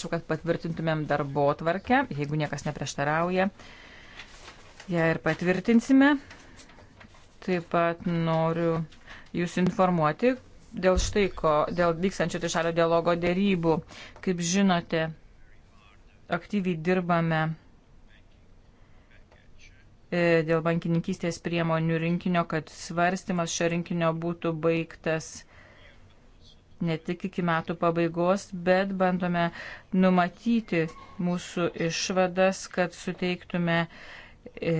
Ačiū, kad patvirtintumėm darbo tvarkę, jeigu niekas neprieštarauja. Ja ir patvirtinsime. Taip pat noriu Jūs informuoti dėl štai ko, dėl vykstančio trišalio dialogo dėrybų. Kaip žinote, aktyviai dirbame e, dėl bankininkystės priemonių rinkinio, kad svarstymas šio rinkinio būtų baigtas ne tik iki metų pabaigos, bet bandome numatyti mūsų išvadas, kad suteiktume, e,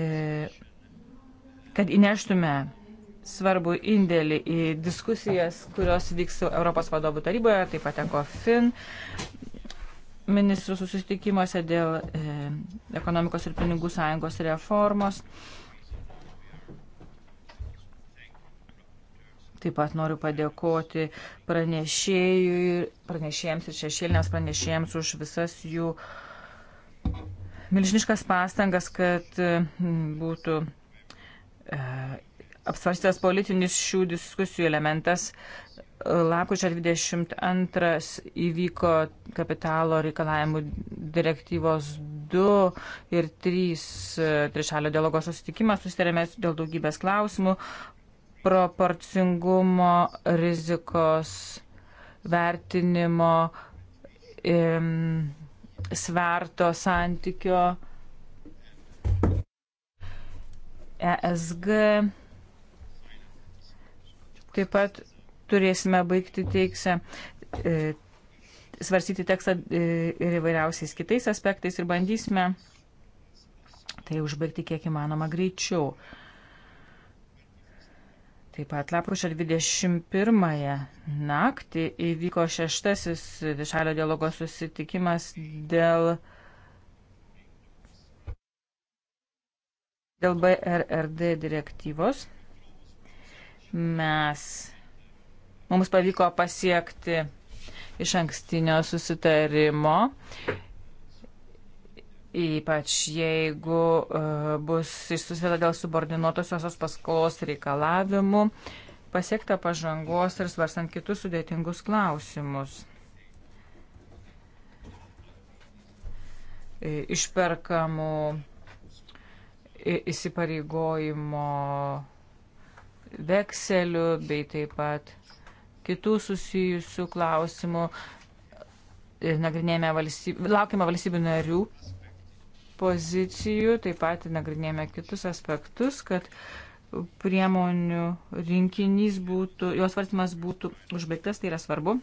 kad įneštume svarbu indėlį į diskusijas, kurios vyks Europos vadovų taryboje, taip pat ECOFIN ministrų susitikimuose dėl e, ekonomikos ir pinigų sąjungos reformos. E, Taip pat noriu padėkoti pranešėjams ir šešėlinės pranešėjams už visas jų milžiniškas pastangas, kad būtų e, apsvarstytas politinis šių diskusijų elementas. Lakučio 22 įvyko kapitalo reikalavimų direktyvos 2 ir 3 e, trišalio dialogo susitikimas. Susitarėme dėl daugybės klausimų, proporcingumo rizikos vertinimo sverto santykio ESG. Taip pat turėsime baigti teiksę, e, svarstyti tekstą e, ir įvairiausiais kitais aspektais ir bandysime tai užbaigti kiek įmanoma greičiau. E, Taip pat lapkričio 21 naktį įvyko šeštasis višalio dialogo susitikimas dėl, dėl BRRD direktyvos. Mes, mums pavyko pasiekti iš ankstinio susitarimo ypač jeigu uh, bus išsusvėta dėl subordinuotosios paskolos reikalavimų, pasiekta pažangos ir svarstant kitus sudėtingus klausimus. E, išperkamų e, įsipareigojimo vekselių bei taip pat kitų susijusių klausimų nagrinėjame valstybių, laukime valstybių narių pozicijų, taip pat nagrinėjame kitus aspektus, kad priemonių rinkinys būtų, jos vartimas būtų užbaigtas, tai yra svarbu.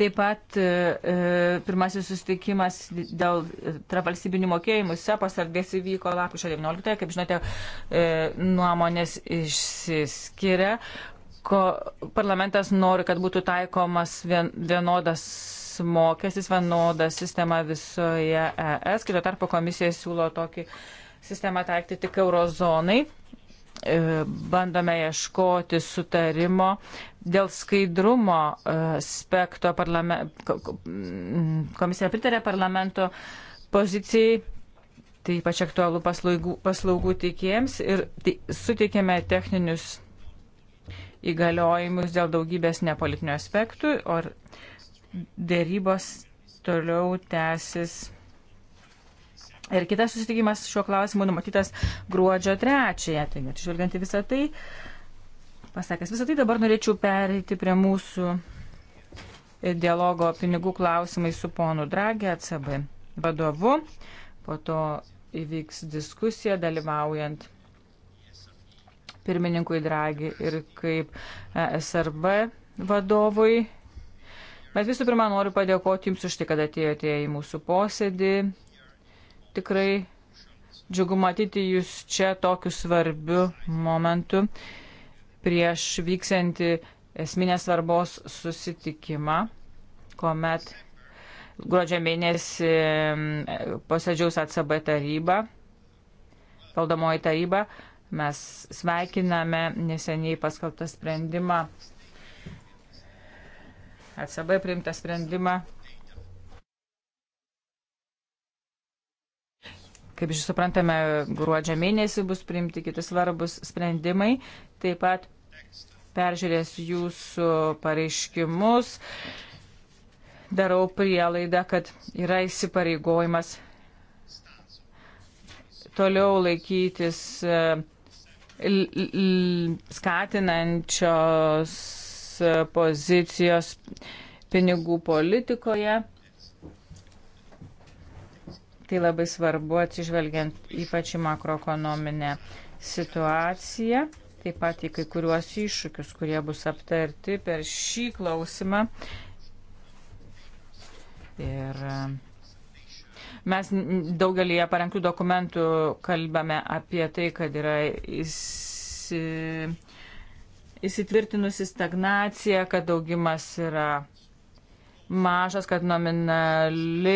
Taip pat e, e pirmasis susitikimas dėl travalstybinių mokėjimų SEPAS erdvės įvyko lapkričio 19, kaip žinote, e, nuomonės išsiskiria. Ko, parlamentas nori, kad būtų taikomas vien, vienodas mokestis, vienoda sistema visoje ES, kito tarpo komisija siūlo tokį sistemą taikyti tik eurozonai. E, bandome ieškoti sutarimo dėl skaidrumo e, aspekto. Parlame... Mm, komisija pritarė parlamento pozicijai tai ypač aktualu paslaugų, paslaugų teikėjams ir tai, suteikėme techninius įgaliojimus dėl daugybės nepolitinių aspektų, o dėrybos toliau tęsis. Ir kitas susitikimas šiuo klausimu numatytas gruodžio trečiąją. Taigi, atžvelgiant į visą tai, pasakęs visą tai, dabar norėčiau pereiti prie mūsų dialogo pinigų klausimai su ponu Dragė, ACB vadovu. Po to įvyks diskusija dalyvaujant pirmininkui Dragį ir kaip e SRB vadovui Bet visų pirma, noriu padėkoti Jums už tai, kad atėjote į mūsų posėdį. Tikrai džiugu matyti Jūs čia tokiu svarbiu momentu prieš vyksianti esminės svarbos susitikimą, kuomet gruodžio mėnesį posėdžiaus ACB taryba, valdomoji taryba. Mes sveikiname neseniai paskalbtą sprendimą ECB priimtą sprendimą. Kaip žiūrėjau, suprantame, gruodžio mėnesį bus priimti kiti svarbus sprendimai. Taip pat peržiūrės jūsų pareiškimus. Darau prielaidą, kad yra įsipareigojimas toliau laikytis e, skatinančios pozicijos pinigų politikoje. Tai labai svarbu atsižvelgiant ypač į makroekonominę situaciją, taip pat į kai kuriuos iššūkius, kurie bus aptarti per šį klausimą. Ir e, mes daugelį parengtų dokumentų kalbame apie tai, kad yra įsitikinimas įsitvirtinusi stagnacija, kad augimas yra mažas, kad nominali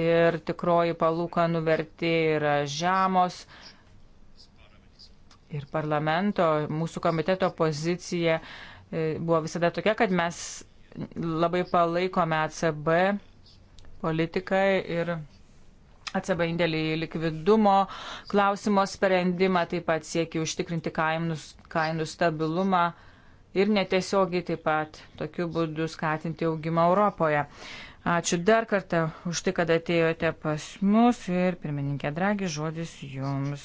ir tikroji palūkanų vertė yra žemos. Ir parlamento, mūsų komiteto pozicija e, buvo visada tokia, kad mes labai palaikome ECB politiką ir atsaba indėlį į likvidumo klausimo sprendimą, taip pat siekia užtikrinti kainus, kainų stabilumą ir netiesiogiai taip pat tokiu būdu skatinti augimą Europoje. Ačiū dar kartą už tai, kad atėjote pas mus ir pirmininkė Dragi žodis jums.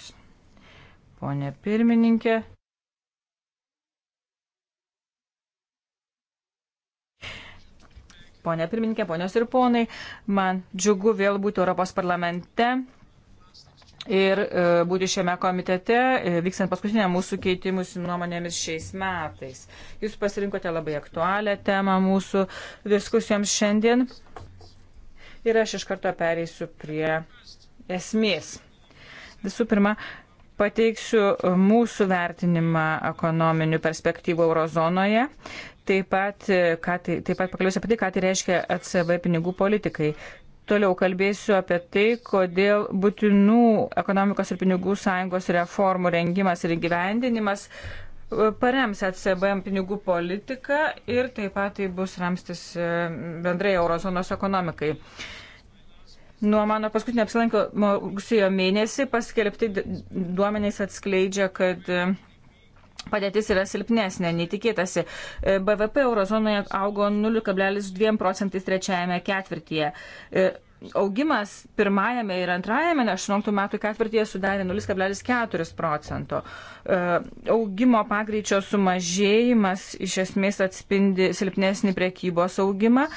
Pone pirmininkė. Pone pirmininkė, ponios ir ponai, man džiugu vėl būti Europos parlamente ir e, būti šiame komitete, e, vykstant paskutinę mūsų keitimus nuomonėmis šiais metais. Jūs pasirinkote labai aktualią temą mūsų diskusijoms šiandien ir aš iš karto pereisiu prie esmės. Visų pirma, pateiksiu mūsų vertinimą ekonominių perspektyvų eurozonoje, Taip pat, ką tai, taip pat pakalbėsiu apie tai, ką tai reiškia ECB pinigų politikai. Toliau kalbėsiu apie tai, kodėl būtinų ekonomikos ir pinigų sąjungos reformų rengimas ir įgyvendinimas e, parems ECB pinigų politiką ir taip pat tai bus ramstis e, bendrai eurozonos ekonomikai. Nuo mano paskutinio apsilankimo rugsėjo mėnesį paskelbti duomenys atskleidžia, kad e, Padėtis yra silpnesnė, neįtikėtasi. E, BVP eurozonoje augo 0,2 procentais trečiajame ketvirtyje. E, augimas pirmajame ir antrajame 18 metų ketvirtyje sudarė 0,4 procento. E, augimo pagreičio sumažėjimas iš esmės atspindi silpnesnį prekybos augimą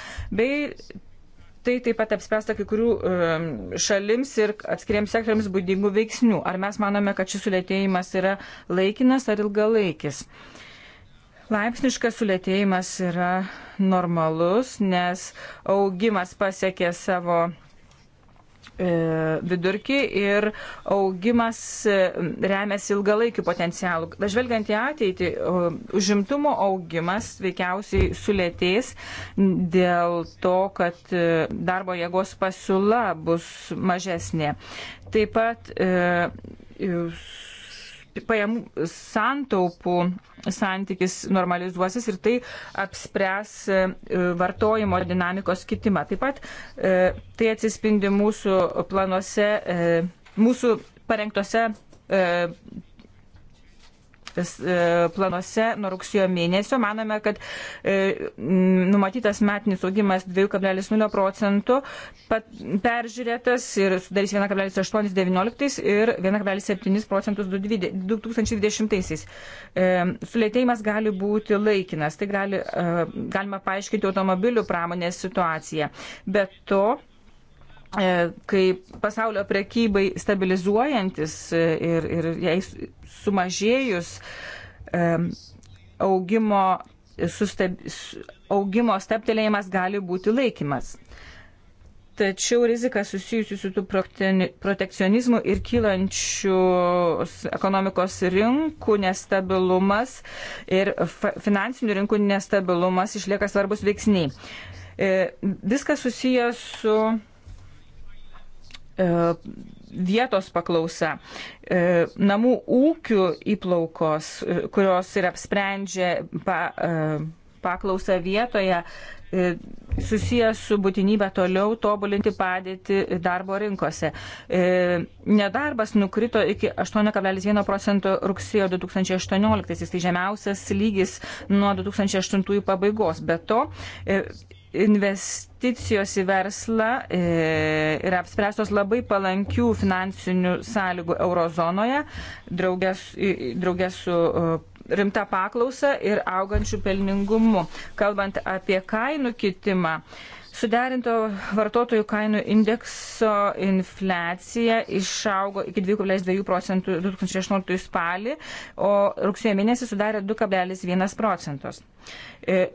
bei tai taip pat apspręsta kai kurių šalims ir atskiriems sektoriams būdingų veiksnių. Ar mes manome, kad šis sulėtėjimas yra laikinas ar ilgalaikis? Laipsniškas sulėtėjimas yra normalus, nes augimas pasiekė savo E, vidurkį ir augimas e, remiasi ilgalaikiu potencialu. Žvelgiant į ateitį, e, užimtumo augimas veikiausiai sulėtės dėl to, kad darbo jėgos pasiūla bus mažesnė. Taip pat pajamų santaupų santykis normalizuosis ir tai apspręs e, vartojimo dinamikos kitimą. Taip pat e, tai atsispindi mūsų planuose, e, mūsų parengtose E, planuose nuo rugsėjo mėnesio. Manome, kad e, numatytas metinis augimas 2,0 procentų peržiūrėtas ir sudarys 1,819 ir 1,7 procentus 2020. E, sulėtėjimas gali būti laikinas. Tai gali, galima paaiškinti automobilių pramonės situaciją. Bet to E, kai pasaulio prekybai stabilizuojantis e, ir, ir jai sumažėjus e, augimo, susteb, augimo steptelėjimas gali būti laikimas. Tačiau rizika susijusi su tų protekcionizmu ir kylančių ekonomikos rinkų nestabilumas ir finansinių rinkų nestabilumas išlieka svarbus veiksniai. Viskas susijęs su E, vietos paklausa, e, namų ūkių įplaukos, e, kurios ir apsprendžia pa, paklausą vietoje, susijęs su būtinybė toliau tobulinti padėti darbo rinkose. Nedarbas nukrito iki 8,1 procento rugsėjo 2018, tai žemiausias lygis nuo 2008 pabaigos. Be to, investicijos į verslą e, yra apspręstos labai palankių finansinių sąlygų eurozonoje, draugės, draugės su e, rimta paklausa ir augančių pelningumu. Kalbant apie kainų kitimą, suderinto vartotojų kainų indekso infliacija išaugo iki 2,2 procentų 2018 spalį, o rugsėjo mėnesį sudarė 2,1 procentos. E,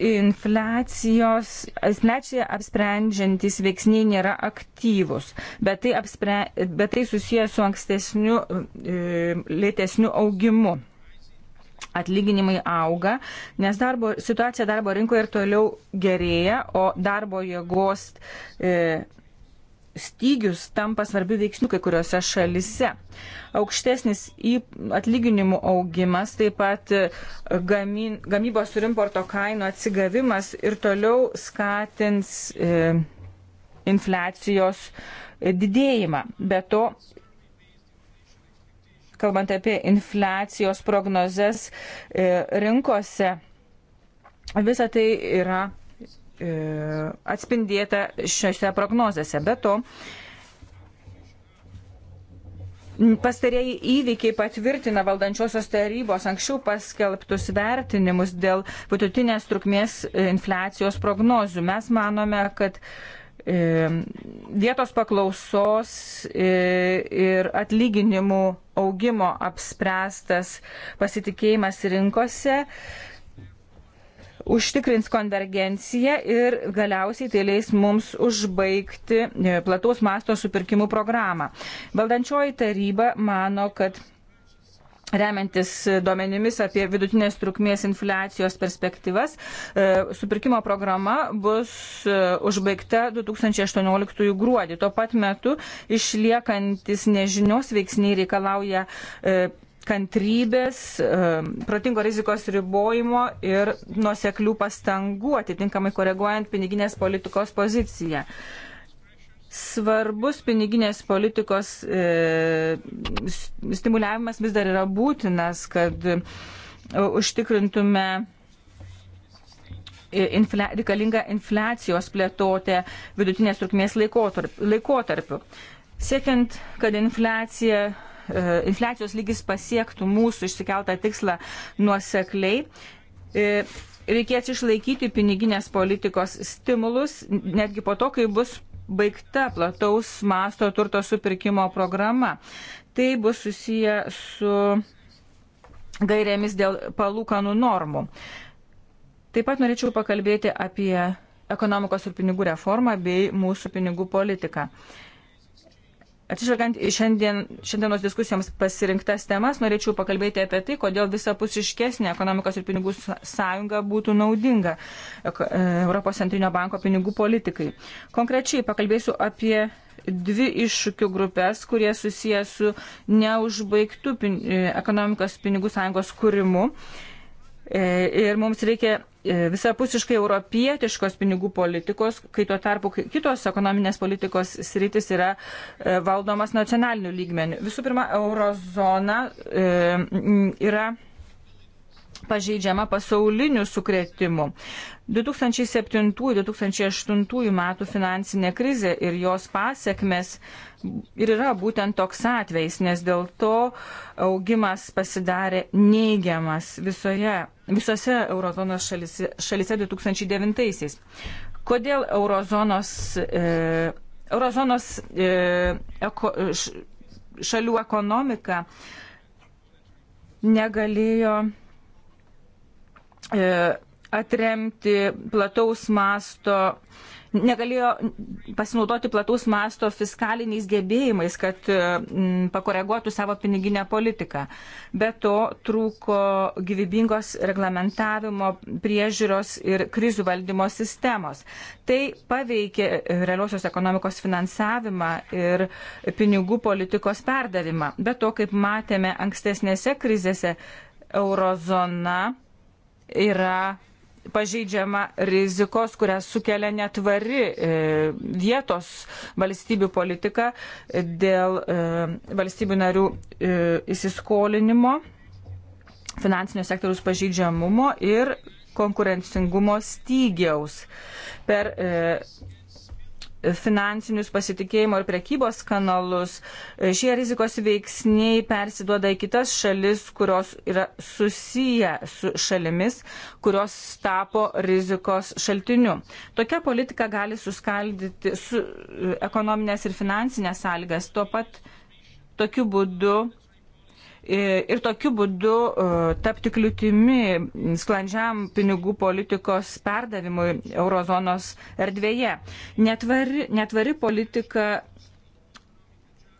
infliacijos, infliacija apsprendžiantys veiksniai nėra aktyvus, bet tai, apspre, bet tai susijęs su ankstesniu, e, lėtesniu augimu. Atlyginimai auga, nes darbo, situacija darbo rinkoje ir toliau gerėja, o darbo jėgos e, stygius tampa svarbių veiksnių kai kuriuose šalise. Aukštesnis atlyginimų augimas, taip pat e, gamin, gamybos ir importo kainų atsigavimas ir toliau skatins e, infliacijos e, didėjimą. Be to, kalbant apie infliacijos prognozes e, rinkose, visa tai yra E, atspindėta šiose prognozėse. Be to, Pastarėjai įvykiai patvirtina valdančiosios tarybos anksčiau paskelbtus vertinimus dėl vidutinės trukmės infliacijos prognozių. Mes manome, kad e, vietos paklausos e, ir atlyginimų augimo apspręstas pasitikėjimas rinkose užtikrins konvergenciją ir galiausiai tai leis mums užbaigti e, plataus masto supirkimų programą. Valdančioji taryba mano, kad Remiantis duomenimis apie vidutinės trukmės infliacijos perspektyvas, e, supirkimo programa bus e, užbaigta 2018 gruodį. Tuo pat metu išliekantis nežinios veiksniai reikalauja kantrybės, protingo rizikos ribojimo ir nuoseklių pastangų atitinkamai koreguojant piniginės politikos poziciją. Svarbus piniginės politikos e, stimuliavimas vis dar yra būtinas, kad e, užtikrintume infle, reikalingą infliacijos plėtotę vidutinės trukmės laikotarp, laikotarpiu. Siekiant, kad infliacija E, infliacijos lygis pasiektų mūsų išsikeltą tikslą nuosekliai, e, reikės išlaikyti piniginės politikos stimulus netgi po to, kai bus baigta plataus masto turto supirkimo programa. Tai bus susiję su gairėmis dėl palūkanų normų. Taip pat norėčiau pakalbėti apie ekonomikos ir pinigų reformą bei mūsų pinigų politiką. Uh, Atsižvelgiant į šiandien, šiandienos diskusijoms pasirinktas temas, norėčiau pakalbėti apie tai, kodėl visapusiškesnė ekonomikos ir pinigų sąjunga būtų naudinga e, Europos centrinio banko pinigų politikai. Konkrečiai pakalbėsiu apie dvi iššūkių grupės, kurie susiję su neužbaigtų pin, e, ekonomikos pinigų sąjungos kūrimu. E, ir mums reikia E, visapusiškai europietiškos pinigų politikos, kai tuo tarpu kitos ekonominės politikos sritis yra e, valdomas nacionaliniu lygmeniu. Visų pirma, eurozona e, yra pažeidžiama pasaulinių sukretimų. 2007-2008 metų finansinė krizė ir jos pasiekmes ir yra būtent toks atvejs, nes dėl to augimas pasidarė neigiamas visoje, visose eurozonos šalise, šalise 2009-aisiais. Kodėl eurozonos, e, eurozonos e, eko, š, šalių ekonomika negalėjo E, atremti plataus masto, negalėjo pasinaudoti plataus masto fiskaliniais gebėjimais, kad e, pakoreguotų savo piniginę politiką. Be to trūko gyvybingos reglamentavimo, priežiūros ir krizių valdymo sistemos. Tai paveikė realiosios ekonomikos finansavimą ir pinigų politikos perdavimą. Be to, kaip matėme ankstesnėse krizėse, eurozona yra pažeidžiama rizikos, kurią sukelia netvari e, vietos valstybių politika dėl e, valstybių narių e, įsiskolinimo, finansinio sektoriaus pažeidžiamumo ir konkurencingumo stygiaus. Per finansinius pasitikėjimo ir prekybos kanalus. Šie rizikos veiksniai persiduoda į kitas šalis, kurios yra susiję su šalimis, kurios tapo rizikos šaltiniu. Tokia politika gali suskaldyti su ekonominės ir finansinės sąlygas. Tuo pat tokiu būdu E, ir tokiu būdu e, tapti kliūtimi sklandžiam pinigų politikos perdavimui eurozonos erdvėje. Netvari, netvari politika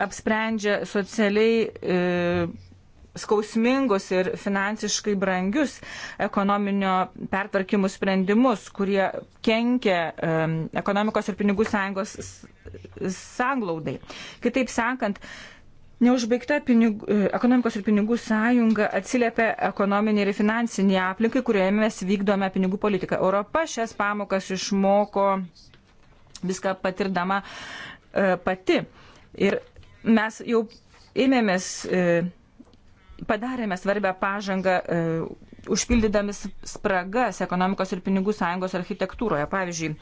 apsprendžia socialiai e, skausmingus ir finansiškai brangius ekonominio pertvarkymų sprendimus, kurie kenkia e, ekonomikos ir pinigų sąjungos sanglaudai. Kitaip sakant, e, Neužbaigta pinig, e, ekonomikos ir pinigų sąjunga atsiliepia ekonominį ir finansinį aplinkai, kurioje mes vykdome pinigų politiką. Europa šias pamokas išmoko viską patirdama e, pati. Ir mes jau ėmėmės, e, padarėme svarbę pažangą e, užpildydami spragas ekonomikos ir pinigų sąjungos architektūroje. Pavyzdžiui,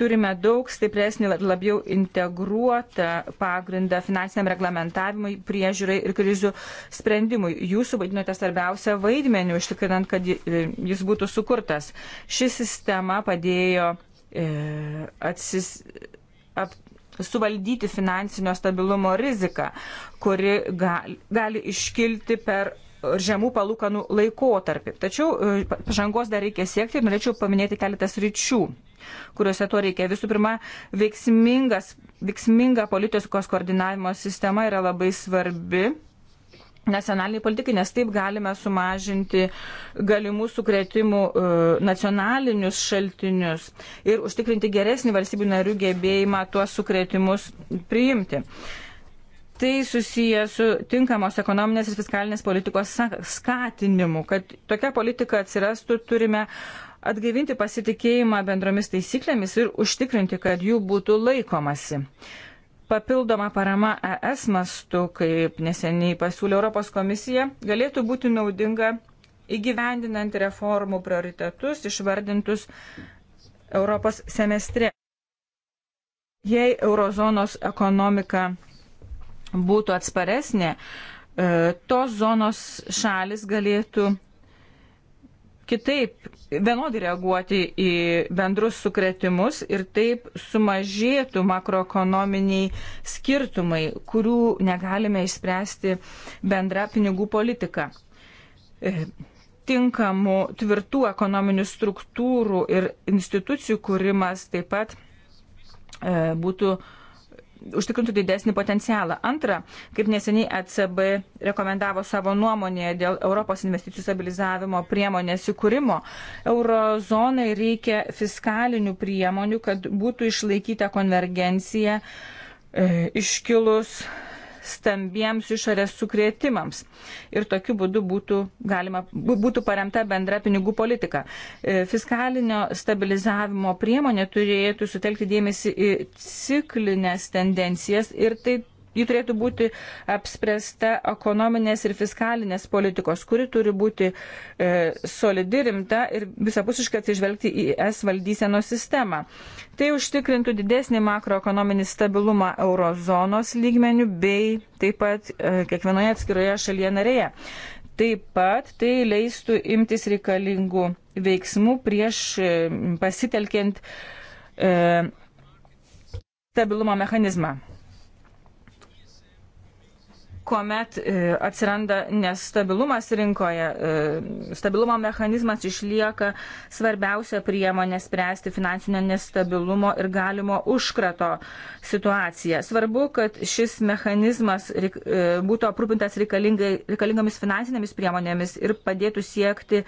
turime daug stipresnį, labiau integruotą pagrindą finansiniam reglamentavimui, priežiūrai ir krizių sprendimui. Jūs suvaidinote svarbiausią vaidmenį, užtikrinant, kad e, jis būtų sukurtas. Ši sistema padėjo e, atsis, ap, suvaldyti finansinio stabilumo riziką, kuri gali, gali iškilti per ir žemų palūkanų laikotarpį. Tačiau e, pažangos dar reikia siekti ir norėčiau paminėti keletą sričių kuriuose to reikia. Visų pirma, veiksmingas, veiksminga politikos koordinavimo sistema yra labai svarbi nacionaliniai politikai, nes taip galime sumažinti galimų sukretimų e, nacionalinius šaltinius ir užtikrinti geresnį valstybių narių gebėjimą tuos sukretimus priimti tai susiję su tinkamos ekonominės ir fiskalinės politikos skatinimu. Kad tokia politika atsirastų, turime atgaivinti pasitikėjimą bendromis taisyklėmis ir užtikrinti, kad jų būtų laikomasi. Papildoma parama ES mastu, kaip neseniai pasiūlė Europos komisija, galėtų būti naudinga įgyvendinant reformų prioritetus išvardintus Europos semestre. Jei eurozonos ekonomika būtų atsparesnė, e, tos zonos šalis galėtų kitaip vienodai reaguoti į bendrus sukretimus ir taip sumažėtų makroekonominiai skirtumai, kurių negalime išspręsti bendra pinigų politika. E, tinkamų tvirtų ekonominių struktūrų ir institucijų kūrimas taip pat e, būtų užtikrintų didesnį potencialą. Antra, kaip neseniai ECB rekomendavo savo nuomonėje dėl Europos investicijų stabilizavimo priemonės įkūrimo, eurozonai reikia fiskalinių priemonių, kad būtų išlaikyta konvergencija e, iškilus stambiems išorės sukrėtimams. Ir tokiu būdu būtų, galima, būtų paremta bendra pinigų politika. E, fiskalinio stabilizavimo priemonė turėtų sutelkti dėmesį į ciklinės tendencijas ir tai ji turėtų būti apspręsta ekonominės ir fiskalinės politikos, kuri turi būti e, solidi, rimta ir visapusiškai atsižvelgti į es valdysenos sistemą. Tai užtikrintų didesnį makroekonominį stabilumą eurozonos lygmenių bei taip pat e, kiekvienoje atskiroje šalyje narėje. Taip pat tai leistų imtis reikalingų veiksmų prieš e, pasitelkiant e, stabilumo mechanizmą kuomet e, atsiranda nestabilumas rinkoje, e, stabilumo mechanizmas išlieka svarbiausia priemonė spręsti finansinio nestabilumo ir galimo užkrato situaciją. Svarbu, kad šis mechanizmas e, būtų aprūpintas reikalingomis finansinėmis priemonėmis ir padėtų siekti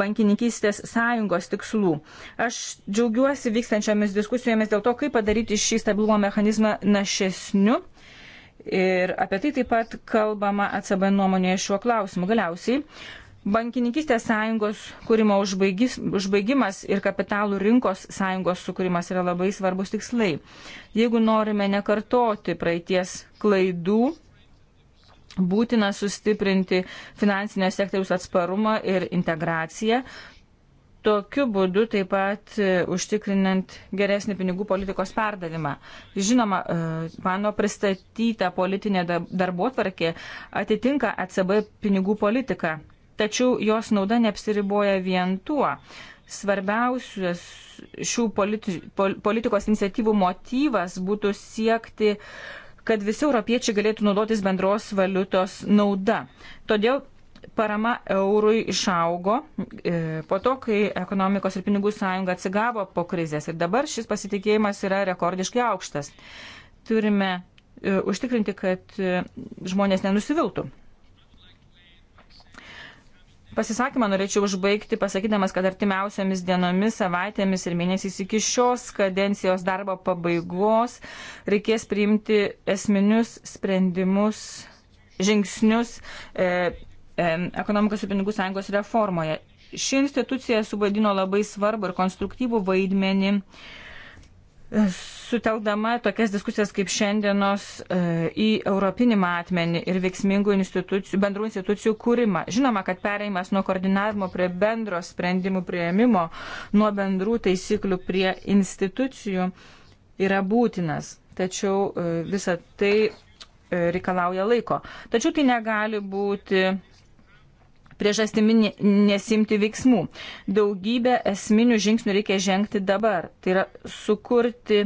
bankininkystės sąjungos tikslų. Aš džiaugiuosi vykstančiomis diskusijomis dėl to, kaip padaryti šį stabilumo mechanizmą našesniu Ir apie tai taip pat kalbama ACB nuomonėje šiuo klausimu. Galiausiai, bankininkistės sąjungos kūrimo užbaigis, užbaigimas ir kapitalų rinkos sąjungos sukūrimas yra labai svarbus tikslai. Jeigu norime nekartoti praeities klaidų, būtina sustiprinti finansinio sektoriaus atsparumą ir integraciją, Tokiu būdu taip pat e, užtikrinant geresnį pinigų politikos perdavimą. Žinoma, e, mano pristatyta politinė darbotvarkė atitinka ECB pinigų politiką, tačiau jos nauda neapsiriboja vien tuo. Svarbiausias šių politi politikos iniciatyvų motyvas būtų siekti kad visi europiečiai galėtų naudotis bendros valiutos nauda. Todėl parama eurui išaugo e, po to, kai ekonomikos ir pinigų sąjunga atsigavo po krizės ir dabar šis pasitikėjimas yra rekordiškai aukštas. Turime e, užtikrinti, kad e, žmonės nenusiviltų. Pasisakymą norėčiau užbaigti pasakydamas, kad artimiausiamis dienomis, savaitėmis ir mėnesiais iki šios kadencijos darbo pabaigos reikės priimti esminius sprendimus, žingsnius e, E, ekonomikos ir pinigų sąjungos reformoje. Ši institucija suvaidino labai svarbu ir konstruktyvų vaidmenį, e, suteldama tokias diskusijas kaip šiandienos e, į europinį matmenį ir veiksmingų institucijų, bendrų institucijų kūrimą. Žinoma, kad pereimas nuo koordinavimo prie bendro sprendimų prieimimo, nuo bendrų taisyklių prie institucijų yra būtinas. Tačiau visa tai reikalauja laiko. Tačiau tai negali būti priežastimi nesimti veiksmų. Daugybę esminių žingsnių reikia žengti dabar. Tai yra sukurti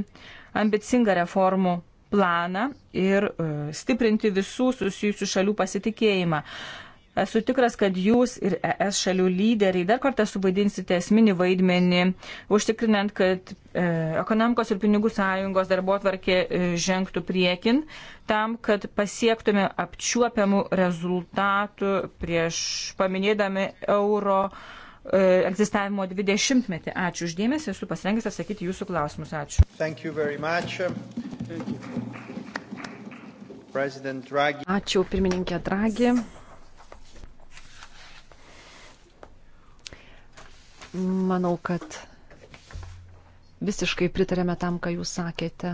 ambicingą reformų planą ir e, stiprinti visų susijusių šalių pasitikėjimą. Esu tikras, kad jūs ir ES šalių lyderiai dar kartą subaidinsite esminį vaidmenį, užtikrinant, kad e, ekonomikos ir pinigų sąjungos darbo atvarkė e, žengtų priekin, tam, kad pasiektume apčiuopiamų rezultatų prieš paminėdami euro e, egzistavimo 20-metį. Ačiū uždėmesi, esu pasirengęs atsakyti jūsų klausimus. Ačiū. Ačiū pirmininkė Dragi. Manau, kad visiškai pritarėme tam, ką jūs sakėte.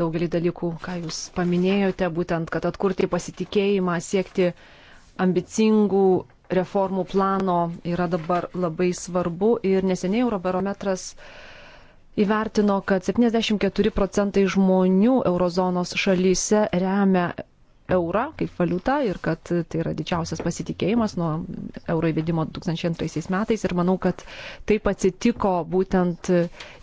Daugelį dalykų, ką jūs paminėjote, būtent, kad atkurti pasitikėjimą, siekti ambicingų reformų plano yra dabar labai svarbu. Ir neseniai Eurobarometras įvertino, kad 74 procentai žmonių eurozonos šalyse remia eurą kaip valiutą ir kad tai yra didžiausias pasitikėjimas nuo euro įvedimo 2002 metais ir manau, kad taip atsitiko būtent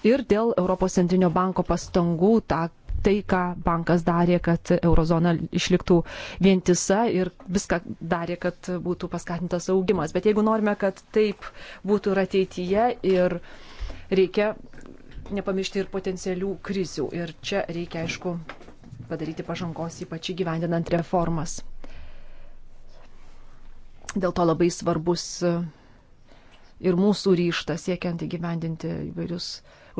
ir dėl Europos centrinio banko pastangų tą tai, ką bankas darė, kad eurozona išliktų vientisa ir viską darė, kad būtų paskatintas augimas. Bet jeigu norime, kad taip būtų ir ateityje ir reikia nepamiršti ir potencialių krizių. Ir čia reikia, aišku, padaryti pažangos, ypač įgyvendinant reformas. Dėl to labai svarbus e, ir mūsų ryštas siekiant įgyvendinti įvairius,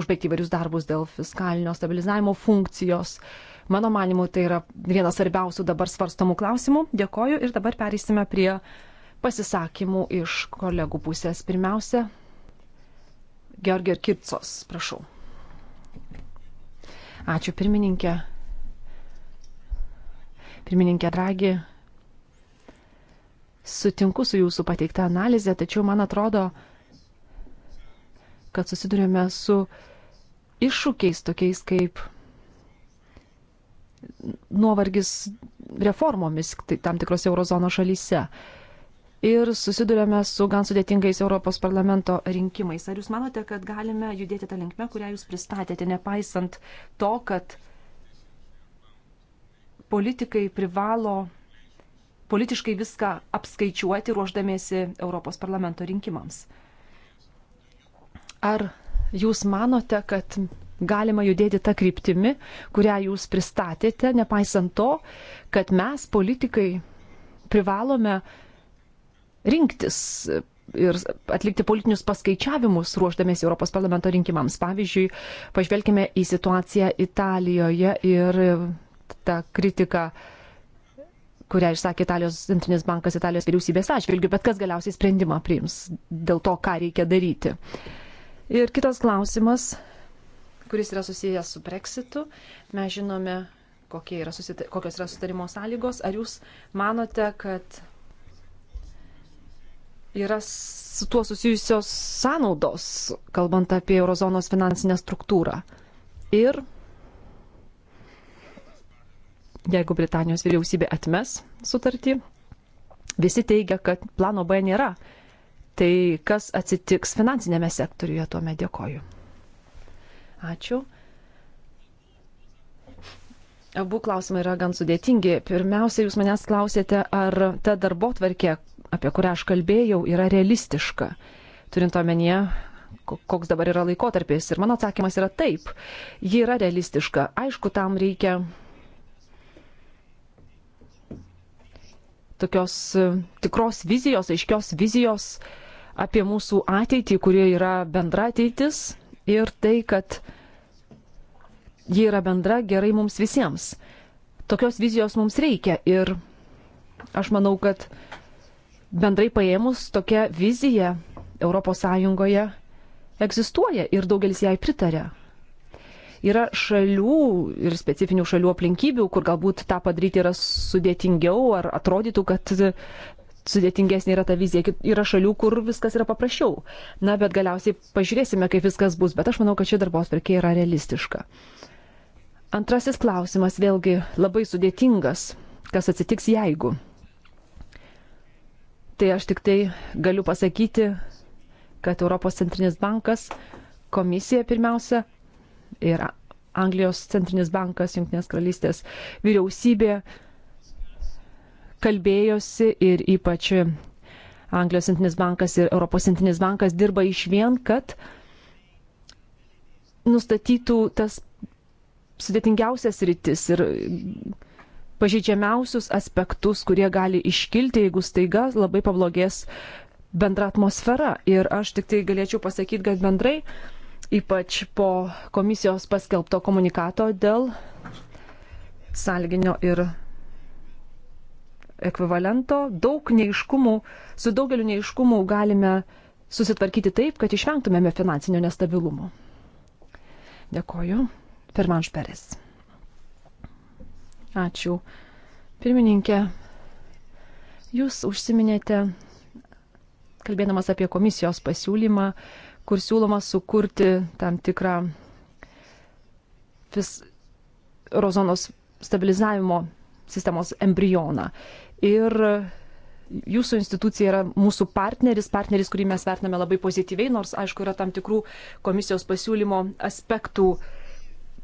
užbaigti įvairius darbus dėl fiskalinio stabilizavimo funkcijos. Mano manimu, tai yra vienas svarbiausių dabar svarstamų klausimų. Dėkoju ir dabar pereisime prie pasisakymų iš kolegų pusės. Pirmiausia, Georgija Kirtsos, prašau. Ačiū pirmininkė. Pirmininkė Dragi, sutinku su jūsų pateikta analizė, tačiau man atrodo, kad susidurėme su iššūkiais tokiais kaip nuovargis reformomis tai tam tikrose eurozono šalyse. Ir susidurėme su gan sudėtingais Europos parlamento rinkimais. Ar jūs manote, kad galime judėti tą linkmę, kurią jūs pristatėte, nepaisant to, kad politikai privalo politiškai viską apskaičiuoti ruoždamėsi Europos parlamento rinkimams. Ar jūs manote, kad galima judėti tą kryptimį, kurią jūs pristatėte, nepaisant to, kad mes, politikai, privalome rinktis ir atlikti politinius paskaičiavimus ruoždamės Europos parlamento rinkimams. Pavyzdžiui, pažvelkime į situaciją Italijoje ir tą kritiką, kurią išsakė Italijos centrinis bankas Italijos vyriausybės atžvilgių, bet kas galiausiai sprendimą priims dėl to, ką reikia daryti. Ir kitas klausimas, kuris yra susijęs su breksitu, mes žinome, yra susita, kokios yra sutarimo sąlygos. Ar jūs manote, kad yra su tuo susijusios sąnaudos, kalbant apie eurozonos finansinę struktūrą. Ir jeigu Britanijos vyriausybė atmes sutartį. Visi teigia, kad plano B nėra. Tai kas atsitiks finansinėme sektoriuje, tuomet dėkoju. Ačiū. Abu klausimai yra gan sudėtingi. Pirmiausia, jūs manęs klausėte, ar ta darbo tvarkė, apie kurią aš kalbėjau, yra realistiška. Turint omenyje, koks dabar yra laikotarpis. Ir mano atsakymas yra taip. Ji yra realistiška. Aišku, tam reikia tokios e, tikros vizijos, aiškios vizijos apie mūsų ateitį, kurie yra bendra ateitis ir tai, kad ji yra bendra gerai mums visiems. Tokios vizijos mums reikia ir aš manau, kad bendrai paėmus tokia vizija ES egzistuoja ir daugelis jai pritarė. Yra šalių ir specifinių šalių aplinkybių, kur galbūt tą padaryti yra sudėtingiau ar atrodytų, kad sudėtingesnė yra ta vizija. Yra šalių, kur viskas yra paprasčiau. Na, bet galiausiai pažiūrėsime, kaip viskas bus. Bet aš manau, kad ši darbos perkė yra realistiška. Antrasis klausimas vėlgi labai sudėtingas. Kas atsitiks jeigu? Tai aš tik tai galiu pasakyti, kad Europos centrinis bankas, komisija pirmiausia, ir Anglijos centrinis bankas, Junktinės karalystės vyriausybė kalbėjosi ir ypač Anglijos centrinis bankas ir Europos centrinis bankas dirba iš vien, kad nustatytų tas sudėtingiausias rytis ir pažeidžiamiausius aspektus, kurie gali iškilti, jeigu staiga labai pablogės bendra atmosfera. Ir aš tik tai galėčiau pasakyti, kad bendrai ypač po komisijos paskelbto komunikato dėl salginio ir ekvivalento. Daug neiškumų, su daugeliu neiškumų galime susitvarkyti taip, kad išvengtumėme finansinio nestabilumo. Dėkoju. Pirmanš Peris. Ačiū. Pirmininkė, jūs užsiminėte, kalbėdamas apie komisijos pasiūlymą, kur siūloma sukurti tam tikrą vis eurozonos stabilizavimo sistemos embrioną. Ir jūsų institucija yra mūsų partneris, partneris, kurį mes vertiname labai pozityviai, nors, aišku, yra tam tikrų komisijos pasiūlymo aspektų,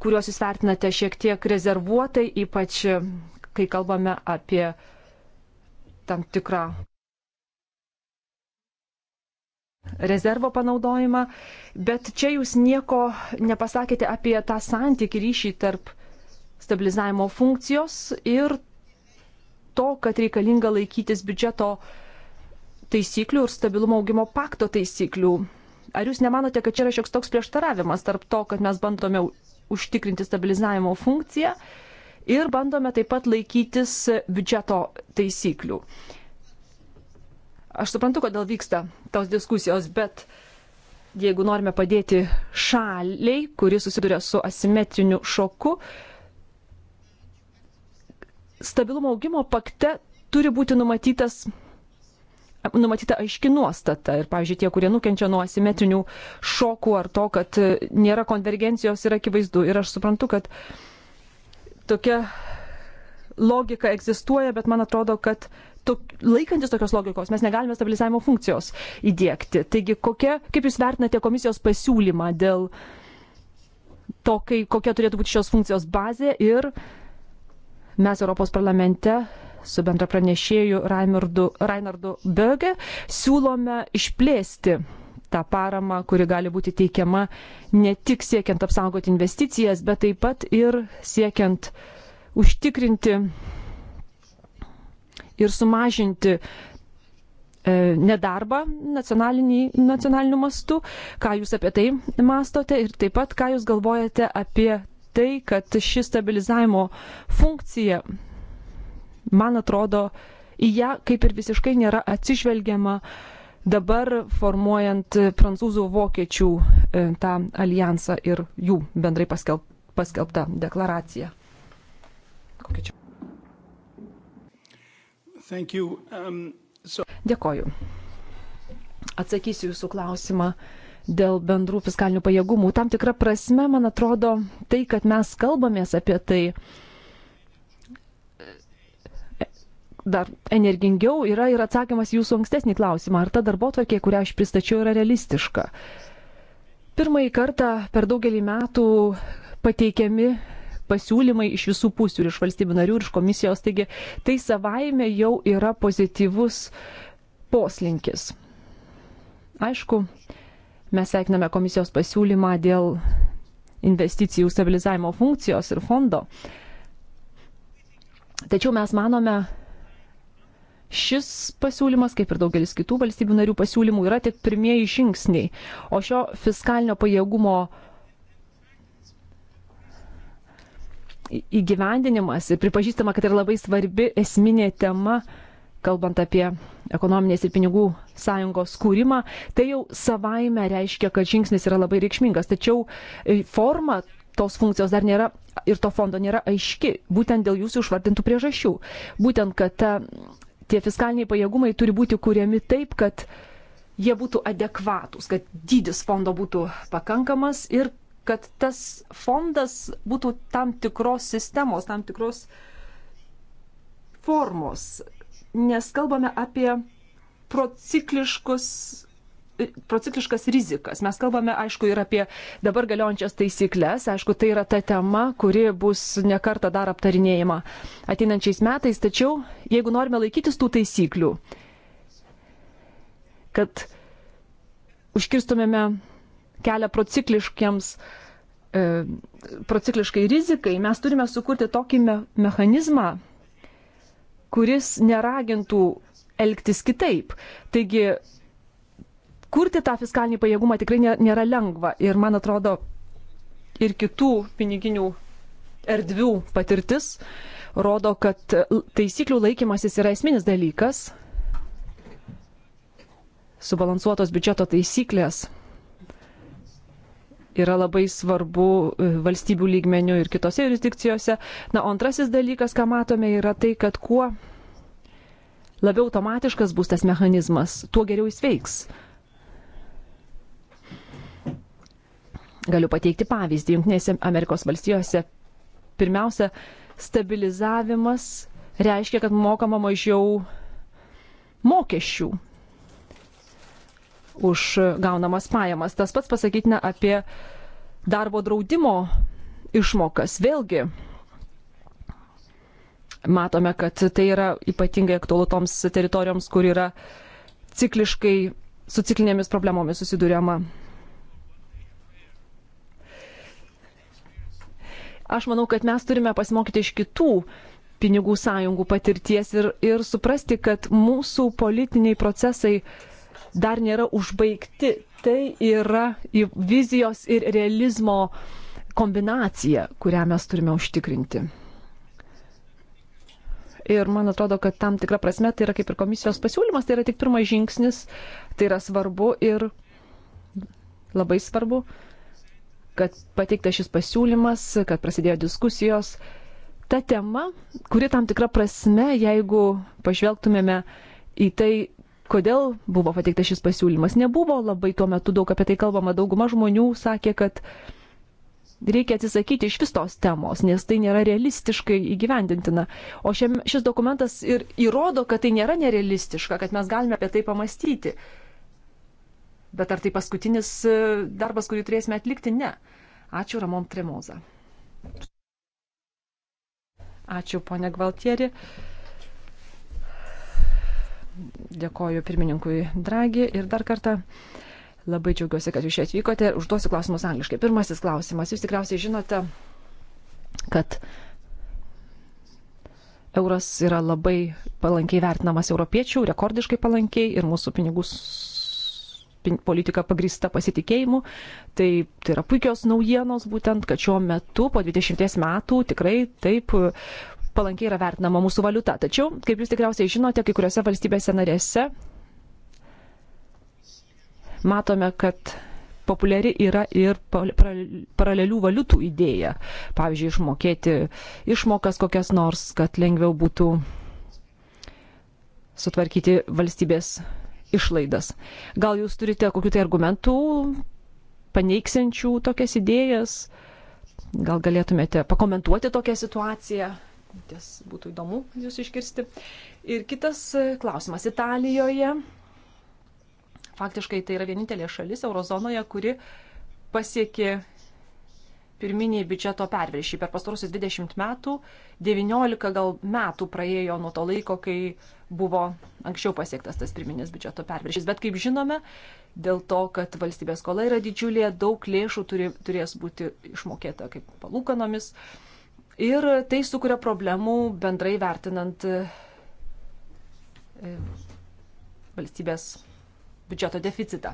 kuriuos jūs vertinate šiek tiek rezervuotai, ypač kai kalbame apie tam tikrą rezervo panaudojimą, bet čia jūs nieko nepasakėte apie tą santyki ryšį tarp stabilizavimo funkcijos ir to, kad reikalinga laikytis biudžeto taisyklių ir stabilumo augimo pakto taisyklių. Ar jūs nemanote, kad čia yra šioks toks prieštaravimas tarp to, kad mes bandome užtikrinti stabilizavimo funkciją ir bandome taip pat laikytis biudžeto taisyklių? Aš suprantu, kodėl vyksta tos diskusijos, bet jeigu norime padėti šaliai, kuri susiduria su asimetriniu šoku, stabilumo augimo pakte turi būti numatytas numatyta aiški nuostata. Ir, pavyzdžiui, tie, kurie nukenčia nuo asimetrinių šokų ar to, kad nėra konvergencijos, yra akivaizdu. Ir aš suprantu, kad tokia logika egzistuoja, bet man atrodo, kad to, laikantis tokios logikos mes negalime stabilizavimo funkcijos įdėkti. Taigi, kokia, kaip Jūs vertinate komisijos pasiūlymą dėl to, kai, kokia turėtų būti šios funkcijos bazė ir mes Europos parlamente su bendra pranešėju Reinardu Böge siūlome išplėsti tą paramą, kuri gali būti teikiama ne tik siekiant apsaugoti investicijas, bet taip pat ir siekiant užtikrinti ir sumažinti e, nedarbą nacionaliniu mastu, ką jūs apie tai mastote ir taip pat ką jūs galvojate apie tai, kad ši stabilizavimo funkcija, man atrodo, į ją kaip ir visiškai nėra atsižvelgiama dabar formuojant prancūzų vokiečių e, tą alijansą ir jų bendrai paskelb, paskelbtą deklaraciją. Kokia čia? Um, so... Dėkoju. Atsakysiu jūsų klausimą dėl bendrų fiskalinių pajėgumų. Tam tikrą prasme, man atrodo, tai, kad mes kalbamės apie tai dar energingiau, yra ir atsakymas jūsų ankstesnį klausimą, ar ta darbo tvarkė, kurią aš pristačiau, yra realistiška. Pirmąjį kartą per daugelį metų pateikiami pasiūlymai iš visų pusių, ir iš valstybių narių, ir iš komisijos. Taigi tai savaime jau yra pozityvus poslinkis. Aišku, mes sveikiname komisijos pasiūlymą dėl investicijų stabilizavimo funkcijos ir fondo. Tačiau mes manome, šis pasiūlymas, kaip ir daugelis kitų valstybių narių pasiūlymų, yra tik pirmieji žingsniai. O šio fiskalinio pajėgumo įgyvendinimas ir pripažįstama, kad yra labai svarbi esminė tema, kalbant apie ekonominės ir pinigų sąjungos kūrimą, tai jau savaime reiškia, kad žingsnis yra labai reikšmingas. Tačiau e, forma tos funkcijos dar nėra ir to fondo nėra aiški, būtent dėl jūsų išvardintų priežasčių. Būtent, kad ta, tie fiskaliniai pajėgumai turi būti kūriami taip, kad jie būtų adekvatūs, kad dydis fondo būtų pakankamas ir kad tas fondas būtų tam tikros sistemos, tam tikros formos, nes kalbame apie procikliškus procikliškas rizikas. Mes kalbame, aišku, ir apie dabar galiojančias taisyklės. Aišku, tai yra ta tema, kuri bus nekarta dar aptarinėjama ateinančiais metais. Tačiau, jeigu norime laikytis tų taisyklių, kad užkirstumėme kelią procikliškiams, e, procikliškai rizikai, mes turime sukurti tokį me mechanizmą, kuris neragintų elgtis kitaip. Taigi, kurti tą fiskalinį pajėgumą tikrai nėra lengva ir, man atrodo, ir kitų piniginių erdvių patirtis rodo, kad taisyklių laikymasis yra esminis dalykas. Subalansuotos biudžeto taisyklės yra labai svarbu e, valstybių lygmenių ir kitose jurisdikcijose. Na, o antrasis dalykas, ką matome, yra tai, kad kuo labiau automatiškas bus tas mechanizmas, tuo geriau jis veiks. Galiu pateikti pavyzdį. Junktinėse Amerikos valstijose pirmiausia, stabilizavimas reiškia, kad mokama mažiau mokesčių už gaunamas pajamas. Tas pats pasakytina apie darbo draudimo išmokas. Vėlgi, matome, kad tai yra ypatingai aktualu toms teritorijoms, kur yra cikliškai su ciklinėmis problemomis susidūrėma. Aš manau, kad mes turime pasimokyti iš kitų pinigų sąjungų patirties ir, ir suprasti, kad mūsų politiniai procesai dar nėra užbaigti. Tai yra vizijos ir realizmo kombinacija, kurią mes turime užtikrinti. Ir man atrodo, kad tam tikrą prasme tai yra kaip ir komisijos pasiūlymas, tai yra tik pirmas žingsnis, tai yra svarbu ir labai svarbu, kad pateiktas šis pasiūlymas, kad prasidėjo diskusijos. Ta tema, kuri tam tikrą prasme, jeigu pažvelgtumėme į tai kodėl buvo pateiktas šis pasiūlymas. Nebuvo labai tuo metu daug apie tai kalbama. Dauguma žmonių sakė, kad reikia atsisakyti iš vis tos temos, nes tai nėra realistiškai įgyvendintina. O šiam, šis dokumentas ir įrodo, kad tai nėra nerealistiška, kad mes galime apie tai pamastyti. Bet ar tai paskutinis e, darbas, kurį turėsime atlikti? Ne. Ačiū Ramon Tremoza. Ačiū, ponia Gvaltieri. Dėkoju pirmininkui Dragi ir dar kartą. Labai džiaugiuosi, kad jūs čia atvykote ir užduosiu klausimus angliškai. Pirmasis klausimas. Jūs tikriausiai žinote, kad euras yra labai palankiai vertinamas europiečių, rekordiškai palankiai ir mūsų pinigų politika pagrįsta pasitikėjimu. Tai, tai yra puikios naujienos būtent, kad šiuo metu po 20 metų tikrai taip palankiai yra vertinama mūsų valiuta. Tačiau, kaip jūs tikriausiai žinote, kai kuriuose valstybėse narėse matome, kad populiari yra ir paralelių valiutų idėja. Pavyzdžiui, išmokėti išmokas kokias nors, kad lengviau būtų sutvarkyti valstybės išlaidas. Gal jūs turite kokių tai argumentų paneiksinčių tokias idėjas? Gal galėtumėte pakomentuoti tokią situaciją? Ties būtų įdomu jūs išgirsti. Ir kitas e, klausimas. Italijoje faktiškai tai yra vienintelė šalis eurozonoje, kuri pasiekė pirminį biudžeto perviršį. Per pastarosius 20 metų, 19 gal metų praėjo nuo to laiko, kai buvo anksčiau pasiektas tas pirminis biudžeto perviršys. Bet kaip žinome, dėl to, kad valstybės skola yra didžiulė, daug lėšų turi, turės būti išmokėta kaip palūkanomis. Uh, Ir tai sukuria problemų bendrai vertinant e, e, valstybės biudžeto deficitą.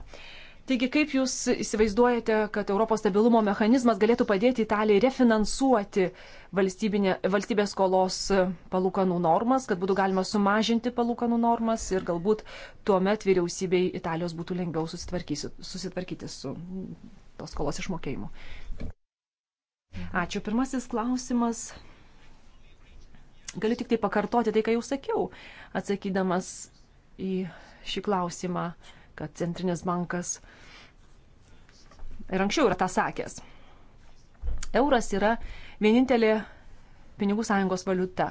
Taigi, kaip Jūs įsivaizduojate, kad Europos stabilumo mechanizmas galėtų padėti Italijai refinansuoti valstybės skolos e, palūkanų normas, kad būtų galima sumažinti palūkanų normas ir galbūt tuo met vyriausybei Italijos būtų lengviau susitvarkyti su tos skolos išmokėjimu? Mhm. Ačiū. Pirmasis klausimas. Galiu tik tai pakartoti tai, ką jau sakiau, atsakydamas į šį klausimą, kad Centrinis bankas ir anksčiau yra tą sakęs. Euras yra vienintelė pinigų sąjungos valiuta.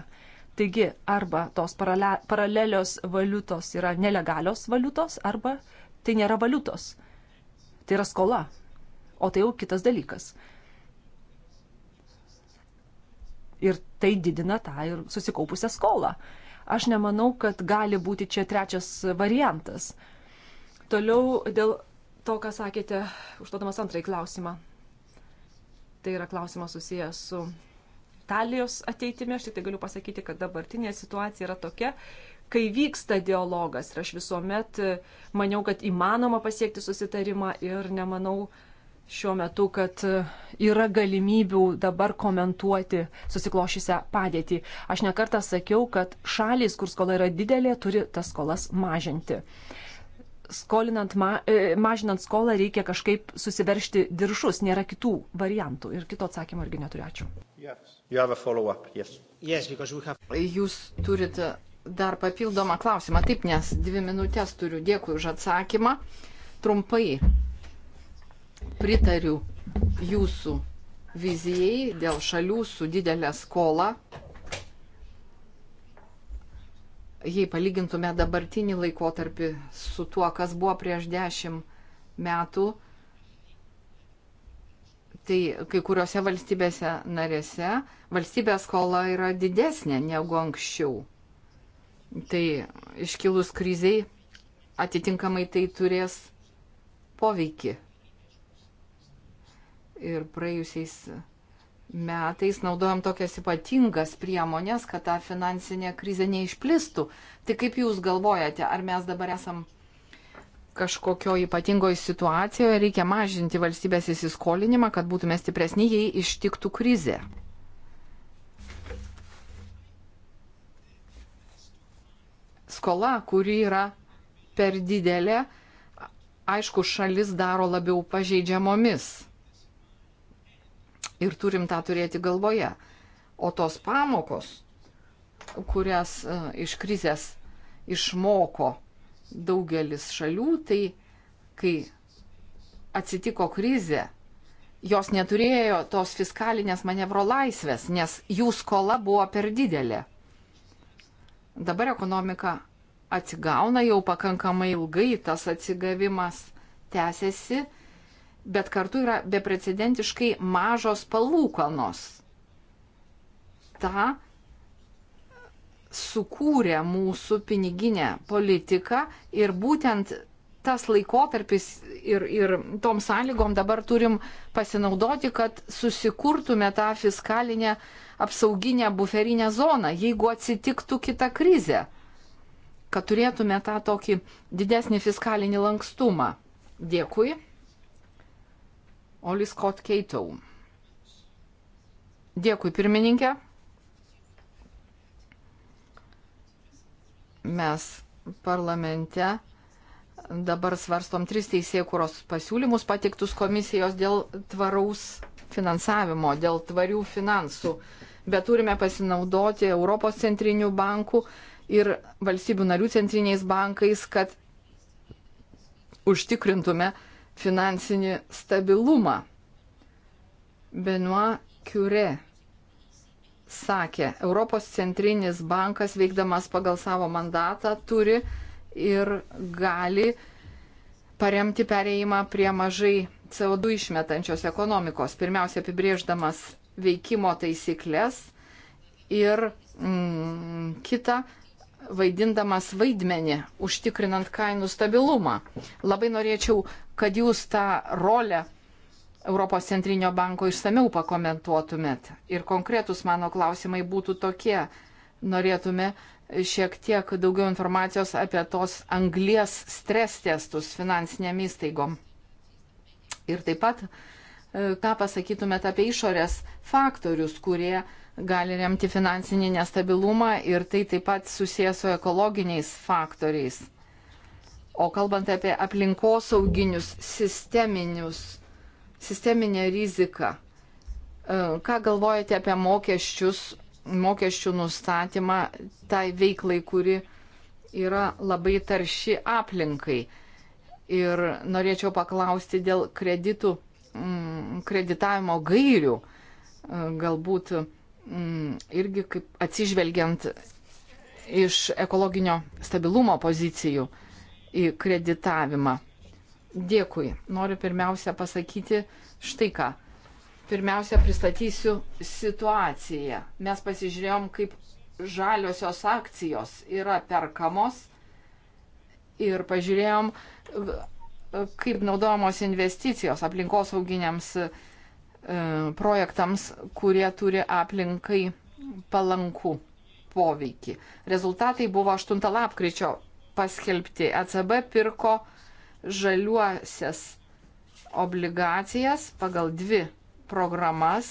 Taigi, arba tos paralelios valiutos yra nelegalios valiutos, arba tai nėra valiutos. Tai yra skola. O tai jau kitas dalykas ir tai didina tą ir susikaupusią skolą. Aš nemanau, kad gali būti čia trečias variantas. Toliau dėl to, ką sakėte, užduodamas antrąjį klausimą. Tai yra klausimas susijęs su Italijos ateitimi. Aš tik tai galiu pasakyti, kad dabartinė situacija yra tokia, kai vyksta dialogas ir aš visuomet e, maniau, kad įmanoma pasiekti susitarimą ir nemanau, kad šiuo metu, kad e, yra galimybių dabar komentuoti susiklošysią padėtį. Aš nekartą sakiau, kad šalis, kur skola yra didelė, turi tas skolas mažinti. Skolinant, ma, e, mažinant skolą reikia kažkaip susiveršti diržus, nėra kitų variantų ir kito atsakymo irgi neturiu. Ačiū. Yes. Yes, have... Jūs turite dar papildomą klausimą, taip, nes dvi minutės turiu, dėkui už atsakymą. Trumpai Pritariu jūsų vizijai dėl šalių su didelė skola. Jei palygintume dabartinį laikotarpį su tuo, kas buvo prieš dešimt metų, tai kai kuriuose valstybėse narėse valstybės skola yra didesnė negu anksčiau. Tai iškilus kriziai atitinkamai tai turės poveikį Ir praėjusiais metais naudojom tokias ypatingas priemonės, kad ta finansinė krizė neišplistų. Tai kaip Jūs galvojate, ar mes dabar esam kažkokio ypatingoje situacijoje, reikia mažinti valstybės įsiskolinimą, kad būtume stipresni, jei ištiktų krizė? Skola, kuri yra per didelė, aišku, šalis daro labiau pažeidžiamomis ir turim tą turėti galvoje. O tos pamokos, kurias e, iš krizės išmoko daugelis šalių, tai kai atsitiko krizė, jos neturėjo tos fiskalinės manevro laisvės, nes jų skola buvo per didelė. Dabar ekonomika atsigauna jau pakankamai ilgai, tas atsigavimas tęsiasi bet kartu yra beprecedentiškai mažos palūkanos. Ta sukūrė mūsų piniginę politiką ir būtent tas laikotarpis ir, ir tom sąlygom dabar turim pasinaudoti, kad susikurtume tą fiskalinę apsauginę buferinę zoną, jeigu atsitiktų kita krizė, kad turėtume tą tokį didesnį fiskalinį lankstumą. Dėkui. Oli Scott Keitau. Dėkui, pirmininkė. Mes parlamente dabar svarstom tris teisėkuros pasiūlymus patiktus komisijos dėl tvaraus finansavimo, dėl tvarių finansų, bet turime pasinaudoti Europos centrinių bankų ir valstybių narių centriniais bankais, kad užtikrintume, finansinį stabilumą. Benua Kiure sakė, Europos centrinis bankas, veikdamas pagal savo mandatą, turi ir gali paremti pereimą prie mažai CO2 išmetančios ekonomikos, pirmiausia apibrėždamas veikimo taisyklės ir mm, kitą vaidindamas vaidmenį, užtikrinant kainų stabilumą. Labai norėčiau, kad jūs tą rolę Europos centrinio banko išsameu pakomentuotumėt. Ir konkretus mano klausimai būtų tokie. Norėtume šiek tiek daugiau informacijos apie tos anglies stres testus finansiniam įstaigom. Ir taip pat, e, ką pasakytumėt apie išorės faktorius, kurie uh, gali remti finansinį nestabilumą ir tai taip pat susijęs su ekologiniais faktoriais. O kalbant apie aplinkosauginius sisteminius, sisteminę riziką, e, ką galvojate apie mokesčius, mokesčių nustatymą tai veiklai, kuri yra labai tarši aplinkai? Ir norėčiau paklausti dėl kreditų, mm, kreditavimo gairių. E, galbūt Mm, irgi kaip atsižvelgiant iš ekologinio stabilumo pozicijų į kreditavimą. Dėkui. Noriu pirmiausia pasakyti štai ką. Pirmiausia, pristatysiu situaciją. Mes pasižiūrėjom, kaip žaliosios akcijos yra perkamos ir pažiūrėjom, kaip naudojamos investicijos aplinkosauginiams auginiams E, projektams, kurie turi aplinkai palankų poveikį. Rezultatai buvo 8 lapkričio paskelbti. ECB pirko žaliuosias obligacijas pagal dvi programas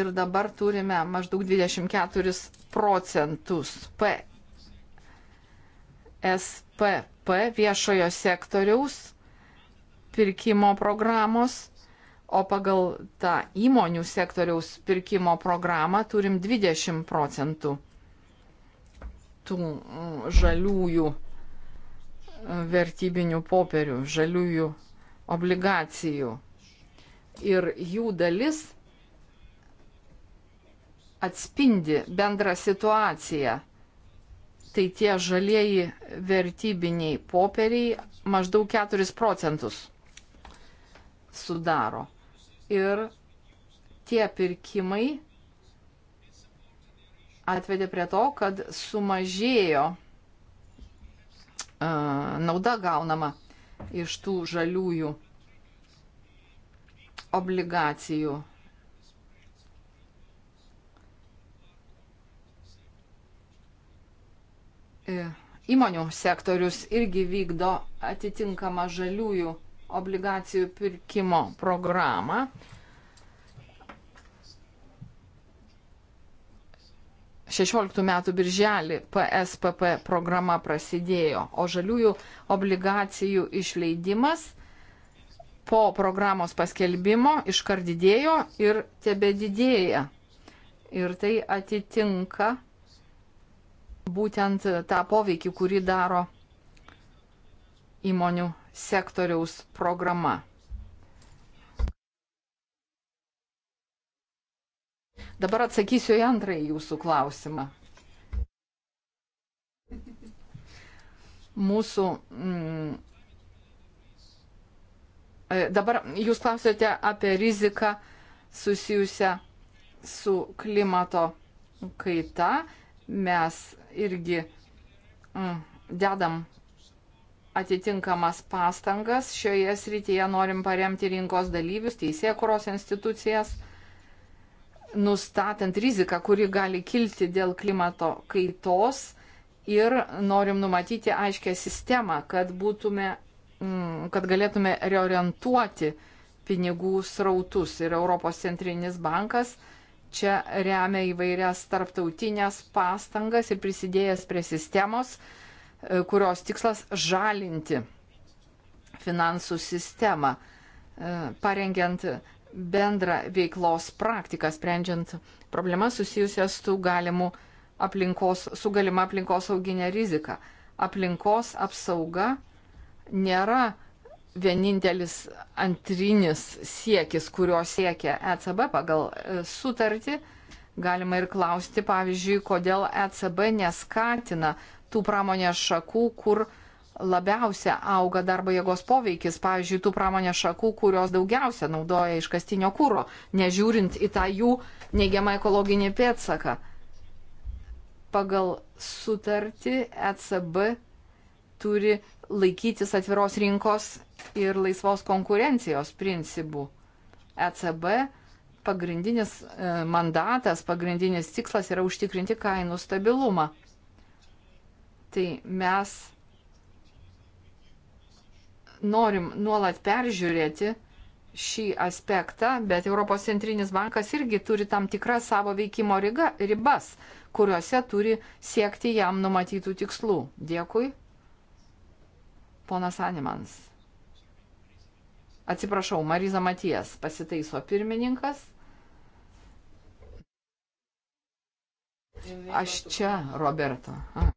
ir dabar turime maždaug 24 procentus PSPP viešojo sektoriaus pirkimo programos, o pagal tą įmonių sektoriaus pirkimo programą turim 20 procentų tų mm, žaliųjų mm, vertybinių popierių, žaliųjų obligacijų. Ir jų dalis atspindi bendrą situaciją. Tai tie žalieji vertybiniai popieriai maždaug 4 procentus sudaro. Ir tie pirkimai atvedė prie to, kad sumažėjo uh, nauda gaunama iš tų žaliųjų obligacijų. E, įmonių sektorius irgi vykdo atitinkamą žaliųjų obligacijų pirkimo programą. Šešioliktų metų birželį PSPP programa prasidėjo, o žaliųjų obligacijų išleidimas po programos paskelbimo iškart didėjo ir tebe didėja. Ir tai atitinka būtent tą poveikį, kurį daro įmonių sektoriaus programa. Dabar atsakysiu į antrąjį jūsų klausimą. Mūsų. Mm, e, dabar jūs klausėte apie riziką susijusią su klimato kaita. Mes irgi mm, dedam atitinkamas pastangas. Šioje srityje norim paremti rinkos dalyvius, teisėkuros institucijas, nustatant riziką, kuri gali kilti dėl klimato kaitos ir norim numatyti aiškę sistemą, kad, būtume, mm, kad galėtume reorientuoti pinigų srautus. Ir Europos centrinis bankas čia remia įvairias tarptautinės pastangas ir prisidėjęs prie sistemos E, kurios tikslas žalinti finansų sistemą, e, parengiant bendrą veiklos praktiką, sprendžiant problemas susijusias su galimu aplinkos, su galima aplinkos auginė rizika. Aplinkos apsauga nėra vienintelis antrinis siekis, kurio siekia ECB pagal e, sutartį. Galima ir klausti, pavyzdžiui, kodėl ECB neskatina tų pramonės šakų, kur labiausia auga darbo jėgos poveikis, pavyzdžiui, tų pramonės šakų, kurios daugiausia naudoja iškastinio kūro, nežiūrint į tą jų neigiamą ekologinį pėdsaką. Pagal sutartį ECB turi laikytis atviros rinkos ir laisvos konkurencijos principų. ECB pagrindinis e, mandatas, pagrindinis tikslas yra užtikrinti kainų stabilumą tai mes norim nuolat peržiūrėti šį aspektą, bet Europos centrinis bankas irgi turi tam tikrą savo veikimo riga, ribas, kuriuose turi siekti jam numatytų tikslų. Dėkui. Ponas Animans. Atsiprašau, Mariza Matijas pasitaiso pirmininkas. Aš čia, Roberto. A.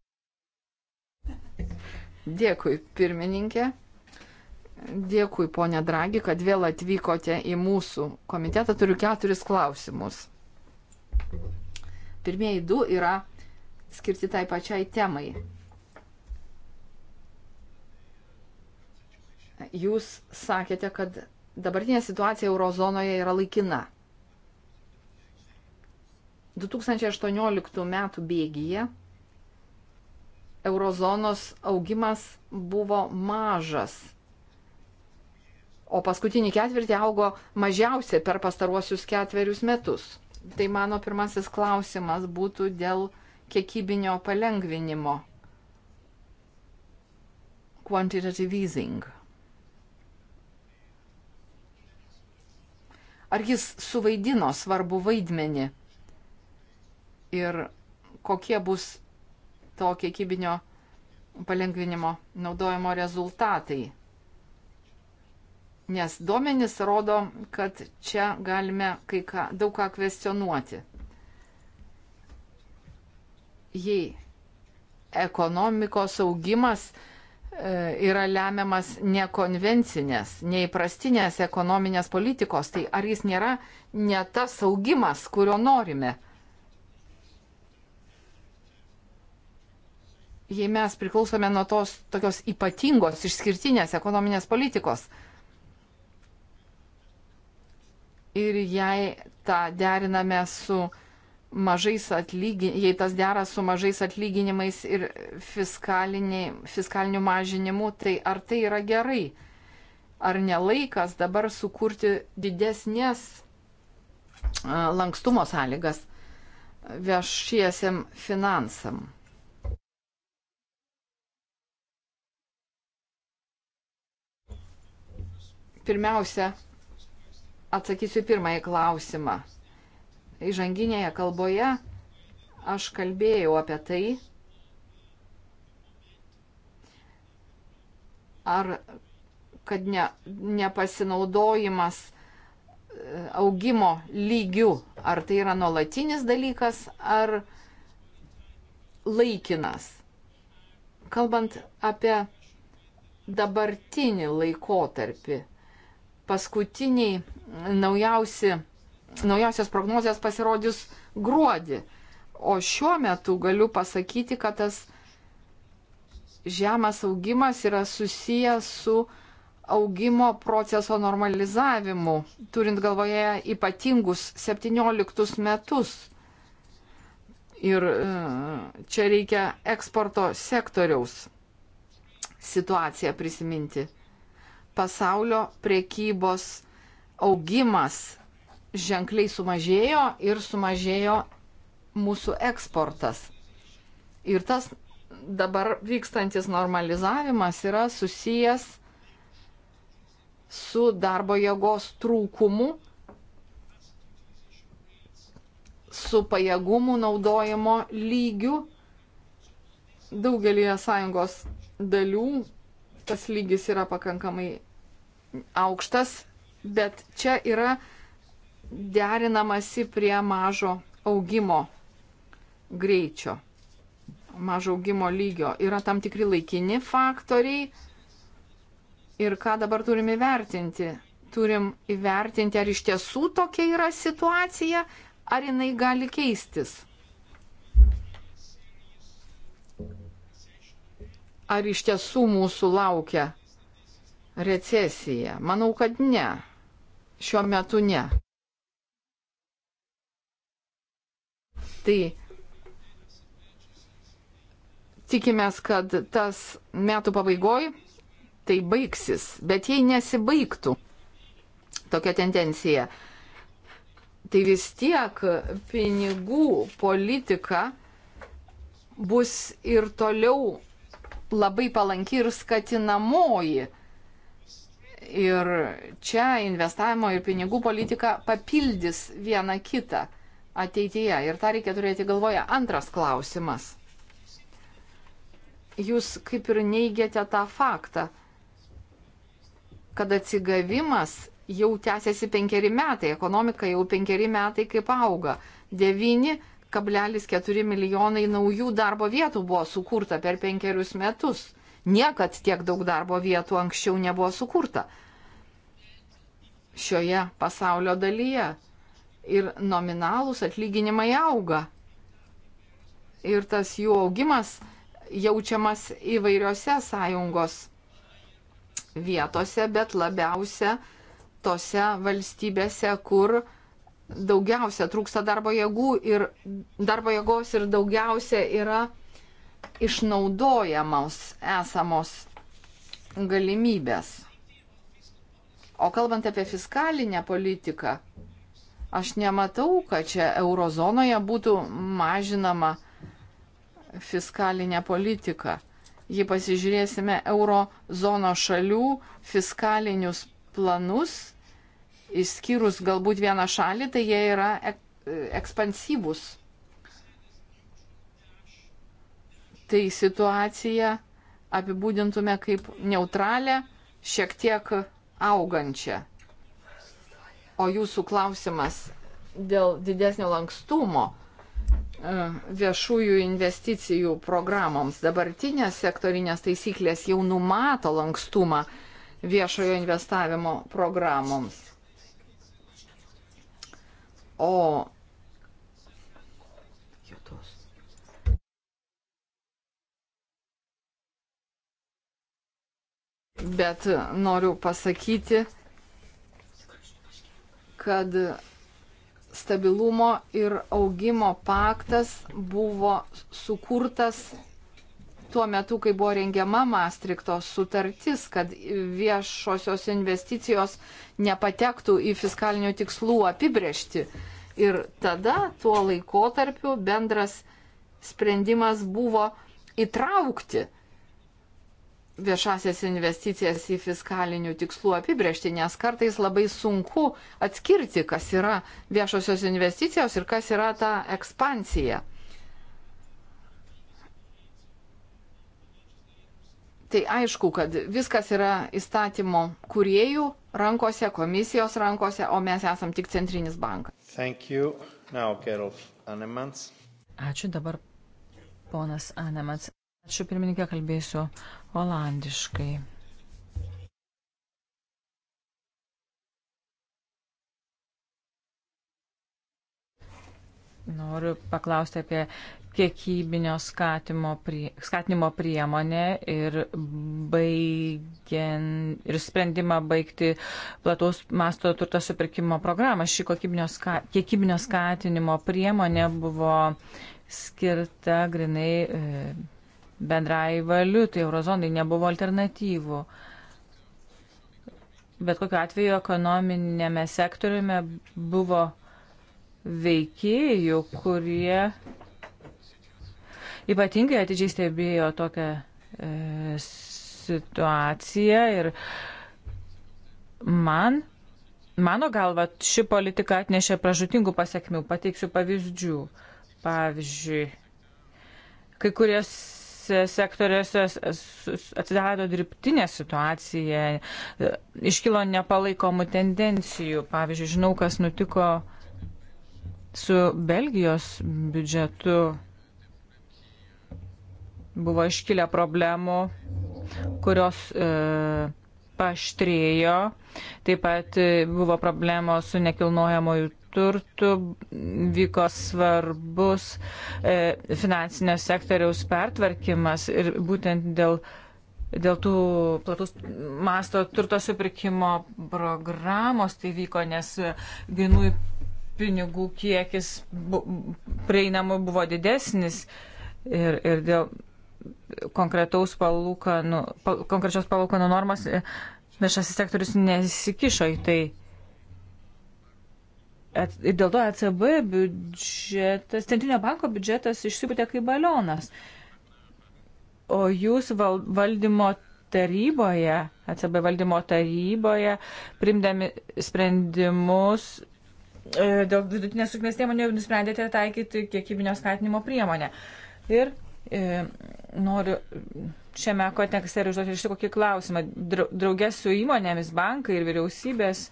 Dėkui, pirmininkė. Dėkui, ponė Dragi, kad vėl atvykote į mūsų komitetą. Turiu keturis klausimus. Pirmieji du yra skirti tai pačiai temai. Jūs sakėte, kad dabartinė situacija eurozonoje yra laikina. 2018 metų bėgyje eurozonos augimas buvo mažas, o paskutinį ketvirtį augo mažiausiai per pastaruosius ketverius metus. Tai mano pirmasis klausimas būtų dėl kiekybinio palengvinimo. Quantitative easing. Ar jis suvaidino svarbu vaidmenį ir kokie bus to kiekybinio palengvinimo naudojimo rezultatai. Nes duomenys rodo, kad čia galime kai ką, daug ką kvestionuoti. Jei ekonomikos augimas e, yra lemiamas nekonvencinės, neįprastinės ekonominės politikos, tai ar jis nėra ne tas augimas, kurio norime? jei mes priklausome nuo tos tokios ypatingos, išskirtinės ekonominės politikos. Ir jei tą deriname su mažais atlyginimais, jei tas dera su mažais atlyginimais ir fiskaliniu mažinimu, tai ar tai yra gerai? Ar nelaikas dabar sukurti didesnės lankstumo sąlygas viešiesiam finansam? Pirmiausia, atsakysiu pirmąjį klausimą. Įžanginėje kalboje aš kalbėjau apie tai, ar kad ne, nepasinaudojimas e, augimo lygių, ar tai yra nuolatinis dalykas, ar laikinas. Kalbant apie dabartinį laikotarpį, paskutiniai naujausi, naujausios prognozijos pasirodys gruodį. O šiuo metu galiu pasakyti, kad tas žemas augimas yra susijęs su augimo proceso normalizavimu, turint galvoje ypatingus 17 metus. Ir e, čia reikia eksporto sektoriaus situaciją prisiminti pasaulio priekybos augimas ženkliai sumažėjo ir sumažėjo mūsų eksportas. Ir tas dabar vykstantis normalizavimas yra susijęs su darbo jėgos trūkumu, su pajėgumų naudojimo lygiu daugelį sąjungos dalių tas lygis yra pakankamai aukštas, bet čia yra derinamasi prie mažo augimo greičio, mažo augimo lygio. Yra tam tikri laikini faktoriai ir ką dabar turim įvertinti. Turim įvertinti, ar iš tiesų tokia yra situacija, ar jinai gali keistis. ar iš tiesų mūsų laukia recesija? Manau, kad ne. Šiuo metu ne. Tai tikimės, kad tas metų pabaigoj tai baigsis, bet jei nesibaigtų tokia tendencija, tai vis tiek pinigų politika bus ir toliau labai palanki ir skatinamoji. Ir čia investavimo ir pinigų politika papildys vieną kitą ateityje. Ir tą reikia turėti galvoje. Antras klausimas. Jūs kaip ir neigiate tą faktą, kad atsigavimas jau tęsiasi penkeri metai, ekonomika jau penkeri metai kaip auga. 9 1,4 milijonai naujų darbo vietų buvo sukurta per penkerius metus. Niekad tiek daug darbo vietų anksčiau nebuvo sukurta šioje pasaulio dalyje. Ir nominalūs atlyginimai auga. Ir tas jų augimas jaučiamas įvairiose sąjungos vietose, bet labiausia tose valstybėse, kur uh, daugiausia trūksta darbo, jėgų ir, darbo jėgos ir daugiausia yra išnaudojamos esamos galimybės. O kalbant apie fiskalinę politiką, aš nematau, kad čia eurozonoje būtų mažinama fiskalinė politika. Jei pasižiūrėsime eurozono šalių fiskalinius planus, išskyrus galbūt vieną šalį, tai jie yra ekspansyvūs. Tai situaciją apibūdintume kaip neutralę, šiek tiek augančią. O jūsų klausimas dėl didesnio lankstumo e, viešųjų investicijų programoms. Dabartinės sektorinės taisyklės jau numato lankstumą viešojo investavimo programoms. O juodos. Bet noriu pasakyti, kad stabilumo ir augimo paktas buvo sukurtas tuo metu, kai buvo rengiama Maastrichto sutartis, kad viešosios investicijos nepatektų į fiskalinių tikslų apibriešti. Ir tada tuo laikotarpiu bendras sprendimas buvo įtraukti viešasias investicijas į fiskalinių tikslų apibriešti, nes kartais labai sunku atskirti, kas yra viešosios investicijos ir kas yra ta ekspansija. Tai aišku, kad viskas yra įstatymo kuriejų rankose, komisijos rankose, o mes esam tik centrinis bankas. Ačiū dabar, ponas Anemans. Ačiū pirmininkė, kalbėsiu olandiškai. Noriu paklausti apie kiekybinio skatimo prie, skatinimo priemonę ir, baigien, ir sprendimą baigti plataus masto turto supirkimo programą. Ši ska, kiekybinio skatinimo priemonė buvo skirta grinai e, bendrai valiutai, eurozonai nebuvo alternatyvų. Bet kokiu atveju ekonominėme sektoriume buvo veikėjų, kurie ypatingai atidžiai stebėjo tokią e, situaciją ir man, mano galva, ši politika atnešė pražutingų pasiekmių. Pateiksiu pavyzdžių. Pavyzdžiui, kai kurios sektoriuose atsidarado dirbtinė situacija, e, iškilo nepalaikomų tendencijų. Pavyzdžiui, žinau, kas nutiko Su Belgijos biudžetu buvo iškilę problemų, kurios e, paštrėjo. Taip pat e, buvo problemos su nekilnojamojų turtų, vyko svarbus e, finansinio sektoriaus pertvarkimas ir būtent dėl, dėl tų platus masto turto supirkimo programos tai vyko, nes grinųjų pinigų kiekis bu, prieinamų buvo didesnis ir, ir dėl konkretaus palūkanų, pal, konkrečios palūkanų normos e, viešasis sektorius nesikišo į tai. Et, ir dėl to ECB biudžetas, Centrinio banko biudžetas išsipūtė kaip balionas. O jūs val, valdymo taryboje, ECB valdymo taryboje, primdami sprendimus E, dėl vidutinės sėkmės priemonių nusprendėte taikyti kiekybinio skatinimo priemonę. Ir e, noriu šiame kontekste ir užduoti iš kokį klausimą. Draugės su įmonėmis, bankai ir vyriausybės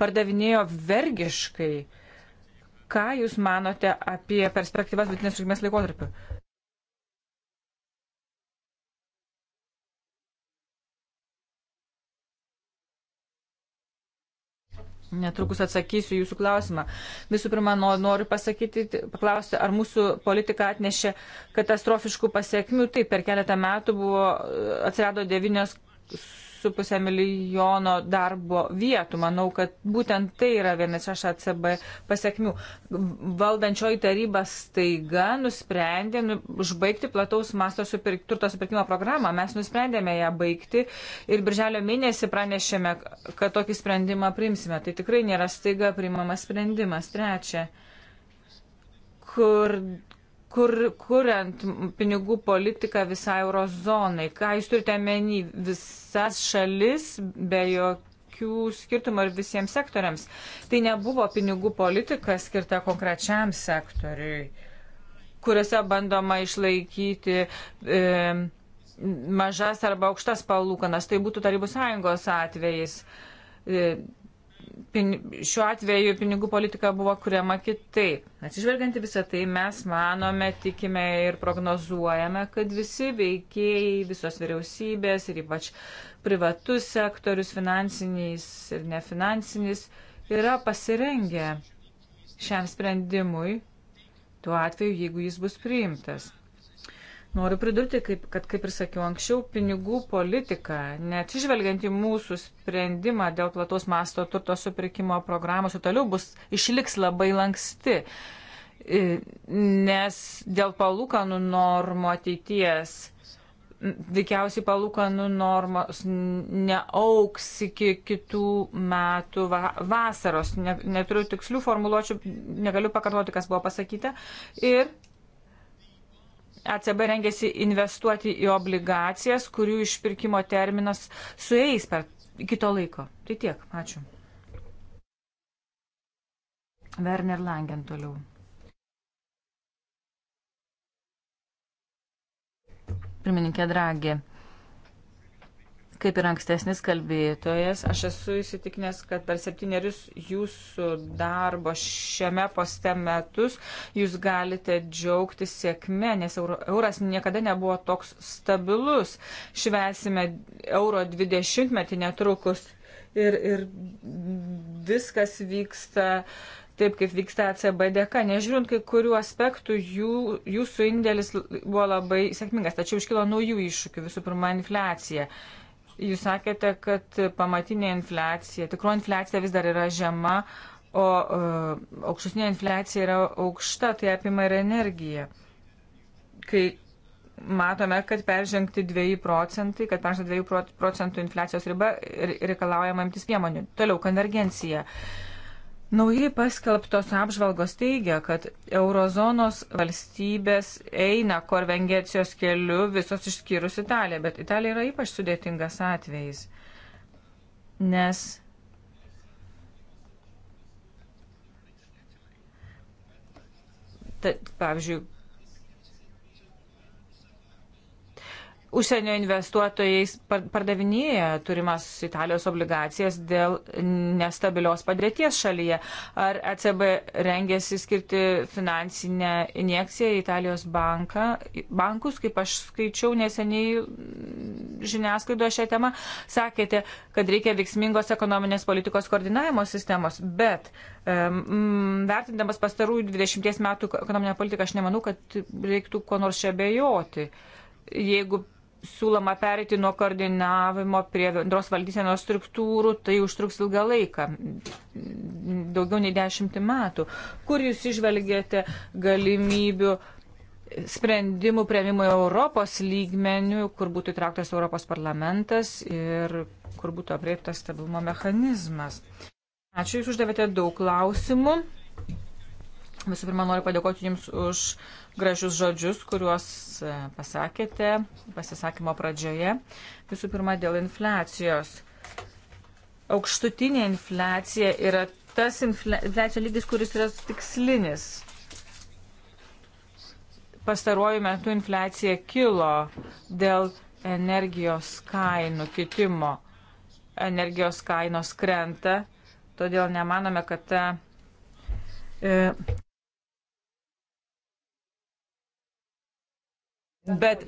pardavinėjo vergiškai. Ką Jūs manote apie perspektyvas vidutinės sėkmės laikotarpiu? Netrukus atsakysiu jūsų klausimą. Visų pirma, noriu pasakyti, paklausti, ar mūsų politika atnešė katastrofiškų pasiekmių. Taip, per keletą metų buvo, atsirado devynios 2,5 milijono darbo vietų. Manau, kad būtent tai yra vienas iš ACB pasiekmių. Valdančioji taryba staiga nusprendė nu, užbaigti plataus masto supirk, turto supirkimo programą. Mes nusprendėme ją baigti ir birželio mėnesį pranešėme, kad tokį sprendimą priimsime. Tai tikrai nėra staiga priimamas sprendimas. Trečia kur kur, kuriant pinigų politiką visai eurozonai. Ką jūs turite menį visas šalis be jokių skirtumų ir visiems sektoriams? Tai nebuvo pinigų politika skirta konkrečiam sektoriui, kuriuose bandoma išlaikyti. E, mažas arba aukštas palūkanas. Tai būtų Tarybų sąjungos atvejais. E, pin, šiuo atveju pinigų politika buvo kuriama kitaip. Atsižvelgianti visą tai, mes manome, tikime ir prognozuojame, kad visi veikėjai, visos vyriausybės ir ypač privatus sektorius, finansinis ir nefinansinis, yra pasirengę šiam sprendimui, tuo atveju, jeigu jis bus priimtas. Noriu pridurti, kaip, kad, kaip ir sakiau anksčiau, pinigų politika, neatsižvelgiant į mūsų sprendimą dėl plataus masto turto supirkimo programos, ir toliau bus, išliks labai lanksti, nes dėl palūkanų normų ateities veikiausiai palūkanų normos neauks iki kitų metų va vasaros. Ne, neturiu tikslių formuluočių, negaliu pakartoti, kas buvo pasakyta. Ir ECB rengėsi investuoti į obligacijas, kurių išpirkimo terminas sueis per kito laiko. Tai tiek, ačiū. Werner Langen toliau. Pirmininkė Dragė. Kaip ir ankstesnis kalbėtojas, aš esu įsitikinęs, kad per septynerius jūsų darbo šiame poste metus jūs galite džiaugtis sėkme, nes euras niekada nebuvo toks stabilus. Švesime euro 20 metį netrukus ir, ir viskas vyksta taip, kaip vyksta ECB dėka. Nežiūrint kai kurių aspektų, jų, jūsų indėlis buvo labai sėkmingas, tačiau iškilo naujų iššūkių, visų pirma, infliacija. Uh, Jūs sakėte, kad pamatinė infliacija, tikro infliacija vis dar yra žema, o uh, aukštesnė infliacija yra aukšta, tai apima ir energiją. Kai matome, kad peržengti 2 procentai, kad peržengti 2 procentų infliacijos riba reikalaujama imtis priemonių. Toliau, konvergencija. Uh, Naujai paskelbtos apžvalgos teigia, kad eurozonos valstybės eina korvengecijos keliu visos išskyrus Italiją, bet Italija yra ypač sudėtingas atvejis, nes ta, pavyzdžiui, užsienio investuotojais pardavinėja turimas Italijos obligacijas dėl nestabilios padėties šalyje. Ar ECB rengėsi skirti finansinę injekciją į Italijos banką, bankus, kaip aš skaičiau neseniai mm, žiniasklaidoje šią temą, sakėte, kad reikia veiksmingos ekonominės politikos koordinavimo sistemos, bet um, vertindamas pastarųjų 20 metų ekonominę politiką, aš nemanau, kad reiktų ko nors čia bejoti. Jeigu siūloma perėti nuo koordinavimo prie bendros valdysenos struktūrų, tai užtruks ilgą laiką, daugiau nei dešimtį metų. Kur jūs išvelgėte galimybių sprendimų prieimimo Europos lygmenių, kur būtų įtrauktas Europos parlamentas ir kur būtų apreiptas stabilumo mechanizmas? Ačiū, jūs uždavėte daug klausimų. Visų pirma, noriu padėkoti Jums už gražius žodžius, kuriuos e, pasakėte pasisakymo pradžioje. Visų pirma, dėl infliacijos. Aukštutinė infliacija yra tas infliacija lygis, kuris yra tikslinis. Pastaruoju metu infliacija kilo dėl energijos kainų kitimo. Energijos kainos krenta, todėl nemanome, kad ta. E, Bet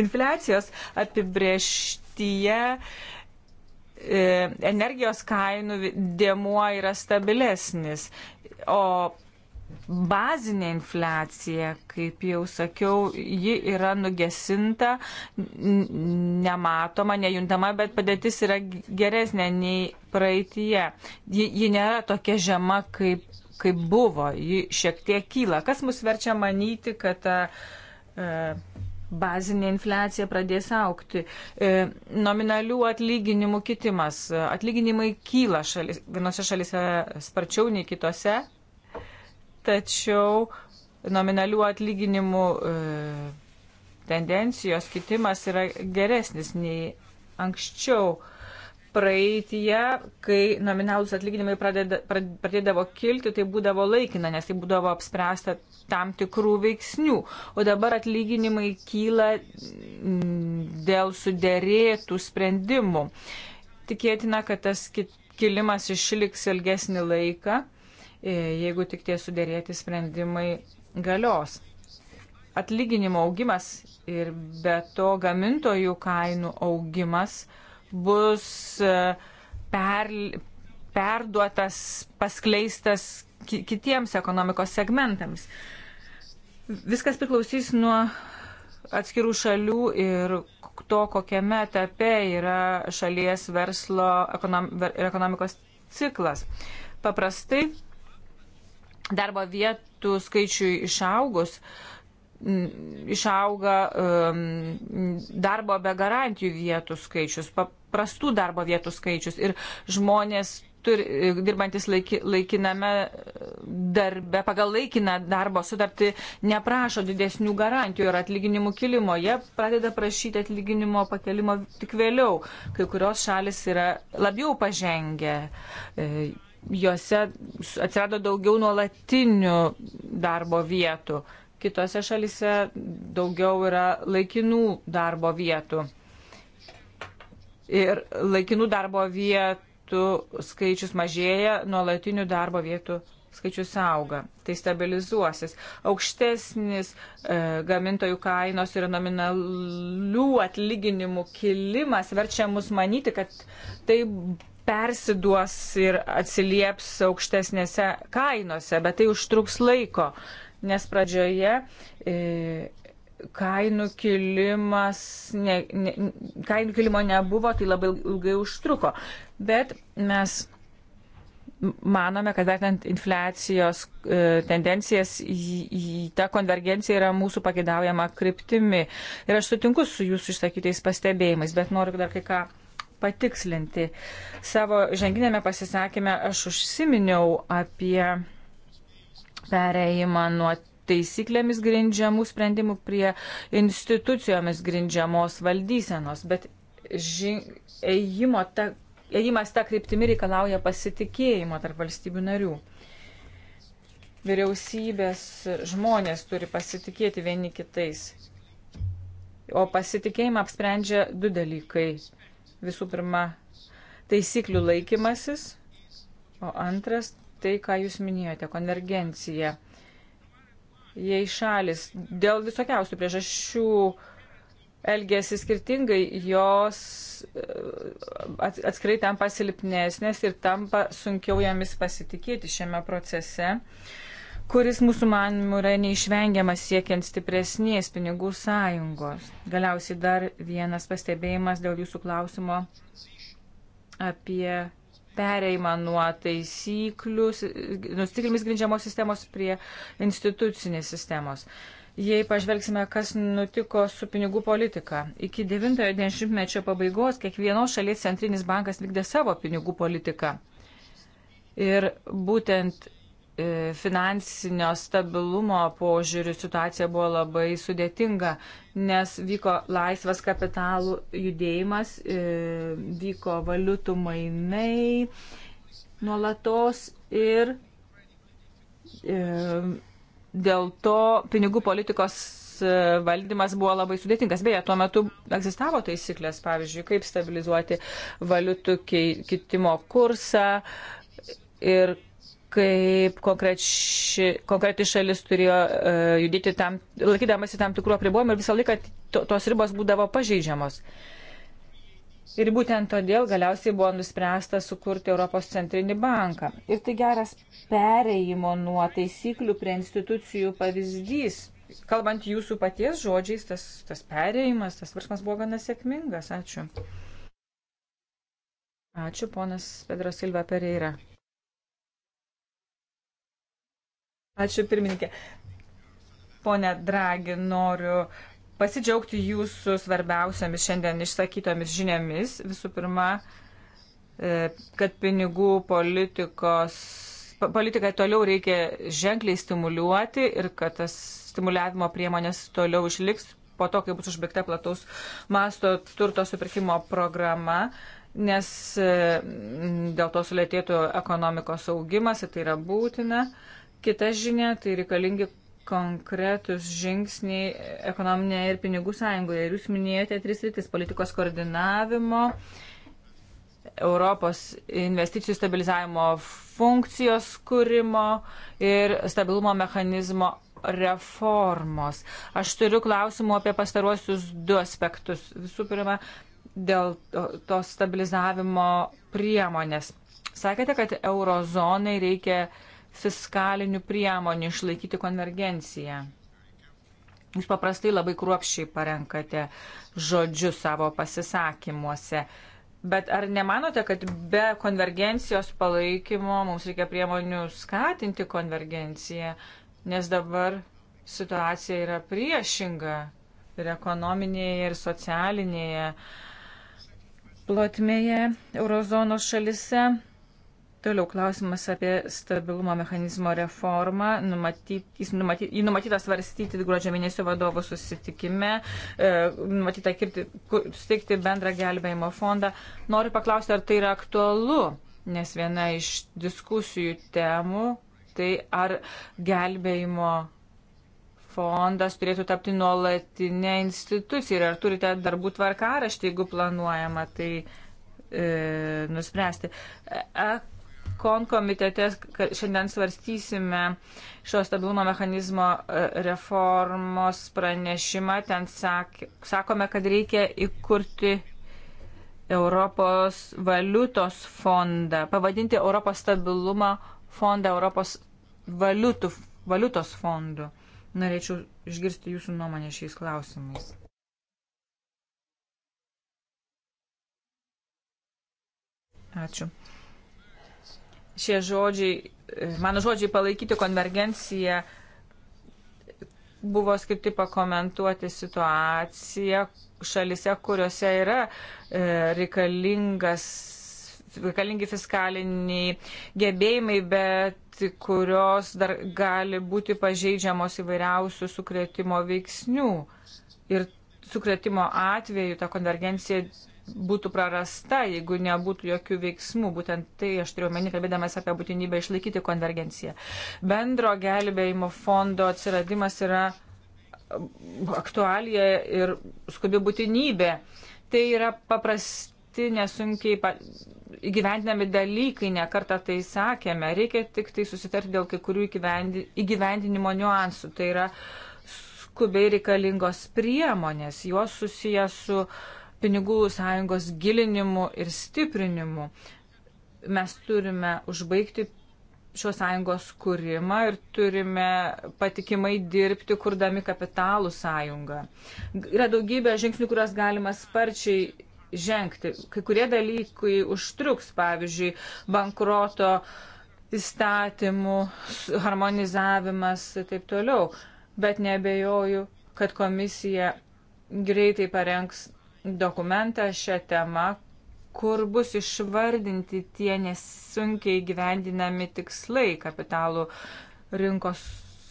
infliacijos apibrieštyje e, energijos kainų dėmuo yra stabilesnis, o bazinė infliacija, kaip jau sakiau, ji yra nugesinta, nematoma, nejuntama, bet padėtis yra geresnė nei praeitie. Ji, ji nėra tokia žema, kaip kaip buvo, ji šiek tiek kyla. Kas mus verčia manyti, kad ta e, bazinė infliacija pradės aukti? E, nominalių atlyginimų kitimas. Atlyginimai kyla šalis, vienose šalise sparčiau nei kitose, tačiau nominalių atlyginimų e, tendencijos kitimas yra geresnis nei anksčiau. E, praeitie, kai nominalūs atlyginimai pradeda, pradėdavo kilti, tai būdavo laikina, nes tai būdavo apspręsta tam tikrų veiksnių. O dabar atlyginimai kyla mm, dėl suderėtų sprendimų. Tikėtina, kad tas kilimas išliks ilgesnį laiką, e, jeigu tik tie suderėti sprendimai galios. Atlyginimo augimas ir be to gamintojų kainų augimas uh, bus e, per, perduotas, paskleistas kitiems ekonomikos segmentams. Viskas priklausys nuo atskirų šalių ir to, kokiame etape yra šalies verslo ekonom, ir ekonomikos ciklas. Paprastai darbo vietų skaičiui išaugus, išauga um, darbo be garantijų vietų skaičius. Pa, prastų darbo vietų skaičius ir žmonės turi, dirbantis laiki, laikiname e, darbe, pagal laikiną darbo sutartį neprašo didesnių garantijų ir atlyginimų kilimo. Jie pradeda prašyti atlyginimo pakelimo tik vėliau. Kai kurios šalis yra labiau pažengę. E, Jose atsirado daugiau nuolatinių darbo vietų. Kitose šalise daugiau yra laikinų darbo vietų ir laikinų darbo vietų skaičius mažėja, nuolatinių darbo vietų skaičius auga. Tai stabilizuosis. Aukštesnis e, gamintojų kainos ir nominalių atlyginimų kilimas verčia mus manyti, kad tai persiduos ir atsilieps aukštesnėse kainose, bet tai užtruks laiko, nes pradžioje e, kainų kilimas, ne, ne, kainų kilimo nebuvo, tai labai ilgai užtruko. Bet mes manome, kad vertinant infliacijos e, tendencijas, j, j, ta konvergencija yra mūsų pagėdaujama kryptimi. Ir aš sutinku su jūsų išsakytais pastebėjimais, bet noriu dar kai ką patikslinti. Savo ženginėme pasisakymę aš užsiminiau apie pereimą nuo taisyklėmis grindžiamų sprendimų prie institucijomis grindžiamos valdysenos, bet ži... ėjimo ta, ėjimas tą kryptimį reikalauja pasitikėjimo tarp valstybių narių. Vyriausybės žmonės turi pasitikėti vieni kitais. O pasitikėjimą apsprendžia du dalykai. Visų pirma, taisyklių laikymasis, o antras tai, ką jūs minėjote, konvergencija jei šalis dėl visokiausių priežasčių elgesi skirtingai, jos e, atskirai tampa silpnesnės ir tampa sunkiau jomis pasitikėti šiame procese, kuris mūsų manimų yra neišvengiamas siekiant stipresnės pinigų sąjungos. Galiausiai dar vienas pastebėjimas dėl jūsų klausimo apie pereima nuo taisyklių, nusitiklimis grindžiamos sistemos prie institucinės sistemos. Jei pažvelgsime, kas nutiko su pinigų politika. Iki 90-mečio pabaigos kiekvienos šalies centrinis bankas vykdė savo pinigų politiką. Ir būtent E, finansinio stabilumo požiūrių situacija buvo labai sudėtinga, nes vyko laisvas kapitalų judėjimas, e, vyko valiutų mainai nuolatos ir e, dėl to pinigų politikos valdymas buvo labai sudėtingas. Beje, tuo metu egzistavo taisyklės, pavyzdžiui, kaip stabilizuoti valiutų kitimo kursą ir kaip konkreči, konkreti šalis turėjo uh, judėti tam, laikydamasi tam tikrų apribojimų ir visą laiką to, tos ribos būdavo pažeidžiamos. Ir būtent todėl galiausiai buvo nuspręsta sukurti Europos centrinį banką. Ir tai geras pereimo nuo taisyklių prie institucijų pavyzdys. Kalbant jūsų paties žodžiais, tas, tas pereimas, tas virsmas buvo gana sėkmingas. Ačiū. Ačiū, ponas Pedro Silva Pereira. Ačiū pirmininkė. Pone Dragi, noriu pasidžiaugti jūsų svarbiausiamis šiandien išsakytomis žiniomis. Visų pirma, e, kad pinigų politikos, politikai toliau reikia ženkliai stimuliuoti ir kad tas stimuliavimo priemonės toliau išliks po to, kai bus užbaigta plataus masto turto supirkimo programa nes e, dėl to sulėtėtų ekonomikos augimas ir tai yra būtina. Uh, Kita žinia, tai reikalingi konkretus žingsniai ekonominėje ir pinigų sąjungoje. Ir jūs minėjote tris rytis - politikos koordinavimo, Europos investicijų stabilizavimo funkcijos kūrimo ir stabilumo mechanizmo reformos. Aš turiu klausimų apie pastaruosius du aspektus. Visų pirma, dėl tos stabilizavimo priemonės. Sakėte, kad eurozonai reikia uh, fiskalinių priemonių išlaikyti konvergenciją. Jūs paprastai labai kruopščiai parenkate žodžius savo pasisakymuose. Bet ar nemanote, kad be konvergencijos palaikymo mums reikia priemonių skatinti konvergenciją, nes dabar situacija yra priešinga ir ekonominėje, ir socialinėje plotmėje eurozonos šalise. Toliau klausimas apie stabilumo mechanizmo reformą. Numatyt, jis numatyt, jį numatyta svarstyti gruodžio mėnesio vadovų susitikime, e, numatyta kirti, suteikti bendrą gelbėjimo fondą. Noriu paklausti, ar tai yra aktualu, nes viena iš diskusijų temų tai ar gelbėjimo fondas turėtų tapti nuolatinę instituciją ir ar turite darbų tvarkaraštį, jeigu planuojama tai e, nuspręsti. E, Kon komitete šiandien svarstysime šio stabilumo mechanizmo e, reformos pranešimą. Ten sak, sakome, kad reikia įkurti Europos valiutos fondą, pavadinti Europos stabilumo fondą Europos valiutų, valiutos fondu. Norėčiau išgirsti jūsų nuomonę šiais klausimais. Ačiū šie žodžiai, mano žodžiai palaikyti konvergenciją buvo skirti pakomentuoti situaciją šalise, kuriuose yra e, reikalingas, reikalingi fiskaliniai gebėjimai, bet kurios dar gali būti pažeidžiamos įvairiausių sukretimo veiksnių. Ir sukretimo atveju ta konvergencija būtų prarasta, jeigu nebūtų jokių veiksmų. Būtent tai aš turiu meni, kalbėdamas apie būtinybę išlaikyti konvergenciją. Bendro gelbėjimo fondo atsiradimas yra aktualija ir skubi būtinybė. Tai yra paprasti, nesunkiai įgyvendinami dalykai, nekartą tai sakėme. Reikia tik tai susitarti dėl kai kurių įgyvendinimo niuansų. Tai yra skubiai reikalingos priemonės, jos susijęs su uh, pinigų sąjungos gilinimu ir stiprinimu. Mes turime užbaigti šios sąjungos kūrimą ir turime patikimai dirbti, kurdami kapitalų sąjungą. Yra daugybė žingsnių, kuriuos galima sparčiai žengti. Kai kurie dalykai užtruks, pavyzdžiui, bankroto įstatymų harmonizavimas ir taip toliau. Bet nebejoju, kad komisija greitai parengs dokumentą šią temą, kur bus išvardinti tie nesunkiai gyvendinami tikslai kapitalų rinkos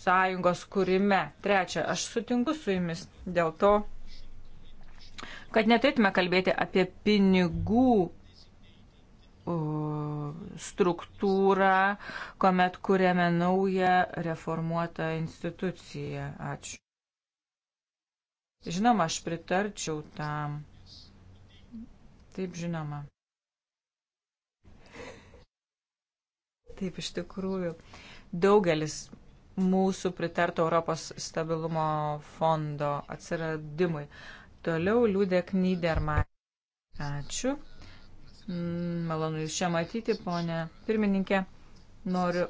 sąjungos kūrime. Trečia, aš sutinku su jumis dėl to, kad neturėtume kalbėti apie pinigų struktūrą, kuomet kuriame naują reformuotą instituciją. Ačiū. Žinoma, aš pritarčiau tam. Taip, žinoma. Taip, iš tikrųjų. Daugelis mūsų pritartų Europos stabilumo fondo atsiradimui. Toliau liūdė Knyderma. Ačiū. Malonu Jūs čia matyti, ponė pirmininkė. Noriu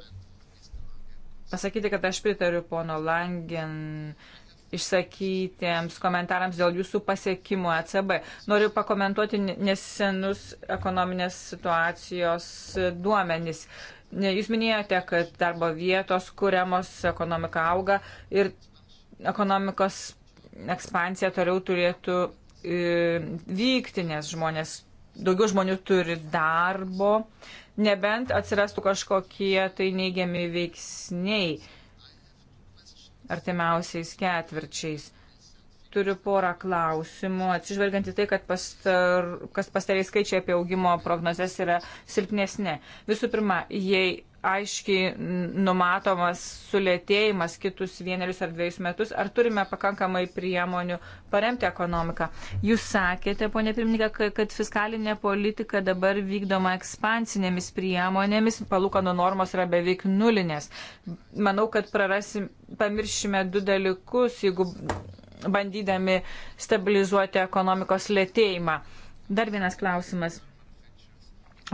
pasakyti, kad aš pritariu pono Langen išsakytiems komentarams dėl jūsų pasiekimų ECB. Noriu pakomentuoti nesenus ekonominės situacijos duomenys. Jūs minėjote, kad darbo vietos kuriamos, ekonomika auga ir ekonomikos ekspansija toliau turėtų e, vykti, nes žmonės, daugiau žmonių turi darbo, nebent atsirastų kažkokie tai neigiami veiksniai artimiausiais ketvirčiais. Turiu porą klausimų, atsižvelgiant į tai, kad pastar, kas pastariai skaičiai apie augimo prognozes yra silpnesnė. Visų pirma, jei aiškiai numatomas sulėtėjimas kitus vienerius ar dviejus metus, ar turime pakankamai priemonių paremti ekonomiką. Jūs sakėte, ponė pirmininkė, kad fiskalinė politika dabar vykdoma ekspansinėmis priemonėmis, palūkanų normos yra beveik nulinės. Manau, kad prarasim, pamiršime du dalykus, jeigu bandydami stabilizuoti ekonomikos lėtėjimą. Dar vienas klausimas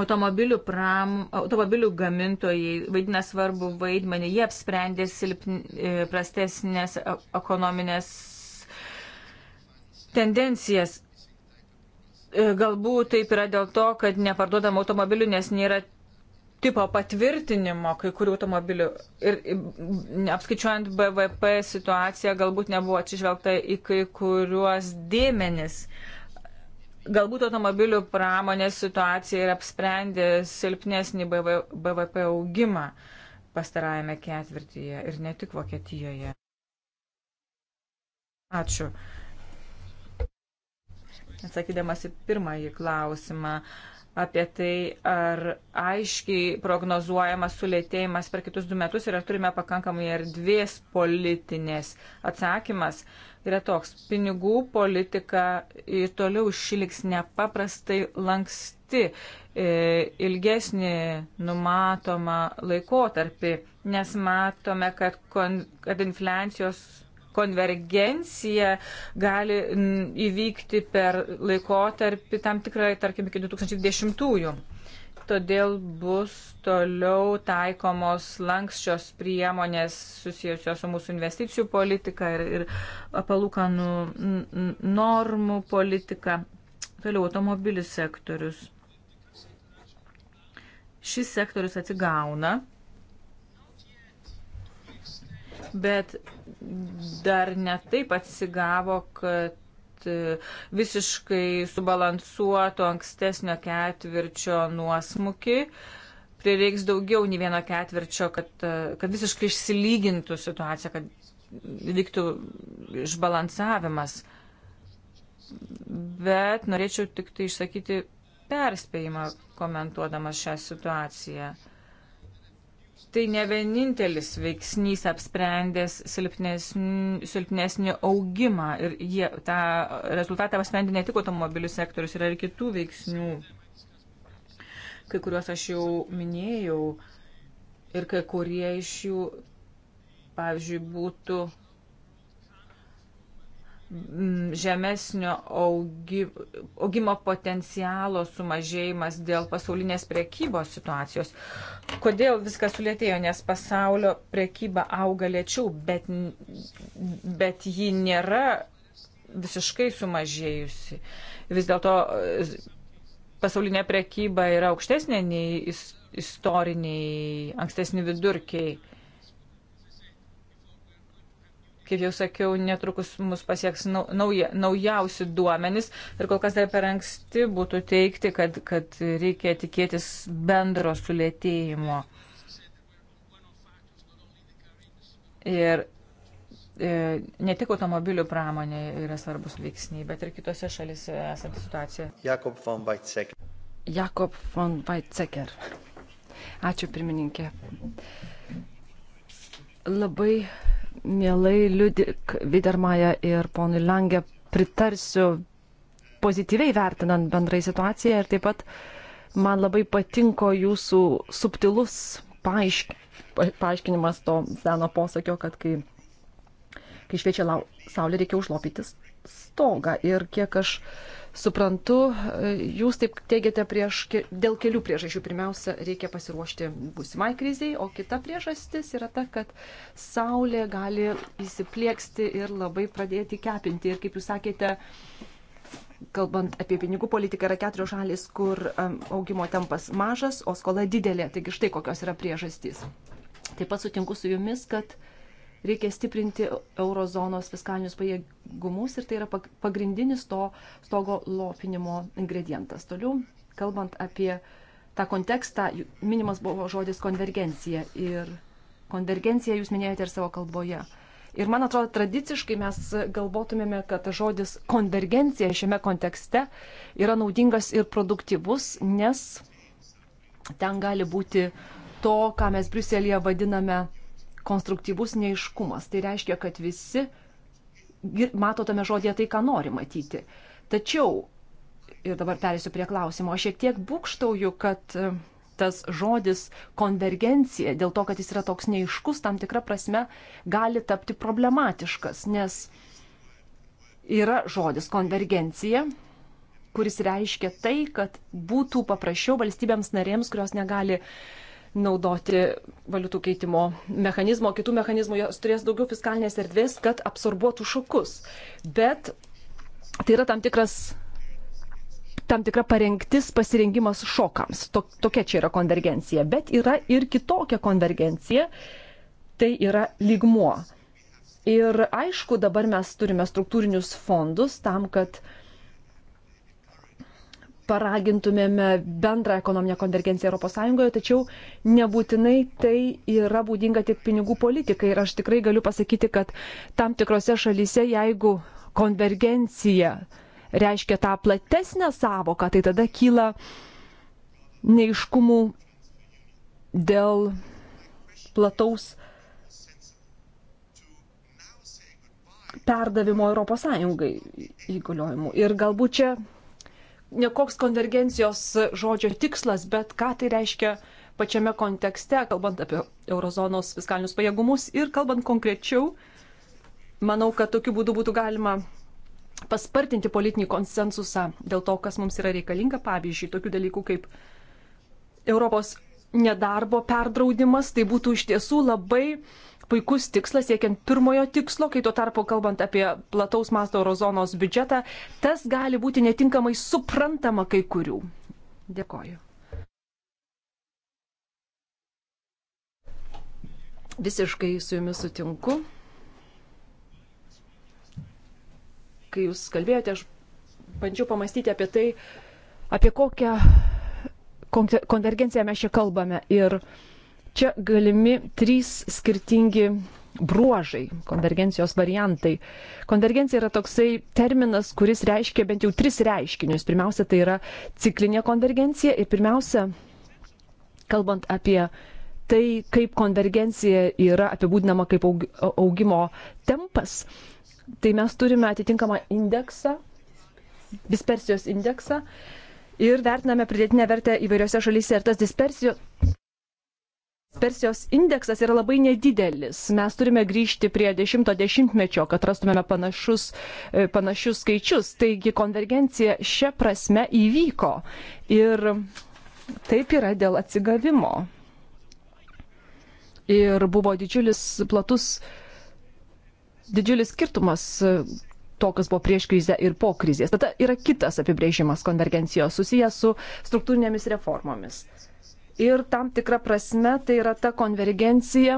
automobilių, pram, automobilių gamintojai vaidina svarbu vaidmenį, jie apsprendė silpn, e, prastesnės e, ekonominės tendencijas. E, galbūt taip yra dėl to, kad neparduodam automobilių, nes nėra tipo patvirtinimo kai kurių automobilių. Ir apskaičiuojant BVP situaciją, galbūt nebuvo atsižvelgta į kai kuriuos dėmenis. Uh, Galbūt automobilių pramonės situacija ir apsprendė silpnesnį BVP augimą pastarajame ketvirtyje ir ne tik Vokietijoje. Ačiū. Atsakydamas į pirmąjį klausimą, uh, apie tai, ar aiškiai prognozuojamas sulėtėjimas per kitus du metus ir ar turime pakankamai erdvės politinės. Atsakymas yra toks. Pinigų politika ir toliau šiliks nepaprastai lanksti e, ilgesnį numatomą laikotarpį, nes matome, kad, kon, kad infliacijos konvergencija gali įvykti per laikotarpį tam tikrą, tarkim, iki 2010-ųjų. Todėl bus toliau taikomos lankščios priemonės susijusios su mūsų investicijų politika ir, ir palūkanų normų politika. Toliau automobilių sektorius. Šis sektorius atsigauna, bet dar netaip atsigavo, kad e, visiškai subalansuoto ankstesnio ketvirčio nuosmukį. Prireiks daugiau nei vieno ketvirčio, kad, e, kad visiškai išsilygintų situacija, kad vyktų išbalansavimas. Bet norėčiau tik tai išsakyti perspėjimą komentuodamas šią situaciją tai ne vienintelis veiksnys apsprendęs silpnesnį, silpnesnį augimą ir jie tą rezultatą apsprendė ne tik automobilių sektorius, yra ir kitų veiksnių, kai kuriuos aš jau minėjau ir kai kurie iš jų, pavyzdžiui, būtų žemesnio augi, augimo potencialo sumažėjimas dėl pasaulinės priekybos situacijos. Kodėl viskas sulėtėjo, nes pasaulio priekyba auga lėčiau, bet, bet ji nėra visiškai sumažėjusi. Vis dėlto e, pasaulinė priekyba yra aukštesnė nei istoriniai ankstesni vidurkiai. Kaip jau sakiau, netrukus mus pasieks nauja, naujausi duomenys ir kol kas dar per anksti būtų teikti, kad, kad reikia tikėtis bendro sulėtėjimo. Ir e, ne tik automobilių pramonė yra svarbus veiksniai, bet ir kitose šalise esanti situacija. Jakob von Weizsäcker. Jakob von Weizsäcker. Ačiū pirmininkė. Labai mielai Liudik Vidermaja ir ponui Langė pritarsiu pozityviai vertinant bendrai situaciją ir taip pat man labai patinko jūsų subtilus paaišk, paaiškinimas to seno posakio, kad kai kai šviečia lau, saulė, reikia užlopyti stogą. Ir kiek aš suprantu, jūs taip teigiate prieš, dėl kelių priežasčių. Pirmiausia, reikia pasiruošti būsimai kriziai, o kita priežastis yra ta, kad saulė gali įsiplėksti ir labai pradėti kepinti. Ir kaip jūs sakėte, kalbant apie pinigų politiką, yra keturios šalis, kur um, augimo tempas mažas, o skola didelė. Taigi štai kokios yra priežastys. Taip pat sutinku su jumis, kad uh, reikia stiprinti eurozonos fiskalinius pajėgumus ir tai yra pagrindinis to stogo lopinimo ingredientas. Toliau, kalbant apie tą kontekstą, minimas buvo žodis konvergencija ir konvergenciją jūs minėjote ir savo kalboje. Ir man atrodo, tradiciškai mes galvotumėme, kad žodis konvergencija šiame kontekste yra naudingas ir produktyvus, nes ten gali būti to, ką mes Briuselėje vadiname konstruktyvus neiškumas. Tai reiškia, kad visi mato tame žodėje tai, ką nori matyti. Tačiau, ir dabar perėsiu prie klausimo, aš šiek tiek būkštauju, kad e, tas žodis konvergencija, dėl to, kad jis yra toks neiškus, tam tikra prasme gali tapti problematiškas, nes yra žodis konvergencija, kuris reiškia tai, kad būtų paprasčiau valstybėms narėms, kurios negali uh, naudoti valiutų keitimo mechanizmo, kitų mechanizmų, jos turės daugiau fiskalinės erdvės, kad absorbuotų šokus. Bet tai yra tam tikras tam tikra parengtis, pasirengimas šokams. Tokia čia yra konvergencija. Bet yra ir kitokia konvergencija, tai yra lygmuo. Ir aišku, dabar mes turime struktūrinius fondus tam, kad uh, paragintumėme bendrą ekonominę konvergenciją ES, tačiau nebūtinai tai yra būdinga tik pinigų politikai. Ir aš tikrai galiu pasakyti, kad tam tikrose šalyse, jeigu konvergencija reiškia tą platesnę savoką, tai tada kyla neiškumų dėl plataus perdavimo ES įgaliojimų. Ir galbūt čia nekoks konvergencijos žodžio tikslas, bet ką tai reiškia pačiame kontekste, kalbant apie eurozonos fiskalinius pajėgumus ir kalbant konkrečiau, manau, kad tokiu būdu būtų galima paspartinti politinį konsensusą dėl to, kas mums yra reikalinga, pavyzdžiui, tokių dalykų kaip Europos nedarbo perdraudimas, tai būtų iš tiesų labai uh, puikus tikslas siekiant pirmojo tikslo, kai tuo tarpu kalbant apie plataus masto eurozonos biudžetą, tas gali būti netinkamai suprantama kai kurių. Dėkoju. Visiškai su jumis sutinku. Kai jūs kalbėjote, aš bandžiau pamastyti apie tai, apie kokią konvergenciją mes čia kalbame. Ir uh, Čia galimi trys skirtingi bruožai, konvergencijos variantai. Konvergencija yra toksai terminas, kuris reiškia bent jau tris reiškinius. Pirmiausia, tai yra ciklinė konvergencija ir pirmiausia, kalbant apie tai, kaip konvergencija yra apibūdinama kaip augimo tempas, tai mes turime atitinkamą indeksą, dispersijos indeksą ir vertiname pridėtinę vertę įvairiose šalyse ir tas dispersijos Persijos indeksas yra labai nedidelis. Mes turime grįžti prie 10-mečio, kad rastumėme panašus, e, panašius skaičius. Taigi konvergencija šia prasme įvyko ir taip yra dėl atsigavimo. Ir buvo didžiulis platus, didžiulis skirtumas e, to, kas buvo prieš krizę ir po krizės. Tada yra kitas apibrėžimas konvergencijos susijęs su struktūrinėmis reformomis Ir tam tikra prasme tai yra ta konvergencija,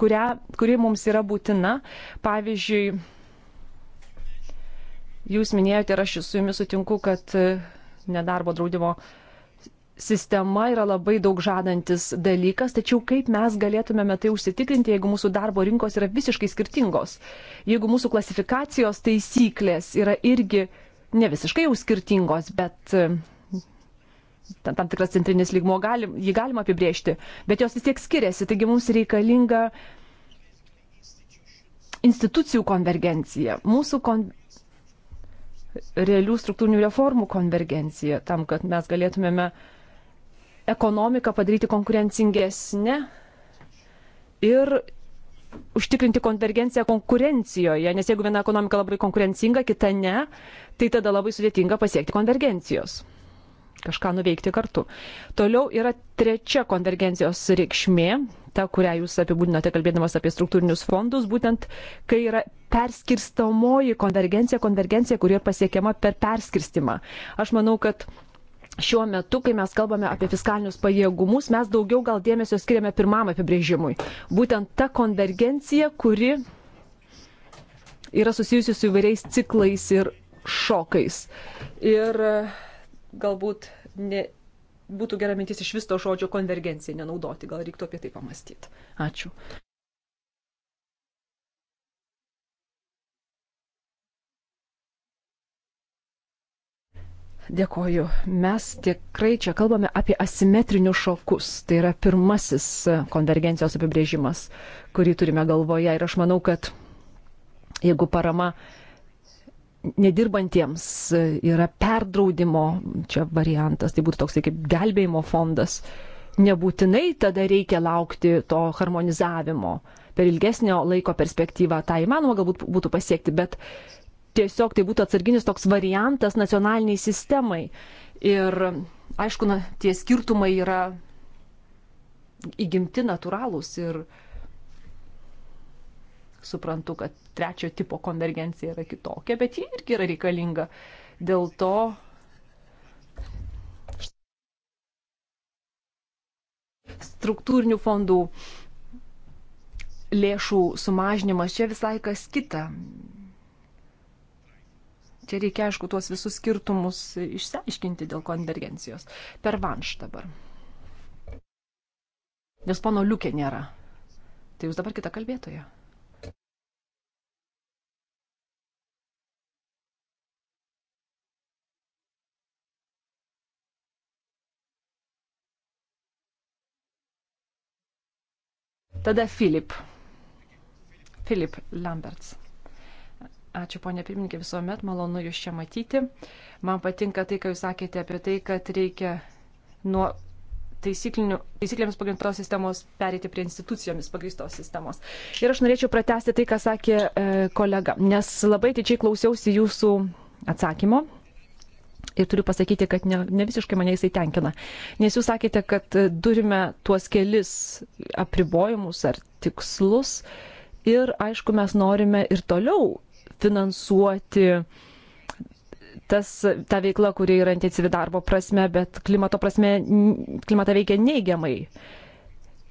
kurią, kuri mums yra būtina. Pavyzdžiui, jūs minėjote ir aš su jumis sutinku, kad e, nedarbo draudimo sistema yra labai daug žadantis dalykas, tačiau kaip mes galėtumėme tai užsitikrinti, jeigu mūsų darbo rinkos yra visiškai skirtingos, jeigu mūsų klasifikacijos taisyklės yra irgi ne visiškai jau skirtingos, bet e, tam tikras centrinis lygmo, galim, jį galima apibriežti, bet jos vis tiek skiriasi, taigi mums reikalinga institucijų konvergencija, mūsų kon... realių struktūrinių reformų konvergencija, tam, kad mes galėtumėme ekonomiką padaryti konkurencingesnę ir užtikrinti konvergenciją konkurencijoje, nes jeigu viena ekonomika labai konkurencinga, kita ne, tai tada labai sudėtinga pasiekti konvergencijos kažką nuveikti kartu. Toliau yra trečia konvergencijos reikšmė, ta, kurią jūs apibūdinote kalbėdamas apie struktūrinius fondus, būtent kai yra perskirstamoji konvergencija, konvergencija, kuri yra pasiekiama per perskirstimą. Aš manau, kad Šiuo metu, kai mes kalbame apie fiskalinius pajėgumus, mes daugiau gal dėmesio skiriame pirmam apibrėžimui. Būtent ta konvergencija, kuri yra susijusi su įvairiais ciklais ir šokais. Ir uh, galbūt ne, būtų gera mintis iš viso žodžio konvergencija nenaudoti, gal reiktų apie tai pamastyti. Ačiū. Dėkoju. Mes tikrai čia kalbame apie asimetrinius šokus. Tai yra pirmasis konvergencijos apibrėžimas, kurį turime galvoje. Ir aš manau, kad jeigu parama nedirbantiems e, yra perdraudimo, čia variantas, tai būtų toksai kaip gelbėjimo fondas. Nebūtinai tada reikia laukti to harmonizavimo. Per ilgesnio laiko perspektyvą tą įmanoma galbūt būtų pasiekti, bet tiesiog tai būtų atsarginis toks variantas nacionaliniai sistemai. Ir aišku, na, tie skirtumai yra įgimti natūralūs ir uh, suprantu, kad trečio tipo konvergencija yra kitokia, bet ji irgi yra reikalinga. Dėl to struktūrinių fondų lėšų sumažinimas čia visai kas kita. Čia reikia, aišku, tuos visus skirtumus išsiaiškinti dėl konvergencijos. Per vanš dabar. Nes pono liukė nėra. Tai jūs dabar kita kalbėtoja. Tada Filip. Filip Lamberts. Ačiū, ponė pirmininkė, visuomet malonu jūs čia matyti. Man patinka tai, ką jūs sakėte apie tai, kad reikia nuo taisyklėms pagrindos sistemos perėti prie institucijomis pagristos sistemos. Ir aš norėčiau pratesti tai, ką sakė e, kolega, nes labai tyčiai klausiausi jūsų atsakymo Ir turiu pasakyti, kad ne, ne visiškai mane jisai tenkina. Nes jūs sakėte, kad e, turime tuos kelis apribojimus ar tikslus. Ir aišku, mes norime ir toliau finansuoti tas, ta veikla, kuri yra intensyvi darbo prasme, bet klimato prasme klimatą veikia neigiamai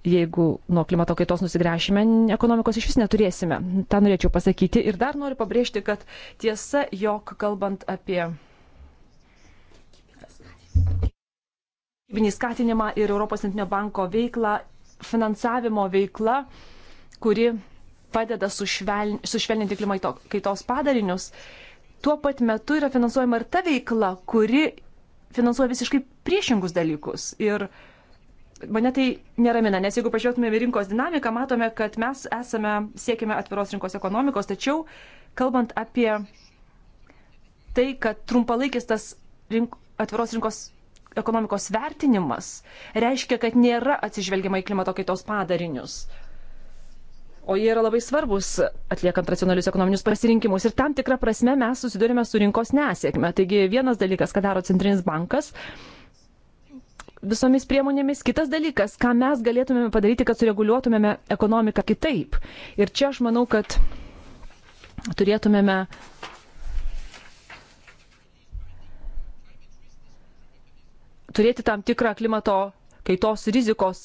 jeigu nuo klimato kaitos nusigręšime, ekonomikos iš vis neturėsime. Ta norėčiau pasakyti. Ir dar noriu pabrėžti, kad tiesa, jog kalbant apie skatinimą ir Europos centrinio banko veiklą, finansavimo veikla, kuri padeda sušveln, sušvelninti klimato kaitos padarinius. Tuo pat metu yra finansuojama ir ta veikla, kuri finansuoja visiškai priešingus dalykus. Ir mane tai neramina, nes jeigu pažiūrėtume į rinkos dinamiką, matome, kad mes esame, siekime atviros rinkos ekonomikos, tačiau kalbant apie tai, kad trumpalaikis tas rink, atviros rinkos ekonomikos vertinimas reiškia, kad nėra atsižvelgiama į klimato kaitos padarinius. O jie yra labai svarbus atliekant racionalius ekonominius pasirinkimus. Ir tam tikrą prasme mes susidurime su rinkos nesėkme. Taigi vienas dalykas, ką daro Centrinis bankas visomis priemonėmis, kitas dalykas, ką mes galėtumėme padaryti, kad sureguliuotumėme ekonomiką kitaip. Ir čia aš manau, kad turėtumėme turėti tam tikrą klimato kaitos rizikos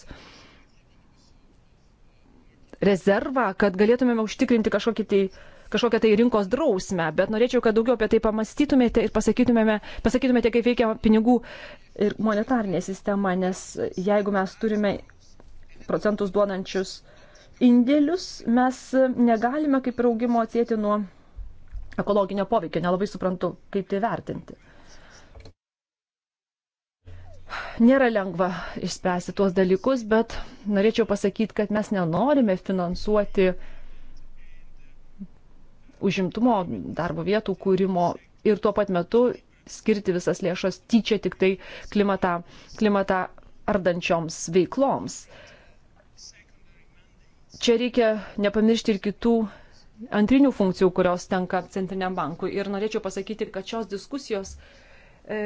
rezervą, kad galėtumėme užtikrinti kažkokį tai kažkokią tai rinkos drausmę, bet norėčiau, kad daugiau apie tai pamastytumėte ir pasakytumėte, pasakytumėte kaip veikia pinigų ir monetarinė sistema, nes jeigu mes turime procentus duodančius indėlius, mes negalime kaip ir augimo atsėti nuo ekologinio poveikio, nelabai suprantu, kaip tai vertinti. Nėra lengva išspręsti tuos dalykus, bet norėčiau pasakyti, kad mes nenorime finansuoti užimtumo darbo vietų kūrimo ir tuo pat metu skirti visas lėšas tyčia tik tai klimatą, klimatą ardančioms veikloms. Čia reikia nepamiršti ir kitų antrinių funkcijų, kurios tenka Centriniam bankui. Ir norėčiau pasakyti, kad šios diskusijos e,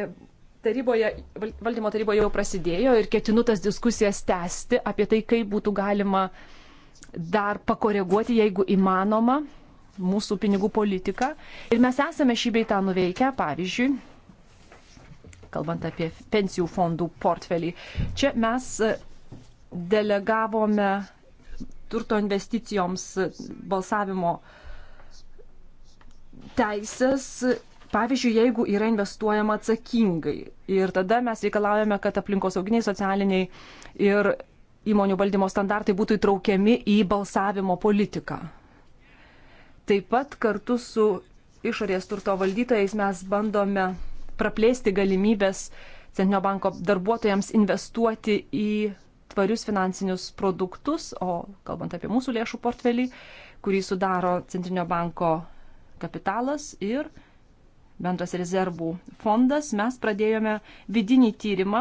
taryboje, valdymo taryboje jau prasidėjo ir ketinu tas diskusijas tęsti apie tai, kaip būtų galima dar pakoreguoti, jeigu įmanoma, mūsų pinigų politiką. Ir mes esame šį beitą nuveikę, pavyzdžiui, kalbant apie pensijų fondų portfelį. Čia mes e, delegavome turto investicijoms balsavimo teisės Pavyzdžiui, jeigu yra investuojama atsakingai ir tada mes reikalaujame, kad aplinkosauginiai, socialiniai ir įmonių valdymo standartai būtų įtraukiami į balsavimo politiką. Taip pat kartu su išorės turto valdytojais mes bandome praplėsti galimybės Centrinio banko darbuotojams investuoti į tvarius finansinius produktus, o kalbant apie mūsų lėšų portfelį, kurį sudaro Centrinio banko kapitalas ir bendras rezervų fondas, mes pradėjome vidinį tyrimą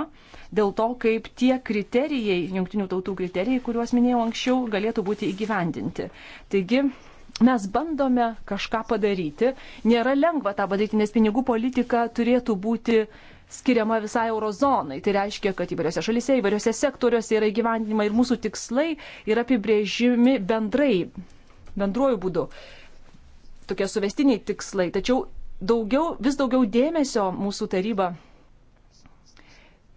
dėl to, kaip tie kriterijai, jungtinių tautų kriterijai, kuriuos minėjau anksčiau, galėtų būti įgyvendinti. Taigi, Mes bandome kažką padaryti. Nėra lengva tą padaryti, nes pinigų politika turėtų būti skiriama visai eurozonai. Tai reiškia, kad įvairiose šalyse, įvairiose sektoriuose yra įgyvendinima ir mūsų tikslai yra apibrėžimi bendrai, bendruoju būdu. Tokie suvestiniai tikslai. Tačiau daugiau, vis daugiau dėmesio mūsų taryba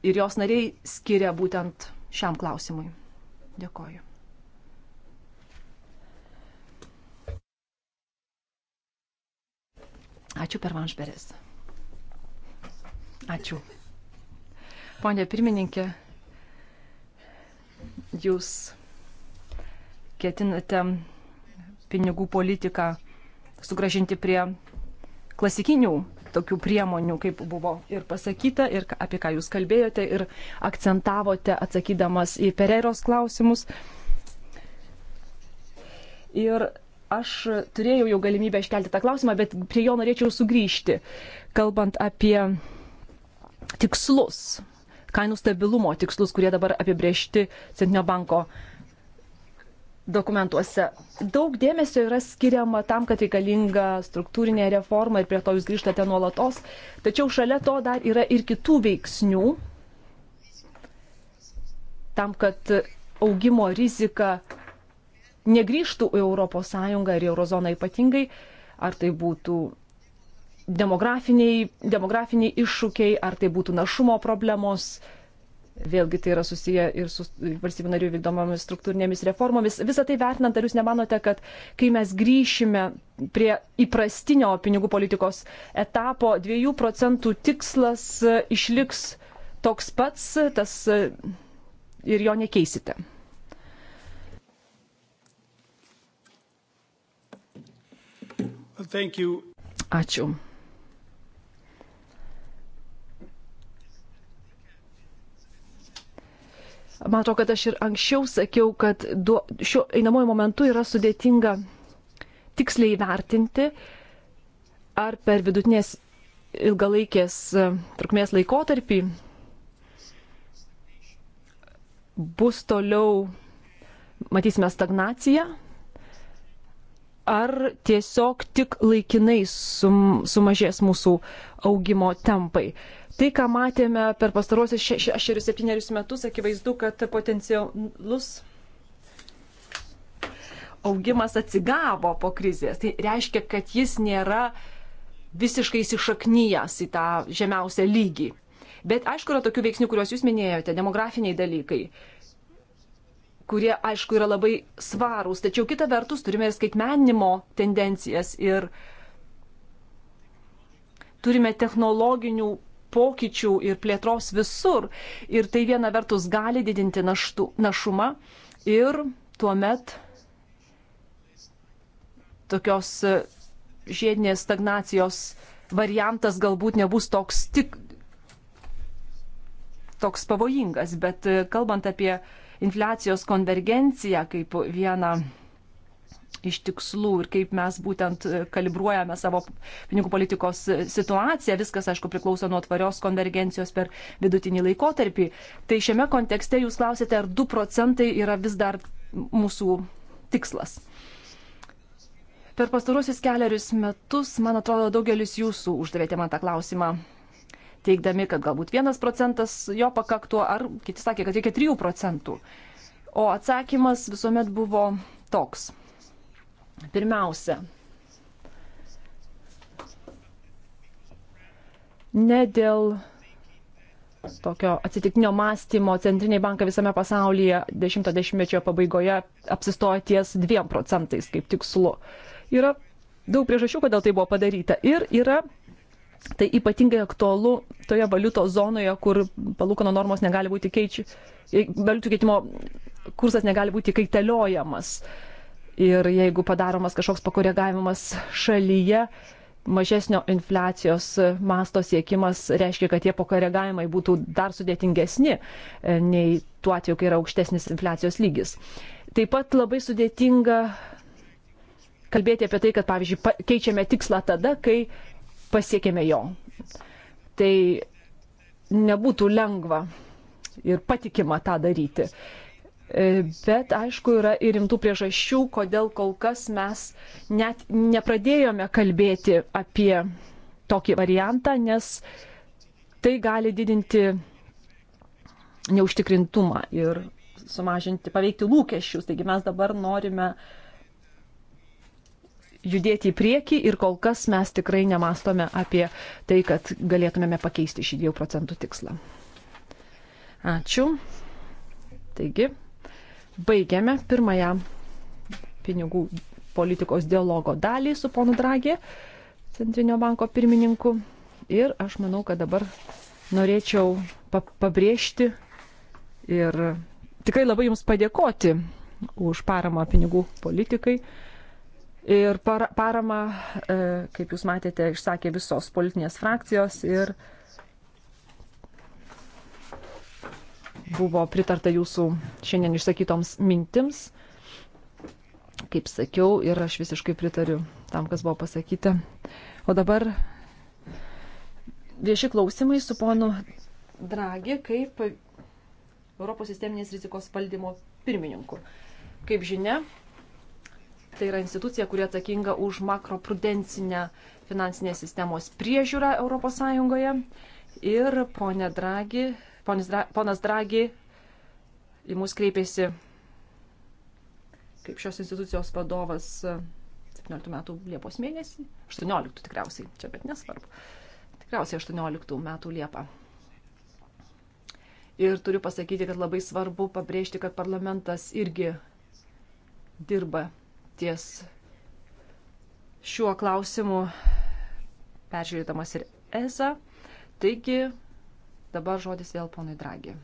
ir jos nariai skiria būtent šiam klausimui. Dėkoju. Ačiū per Vanšberės. Ačiū. Pone pirmininkė, jūs ketinate pinigų politiką sugražinti prie klasikinių tokių priemonių, kaip buvo ir pasakyta, ir apie ką jūs kalbėjote ir akcentavote atsakydamas į Pereiros klausimus. Ir aš turėjau jau galimybę iškelti tą klausimą, bet prie jo norėčiau sugrįžti, kalbant apie tikslus, kainų stabilumo tikslus, kurie dabar apibriešti Centrinio banko uh, dokumentuose. Daug dėmesio yra skiriama tam, kad reikalinga struktūrinė reforma ir prie to jūs grįžtate nuolatos. Tačiau šalia to dar yra ir kitų veiksnių tam, kad augimo rizika negrįžtų į ES ir Eurozoną ypatingai, ar tai būtų demografiniai, demografiniai iššūkiai, ar tai būtų našumo problemos, uh, Vėlgi tai yra susiję ir su valstybių narių vykdomomis struktūrinėmis reformomis. Visą tai vertinant, ar jūs nemanote, kad kai mes grįšime prie įprastinio pinigų politikos etapo, 2 procentų tikslas e, išliks toks pats e, tas, e, ir jo nekeisite? Ačiū. Man atrodo, kad aš ir anksčiau sakiau, kad du, šiuo einamoju momentu yra sudėtinga tiksliai įvertinti, ar per vidutinės ilgalaikės e, trukmės laikotarpį bus toliau, matysime stagnaciją ar tiesiog tik laikinai sum, sumažės mūsų augimo tempai. Tai, ką matėme per pastarosius šešerius septynerius metus, akivaizdu, kad potencialus augimas atsigavo po krizės. Tai reiškia, kad jis nėra visiškai įsišaknyjęs į tą žemiausią lygį. Bet aišku, yra tokių veiksnių, kuriuos jūs minėjote - demografiniai dalykai kurie, aišku, yra labai svarūs. Tačiau kita vertus turime ir skaitmenimo tendencijas ir turime technologinių pokyčių ir plėtros visur. Ir tai viena vertus gali didinti naštų, našumą ir tuomet tokios e, žiedinės stagnacijos variantas galbūt nebus toks tik toks pavojingas, bet e, kalbant apie infliacijos konvergenciją kaip vieną iš tikslų ir kaip mes būtent kalibruojame savo pinigų politikos situaciją. Viskas, aišku, priklauso nuo tvarios konvergencijos per vidutinį laikotarpį. Tai šiame kontekste jūs klausėte, ar 2 procentai yra vis dar mūsų tikslas. Per pastarusius keliarius metus, man atrodo, daugelis jūsų uždavėte man tą klausimą teikdami, kad galbūt vienas procentas jo pakaktų, ar kiti sakė, kad reikia trijų procentų. O atsakymas visuomet buvo toks. Pirmiausia, ne dėl tokio atsitiktinio mąstymo centriniai bankai visame pasaulyje 10-mečio pabaigoje apsistojo ties 2 procentais kaip tikslu. Yra daug priežasčių, kodėl tai buvo padaryta. Ir yra Tai ypatingai aktualu toje valiutos zonoje, kur palūkanų normos negali būti keičių, e, valiutų keitimo kursas negali būti kaitaliojamas. Ir jeigu padaromas kažkoks pakoregavimas šalyje, mažesnio infliacijos masto siekimas reiškia, kad tie pakoregavimai būtų dar sudėtingesni e, nei tuo atveju, kai yra aukštesnis infliacijos lygis. Taip pat labai sudėtinga kalbėti apie tai, kad, pavyzdžiui, keičiame tikslą tada, kai pasiekėme jo. Tai nebūtų lengva ir patikima tą daryti. E, bet aišku, yra ir rimtų priežasčių, kodėl kol kas mes net nepradėjome kalbėti apie tokį variantą, nes tai gali didinti neužtikrintumą ir sumažinti, paveikti lūkesčius. Taigi mes dabar norime uh, judėti į priekį ir kol kas mes tikrai nemastome apie tai, kad galėtumėme pakeisti šį 2 procentų tikslą. Ačiū. Taigi, baigiame pirmąją pinigų politikos dialogo dalį su ponu Dragė, Centrinio banko pirmininku. Ir aš manau, kad dabar norėčiau pabrėžti ir tikrai labai Jums padėkoti už paramą pinigų politikai. Ir par, parama, e, kaip jūs matėte, išsakė visos politinės frakcijos ir buvo pritarta jūsų šiandien išsakytoms mintims. Kaip sakiau, ir aš visiškai pritariu tam, kas buvo pasakyta. O dabar vieši klausimai su ponu Dragi kaip Europos sisteminės rizikos valdymo pirmininku. Kaip žinia, Tai yra institucija, kuri atsakinga už makroprudencinę finansinės sistemos priežiūrą ES. Ir ponė Dragi, ponas, Dra, ponas Dragi į mus kreipėsi kaip šios institucijos vadovas 17 metų Liepos mėnesį, 18 tikriausiai, čia bet nesvarbu, tikriausiai 18 metų Liepą. Ir turiu pasakyti, kad labai svarbu pabrėžti, kad parlamentas irgi dirba ties šiuo klausimu peržiūrėdamas ir ESA. Taigi, dabar žodis vėl ponui Dragi.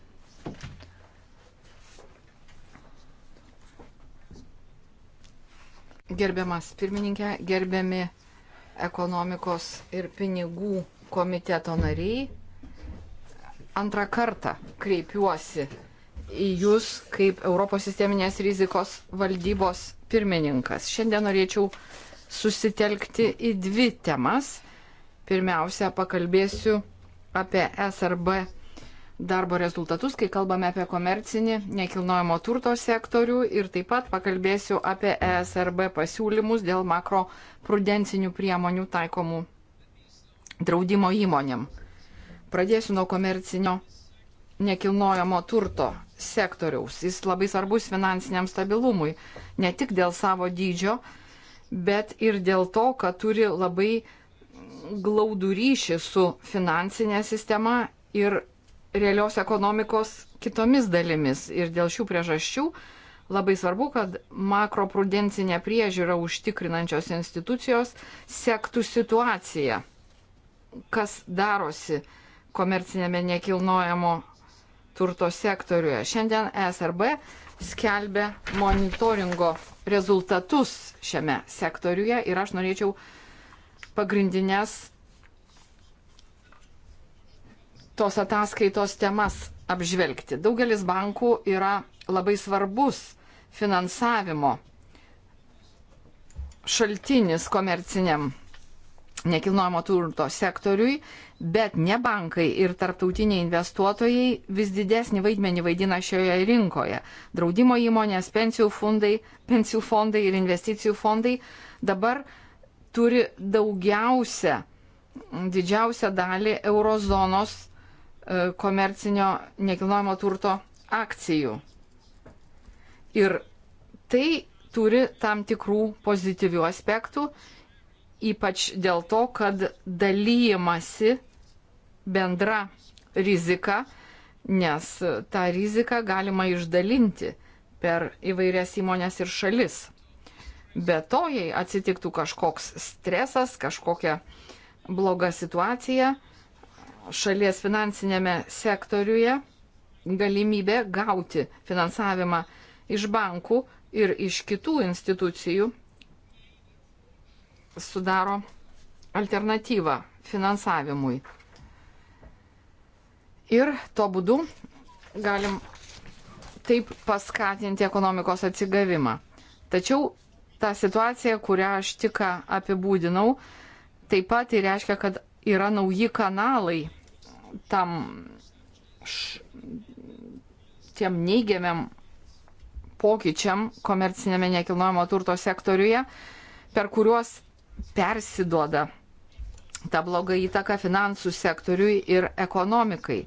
Gerbiamas pirmininkė, gerbiami ekonomikos ir pinigų komiteto nariai, antrą kartą kreipiuosi jūs kaip Europos sisteminės rizikos valdybos pirmininkas. Šiandien norėčiau susitelkti į dvi temas. Pirmiausia, pakalbėsiu apie SRB darbo rezultatus, kai kalbame apie komercinį nekilnojamo turto sektorių ir taip pat pakalbėsiu apie ESRB pasiūlymus dėl makroprudencinių priemonių taikomų draudimo įmonėm. Pradėsiu nuo komercinio nekilnojamo turto sektoriaus. Jis labai svarbus finansiniam stabilumui, ne tik dėl savo dydžio, bet ir dėl to, kad turi labai glaudų ryšį su finansinė sistema ir realios ekonomikos kitomis dalimis. Ir dėl šių priežasčių labai svarbu, kad makroprudencinė priežiūra užtikrinančios institucijos sektų situaciją, kas darosi komercinėme nekilnojamo turto sektoriuje. Šiandien ESRB skelbia monitoringo rezultatus šiame sektoriuje ir aš norėčiau pagrindinės tos ataskaitos temas apžvelgti. Daugelis bankų yra labai svarbus finansavimo šaltinis komerciniam nekilnojamo turto sektoriui, bet ne bankai ir tarptautiniai investuotojai vis didesnį vaidmenį vaidina šioje rinkoje. Draudimo įmonės, pensijų fondai, pensijų fondai ir investicijų fondai dabar turi daugiausia, didžiausią dalį eurozonos e, komercinio nekilnojamo turto akcijų. Ir tai turi tam tikrų pozityvių aspektų ypač dėl to, kad dalyjimasi bendra rizika, nes tą riziką galima išdalinti per įvairias įmonės ir šalis. Be to, jei atsitiktų kažkoks stresas, kažkokia bloga situacija šalies finansinėme sektoriuje, galimybė gauti finansavimą iš bankų ir iš kitų institucijų sudaro alternatyvą finansavimui. Ir to būdu galim taip paskatinti ekonomikos atsigavimą. Tačiau ta situacija, kurią aš tik apibūdinau, taip pat tai reiškia, kad yra nauji kanalai tam š, tiem neigiamiam pokyčiam komercinėme nekilnojamo turto sektoriuje, per kuriuos persiduoda ta bloga įtaka finansų sektoriui ir ekonomikai.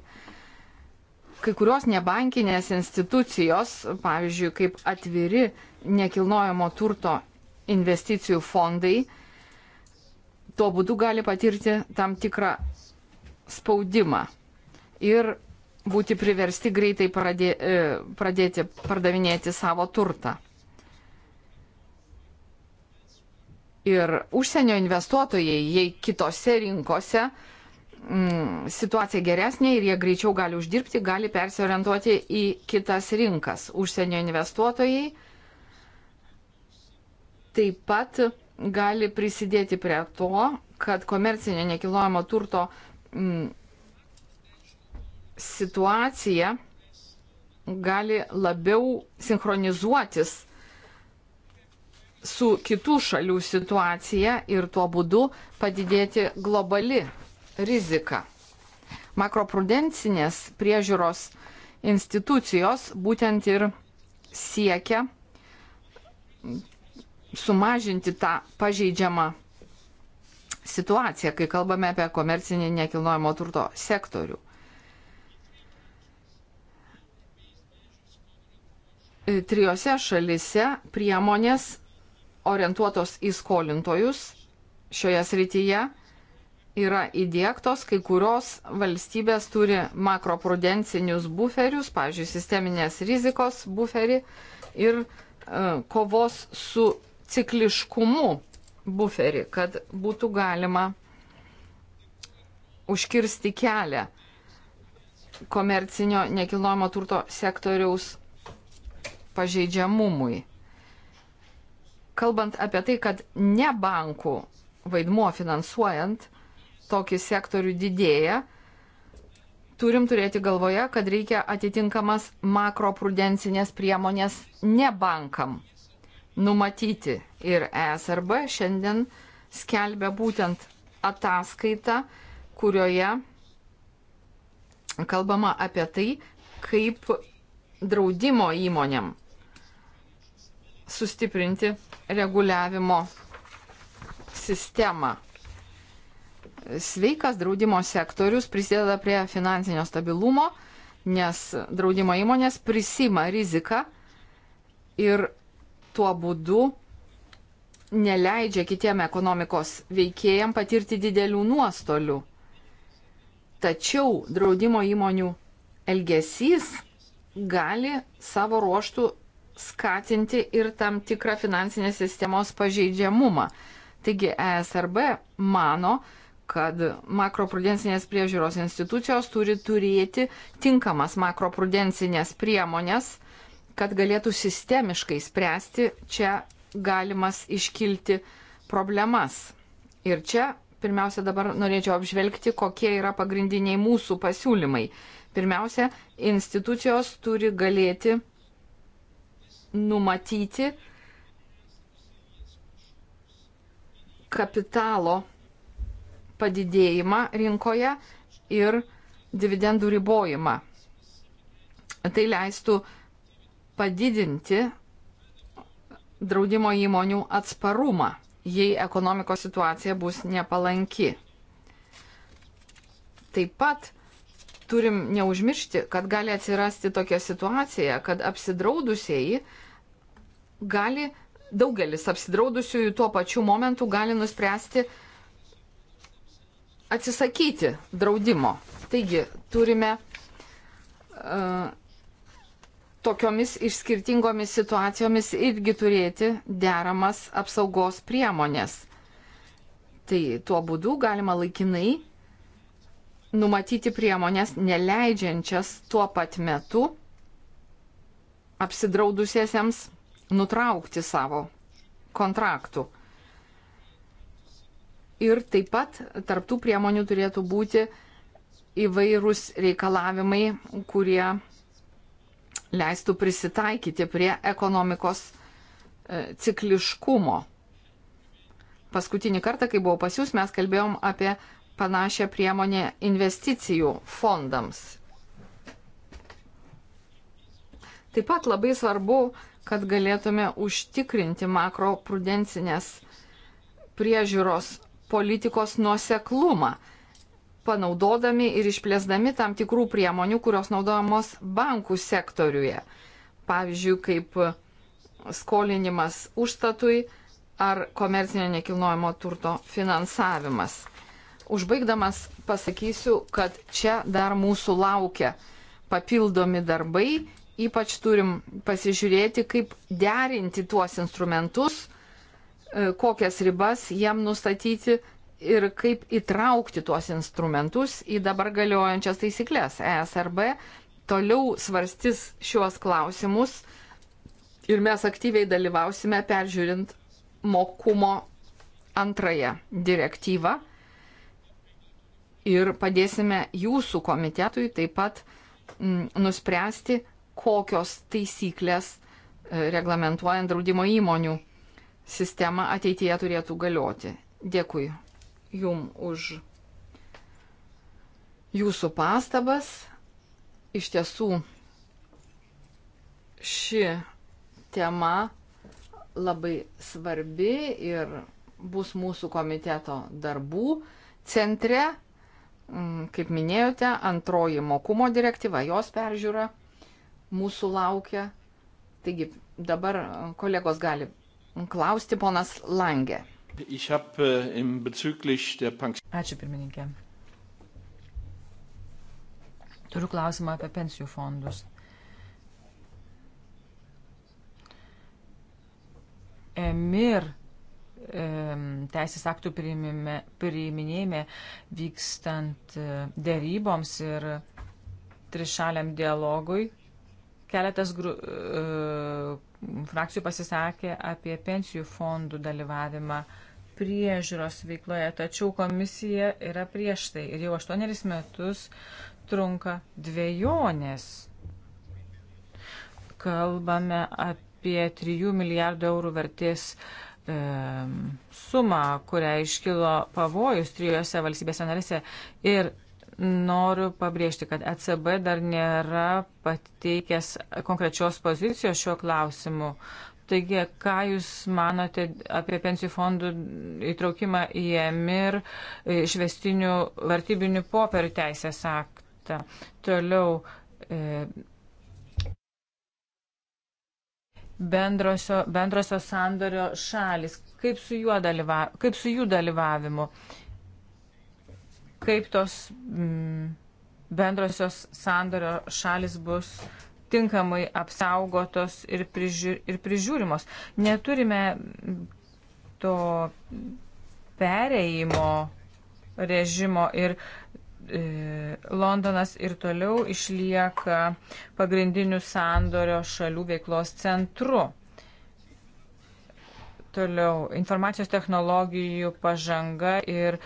Kai kurios nebankinės institucijos, pavyzdžiui, kaip atviri nekilnojamo turto investicijų fondai, tuo būdu gali patirti tam tikrą spaudimą ir būti priversti greitai pradė, e, pradėti pardavinėti savo turtą. ir užsienio investuotojai, jei kitose rinkose mm, situacija geresnė ir jie greičiau gali uždirbti, gali persiorientuoti į kitas rinkas. Užsienio investuotojai taip pat gali prisidėti prie to, kad komercinio nekilnojamo turto mm, situacija gali labiau sinchronizuotis su kitų šalių situacija ir tuo būdu padidėti globali rizika. Makroprudencinės priežiūros institucijos būtent ir siekia sumažinti tą pažeidžiamą situaciją, kai kalbame apie komercinį nekilnojamo turto sektorių. Trijose šalise priemonės orientuotos į skolintojus šioje srityje yra įdėktos, kai kurios valstybės turi makroprudencinius buferius, pavyzdžiui, sisteminės rizikos buferį ir e, kovos su cikliškumu buferį, kad būtų galima užkirsti kelią komercinio nekilnojamo turto sektoriaus pažeidžiamumui kalbant apie tai, kad ne bankų vaidmuo finansuojant tokį sektorių didėja, turim turėti galvoje, kad reikia atitinkamas makroprudencinės priemonės ne bankam numatyti. Ir ESRB šiandien skelbia būtent ataskaitą, kurioje kalbama apie tai, kaip draudimo įmonėm sustiprinti reguliavimo sistemą. Sveikas draudimo sektorius prisideda prie finansinio stabilumo, nes draudimo įmonės prisima riziką ir tuo būdu neleidžia kitiem ekonomikos veikėjam patirti didelių nuostolių. Tačiau draudimo įmonių elgesys gali savo ruoštų skatinti ir tam tikrą finansinės sistemos pažeidžiamumą. Taigi ESRB mano, kad makroprudencinės priežiūros institucijos turi turėti tinkamas makroprudencinės priemonės, kad galėtų sistemiškai spręsti čia galimas iškilti problemas. Ir čia pirmiausia dabar norėčiau apžvelgti, kokie yra pagrindiniai mūsų pasiūlymai. Pirmiausia, institucijos turi galėti numatyti kapitalo padidėjimą rinkoje ir dividendų ribojimą. Tai leistų padidinti draudimo įmonių atsparumą, jei ekonomikos situacija bus nepalanki. Taip pat turim neužmiršti, kad gali atsirasti tokia situacija, kad apsidraudusieji gali, daugelis apsidraudusiųjų tuo pačiu momentu gali nuspręsti atsisakyti draudimo. Taigi turime uh, tokiomis išskirtingomis situacijomis irgi turėti deramas apsaugos priemonės. Tai tuo būdu galima laikinai numatyti priemonės neleidžiančias tuo pat metu apsidraudusiesiems nutraukti savo kontraktų. Ir taip pat tarptų priemonių turėtų būti įvairūs reikalavimai, kurie leistų prisitaikyti prie ekonomikos e, cikliškumo. Paskutinį kartą, kai buvau pas jūs, mes kalbėjom apie panašią priemonę investicijų fondams. Taip pat labai svarbu, kad galėtume užtikrinti makroprudencinės priežiūros politikos nuoseklumą, panaudodami ir išplėsdami tam tikrų priemonių, kurios naudojamos bankų sektoriuje. Pavyzdžiui, kaip skolinimas užstatui ar komercinio nekilnojamo turto finansavimas. Užbaigdamas pasakysiu, kad čia dar mūsų laukia papildomi darbai, ypač turim pasižiūrėti, kaip derinti tuos instrumentus, e, kokias ribas jam nustatyti ir kaip įtraukti tuos instrumentus į dabar galiojančias taisyklės. ESRB toliau svarstys šiuos klausimus ir mes aktyviai dalyvausime peržiūrint mokumo antrąją direktyvą ir padėsime jūsų komitetui taip pat m, mm, nuspręsti, kokios taisyklės e, reglamentuojant draudimo įmonių sistemą ateityje turėtų galioti. Dėkui Jum už Jūsų pastabas. Iš tiesų, ši tema labai svarbi ir bus mūsų komiteto darbų centre. Mm, kaip minėjote, antroji mokumo direktyva, jos peržiūra mūsų laukia. Taigi dabar uh, kolegos gali klausti ponas Langė. Äh, Ačiū pirmininkė. Turiu klausimą apie pensijų fondus. Emir teisės aktų priimime, priiminėjime vykstant e, dėryboms ir trišaliam dialogui. Keletas gru, e, frakcijų pasisakė apie pensijų fondų dalyvavimą priežiūros veikloje, tačiau komisija yra prieš tai ir jau aštuoneris metus trunka dviejonės. Kalbame apie 3 milijardų eurų vertės uh, sumą, kurią iškilo pavojus trijose valstybėse narėse. Ir noriu pabrėžti, kad ECB dar nėra pateikęs konkrečios pozicijos šiuo klausimu. Taigi, ką Jūs manote apie pensijų fondų įtraukimą į EMIR išvestinių vartybinių popierių teisės aktą? Toliau. E, bendrosio, bendrosios sandorio šalis. Kaip su, dalyva, kaip su jų dalyvavimu? Kaip tos mm, bendrosios sandorio šalis bus tinkamai apsaugotos ir, prižiūr, ir prižiūrimos? Neturime to pereimo režimo ir E, Londonas ir toliau išlieka pagrindinių sandorio šalių veiklos centru. Toliau informacijos technologijų pažanga ir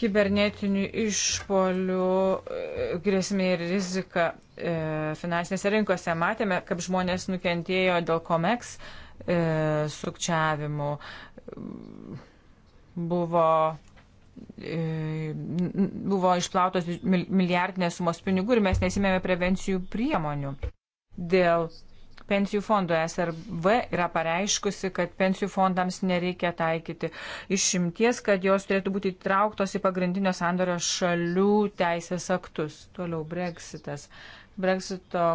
kibernetinių išpolių e, grėsmė ir rizika e, finansinėse rinkose. Matėme, kaip žmonės nukentėjo dėl COMEX sukčiavimų. Buvo E, buvo išplautos milijardinės sumos pinigų ir mes nesimėme prevencijų priemonių. Dėl pensijų fondo SRV yra pareiškusi, kad pensijų fondams nereikia taikyti išimties, kad jos turėtų būti įtrauktos į pagrindinio sandorio šalių teisės aktus. Toliau Brexitas. Brexito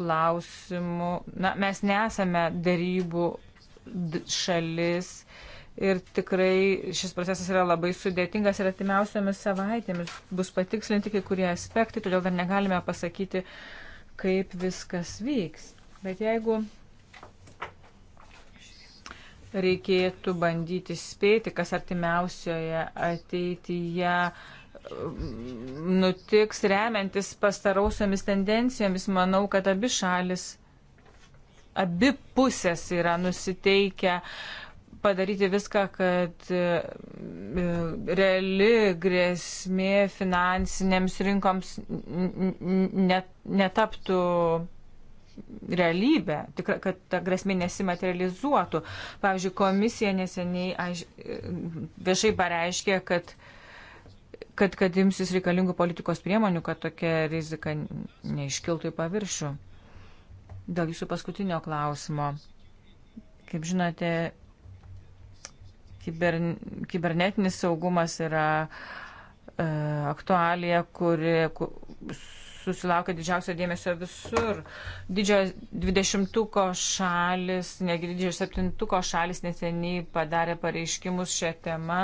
klausimų. Na, mes nesame darybų šalis. Uh, ir tikrai šis procesas yra labai sudėtingas ir atimiausiamis savaitėmis bus patikslinti kai kurie aspektai, todėl dar negalime pasakyti, kaip viskas vyks. Bet jeigu reikėtų bandyti spėti, kas artimiausioje ateityje mm, nutiks remiantis pastarausiamis tendencijomis, manau, kad abi šalis, abi pusės yra nusiteikę uh, padaryti viską, kad e, reali grėsmė finansinėms rinkoms netaptų realybę, tikra, kad ta grėsmė nesimaterializuotų. Pavyzdžiui, komisija neseniai aš, e, viešai pareiškė, kad, kad, kad imsis reikalingų politikos priemonių, kad tokia rizika neiškiltų į paviršių. Dėl jūsų paskutinio klausimo. Kaip žinote, Kiber, kibernetinis saugumas yra e, aktualija, kuri ku, susilaukia didžiausio dėmesio visur. Didžiojo dvidešimtuko šalis, negi didžiojo septintuko šalis neseniai padarė pareiškimus šią temą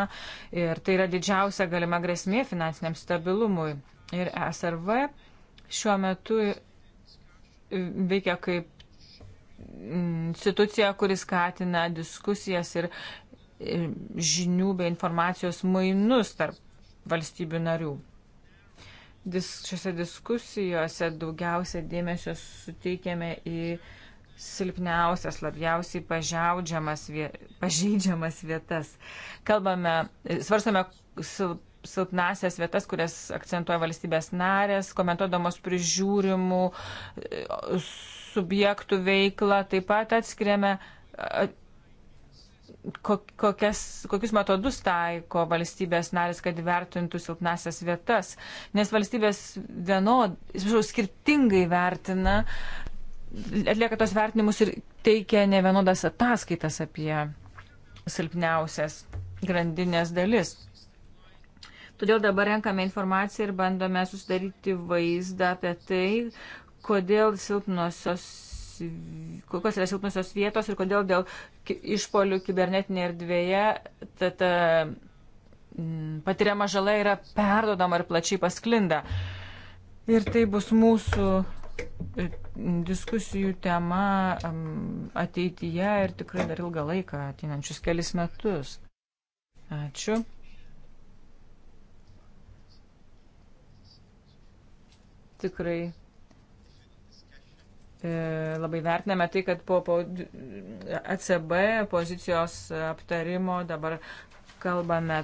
ir tai yra didžiausia galima grėsmė finansiniam stabilumui. Ir SRV šiuo metu e, veikia kaip institucija, kuris skatina diskusijas ir žinių bei informacijos mainus tarp valstybių narių. Dis, šiuose diskusijose daugiausia dėmesio suteikėme į silpniausias, labiausiai vie, pažeidžiamas vietas. Kalbame, svarstame silp, silpnasias vietas, kurias akcentuoja valstybės narės, komentuodamos prižiūrimų e, subjektų veiklą, taip pat atskiriame kokias, kokius metodus taiko valstybės narės, kad vertintų silpnasias vietas, nes valstybės vienod, žinau, skirtingai vertina, atlieka tos vertinimus ir teikia ne vienodas ataskaitas apie silpniausias grandinės dalis. Todėl dabar renkame informaciją ir bandome susidaryti vaizdą apie tai, kodėl silpnosios kokios yra silpnusios vietos ir kodėl dėl išpolių kibernetinėje erdvėje ta, ta mm, patiriama žala yra perdodama ir plačiai pasklinda. Ir tai bus mūsų e, diskusijų tema ateityje ir tikrai dar ilgą laiką, ateinančius kelis metus. Ačiū. Tikrai E, labai vertiname tai, kad po, po ECB pozicijos aptarimo dabar kalbame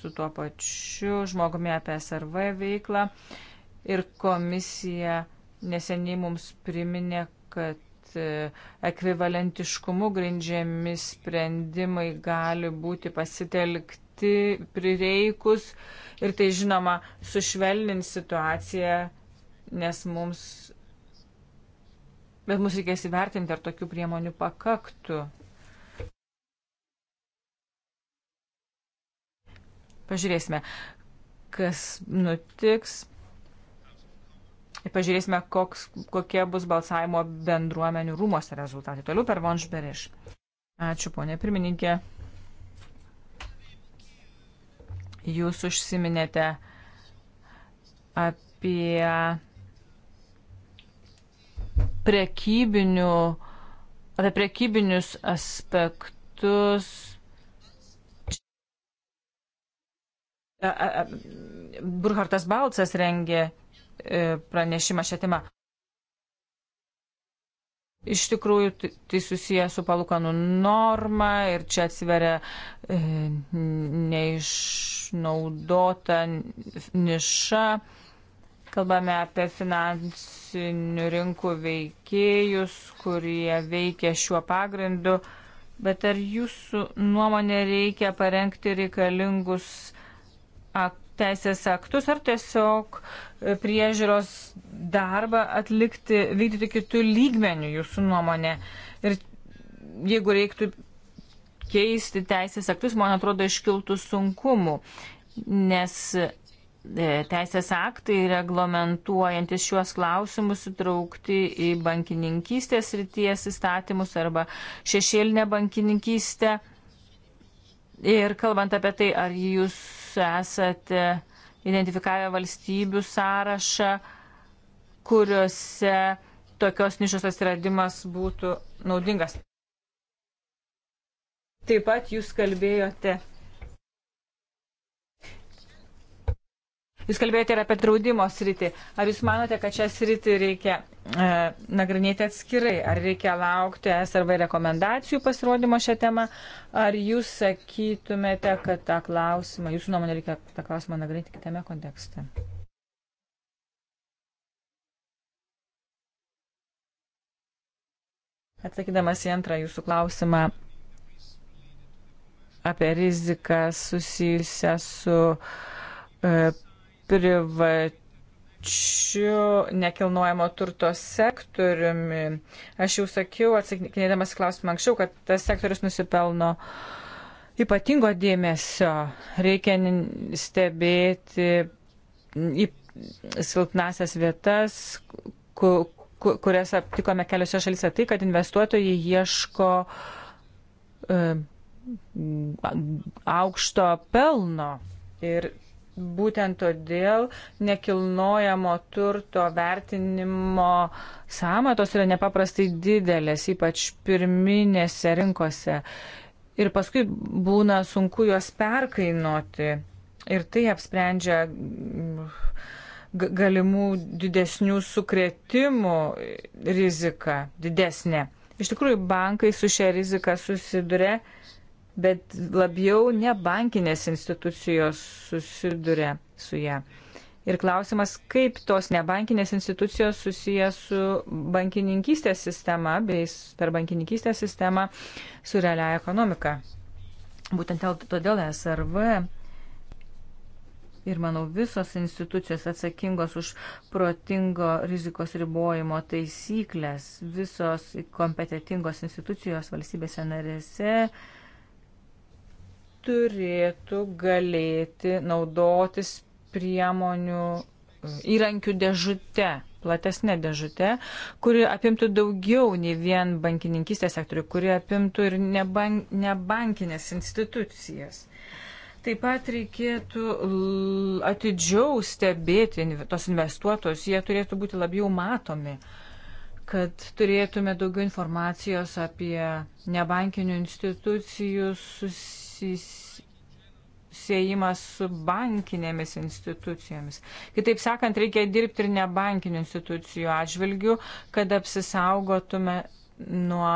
su tuo pačiu žmogumi apie SRV veiklą ir komisija neseniai mums priminė, kad e, ekvivalentiškumu grindžiami sprendimai gali būti pasitelkti prireikus ir tai žinoma sušvelnins situaciją, nes mums Bet mus reikės įvertinti, ar tokių priemonių pakaktų. Pažiūrėsime, kas nutiks. Pažiūrėsime, koks, kokie bus balsavimo bendruomenių rūmose rezultatai. Toliau per Vonžberiš. Ačiū, ponė pirmininkė. Jūs užsiminėte apie prekybinių, apie prekybinius aspektus. Burhartas Balcas rengė e, pranešimą šią temą. Iš tikrųjų, tai, tai susiję su palūkanų norma ir čia atsiveria e, neišnaudota niša. E, Kalbame apie finansinių rinkų veikėjus, kurie veikia šiuo pagrindu, bet ar jūsų nuomonė reikia parengti reikalingus aktus? teisės aktus ar tiesiog e, priežiūros darbą atlikti, vykdyti kitų lygmenių jūsų nuomonė. Ir jeigu reiktų keisti teisės aktus, man atrodo, iškiltų sunkumų, nes E, teisės aktai reglamentuojantis šiuos klausimus sutraukti į bankininkystės ryties įstatymus arba šešėlinę bankininkystę. Ir kalbant apie tai, ar jūs esate identifikavę valstybių sąrašą, kuriuose tokios nišos atsiradimas būtų naudingas. Taip pat jūs kalbėjote Jūs kalbėjote ir apie draudimo sritį. Ar Jūs manote, kad šią sritį reikia e, nagrinėti atskirai? Ar reikia laukti SRV rekomendacijų pasirodymo šią temą? Ar Jūs sakytumėte, kad tą klausimą, Jūsų nuomonė, reikia tą klausimą nagrinėti kitame kontekste? Atsakydamas į antrą jūsų klausimą, apie riziką susijusią su e, privačiu nekilnojamo turto sektoriumi. Aš jau sakiau, atsakinėdamas klausimą anksčiau, kad tas sektorius nusipelno ypatingo dėmesio. Reikia stebėti į silpnasias vietas, kurias aptikome keliose šalise. Tai, kad investuotojai ieško e, aukšto pelno ir Būtent todėl nekilnojamo turto vertinimo samatos yra nepaprastai didelės, ypač pirminėse rinkose. Ir paskui būna sunku juos perkainuoti. Ir tai apsprendžia galimų didesnių sukretimų riziką didesnė. Iš tikrųjų, bankai su šia rizika susiduria bet labiau nebankinės institucijos susiduria su ją. Ir klausimas, kaip tos nebankinės institucijos susiję su bankininkystės sistema bei per bankininkystės sistemą su realia ekonomika. Būtent todėl SRV ir, manau, visos institucijos atsakingos už protingo rizikos ribojimo taisyklės, visos kompetitingos institucijos valstybėse narėse, uh, turėtų galėti naudotis priemonių įrankių dėžute, platesnė dėžute, kuri apimtų daugiau nei vien bankininkystės sektorių, kuri apimtų ir neban, nebankinės institucijas. Taip pat reikėtų atidžiau stebėti tos investuotojus, jie turėtų būti labiau matomi, kad turėtume daugiau informacijos apie nebankinių institucijų susitikimą susijimas su bankinėmis institucijomis. Kitaip sakant, reikia dirbti ir nebankinių institucijų atžvilgių, kad apsisaugotume nuo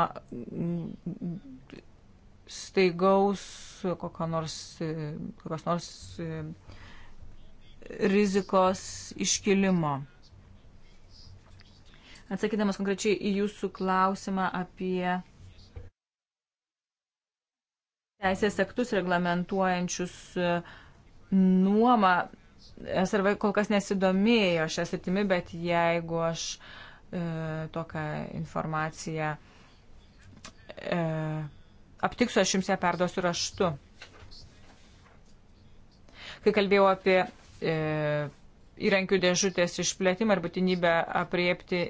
staigaus kokio nors, kokios nors e, rizikos iškilimo. Atsakydamas konkrečiai į jūsų klausimą apie teisės aktus reglamentuojančius e, nuomą. SRV kol kas nesidomėjo šią sritimį, bet jeigu aš e, tokią informaciją e, aptiksiu, aš jums ją perduosiu raštu. Kai kalbėjau apie e, įrankių dėžutės išplėtimą ir būtinybę apriepti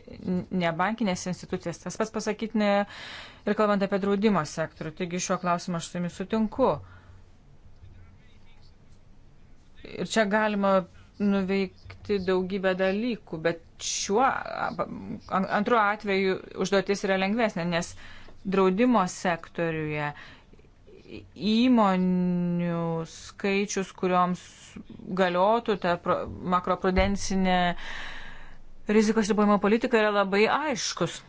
nebankinės institucijas, tas pats pasakytinė ne ir kalbant apie draudimo sektorių. Taigi šiuo klausimu aš su jumis sutinku. Ir čia galima nuveikti daugybę dalykų, bet šiuo antru atveju užduotis yra lengvesnė, nes draudimo sektoriuje įmonių skaičius, kurioms galiotų ta makroprudencinė rizikos ribojimo politika yra labai aiškus.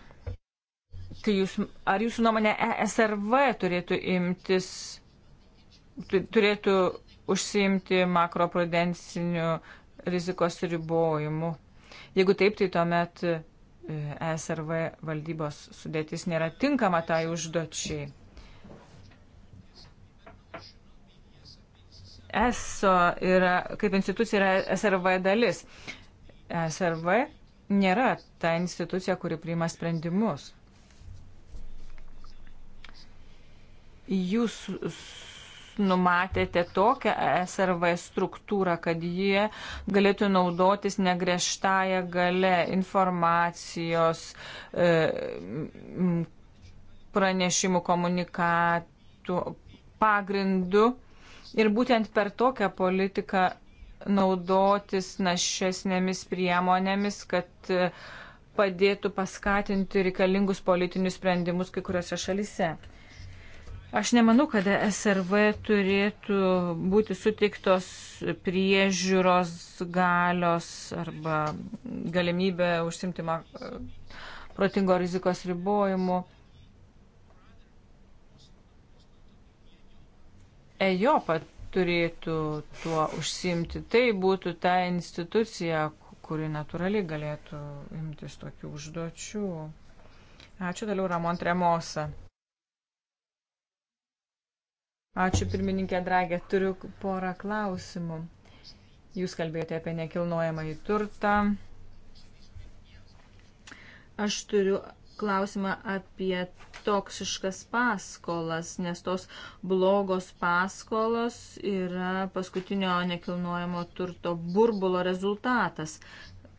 Tai jūs, ar jūsų nuomonė ESRV turėtų imtis, turėtų užsiimti makroprudencinių rizikos ribojimų? Jeigu taip, tai tuomet ESRV e valdybos sudėtis nėra tinkama tai užduočiai. ESO yra, kaip institucija yra e SRV dalis. E SRV nėra ta institucija, kuri priima sprendimus. jūs numatėte tokią SRV struktūrą, kad jie galėtų naudotis negreštąją gale informacijos e, pranešimų komunikatų pagrindu ir būtent per tokią politiką naudotis našesnėmis priemonėmis, kad e, padėtų paskatinti reikalingus politinius sprendimus kai kuriuose šalise. Aš nemanau, kad SRV turėtų būti sutiktos priežiūros galios arba galimybė užsimti protingo rizikos ribojimu. EJOPA turėtų tuo užsimti. Tai būtų ta institucija, kuri natūraliai galėtų imtis tokių užduočių. Ačiū toliau Ramon Tremosa. Ačiū pirmininkė Dragė, turiu porą klausimų. Jūs kalbėjote apie nekilnojamą į turtą. Aš turiu klausimą apie toksiškas paskolas, nes tos blogos paskolos yra paskutinio nekilnojamo turto burbulo rezultatas.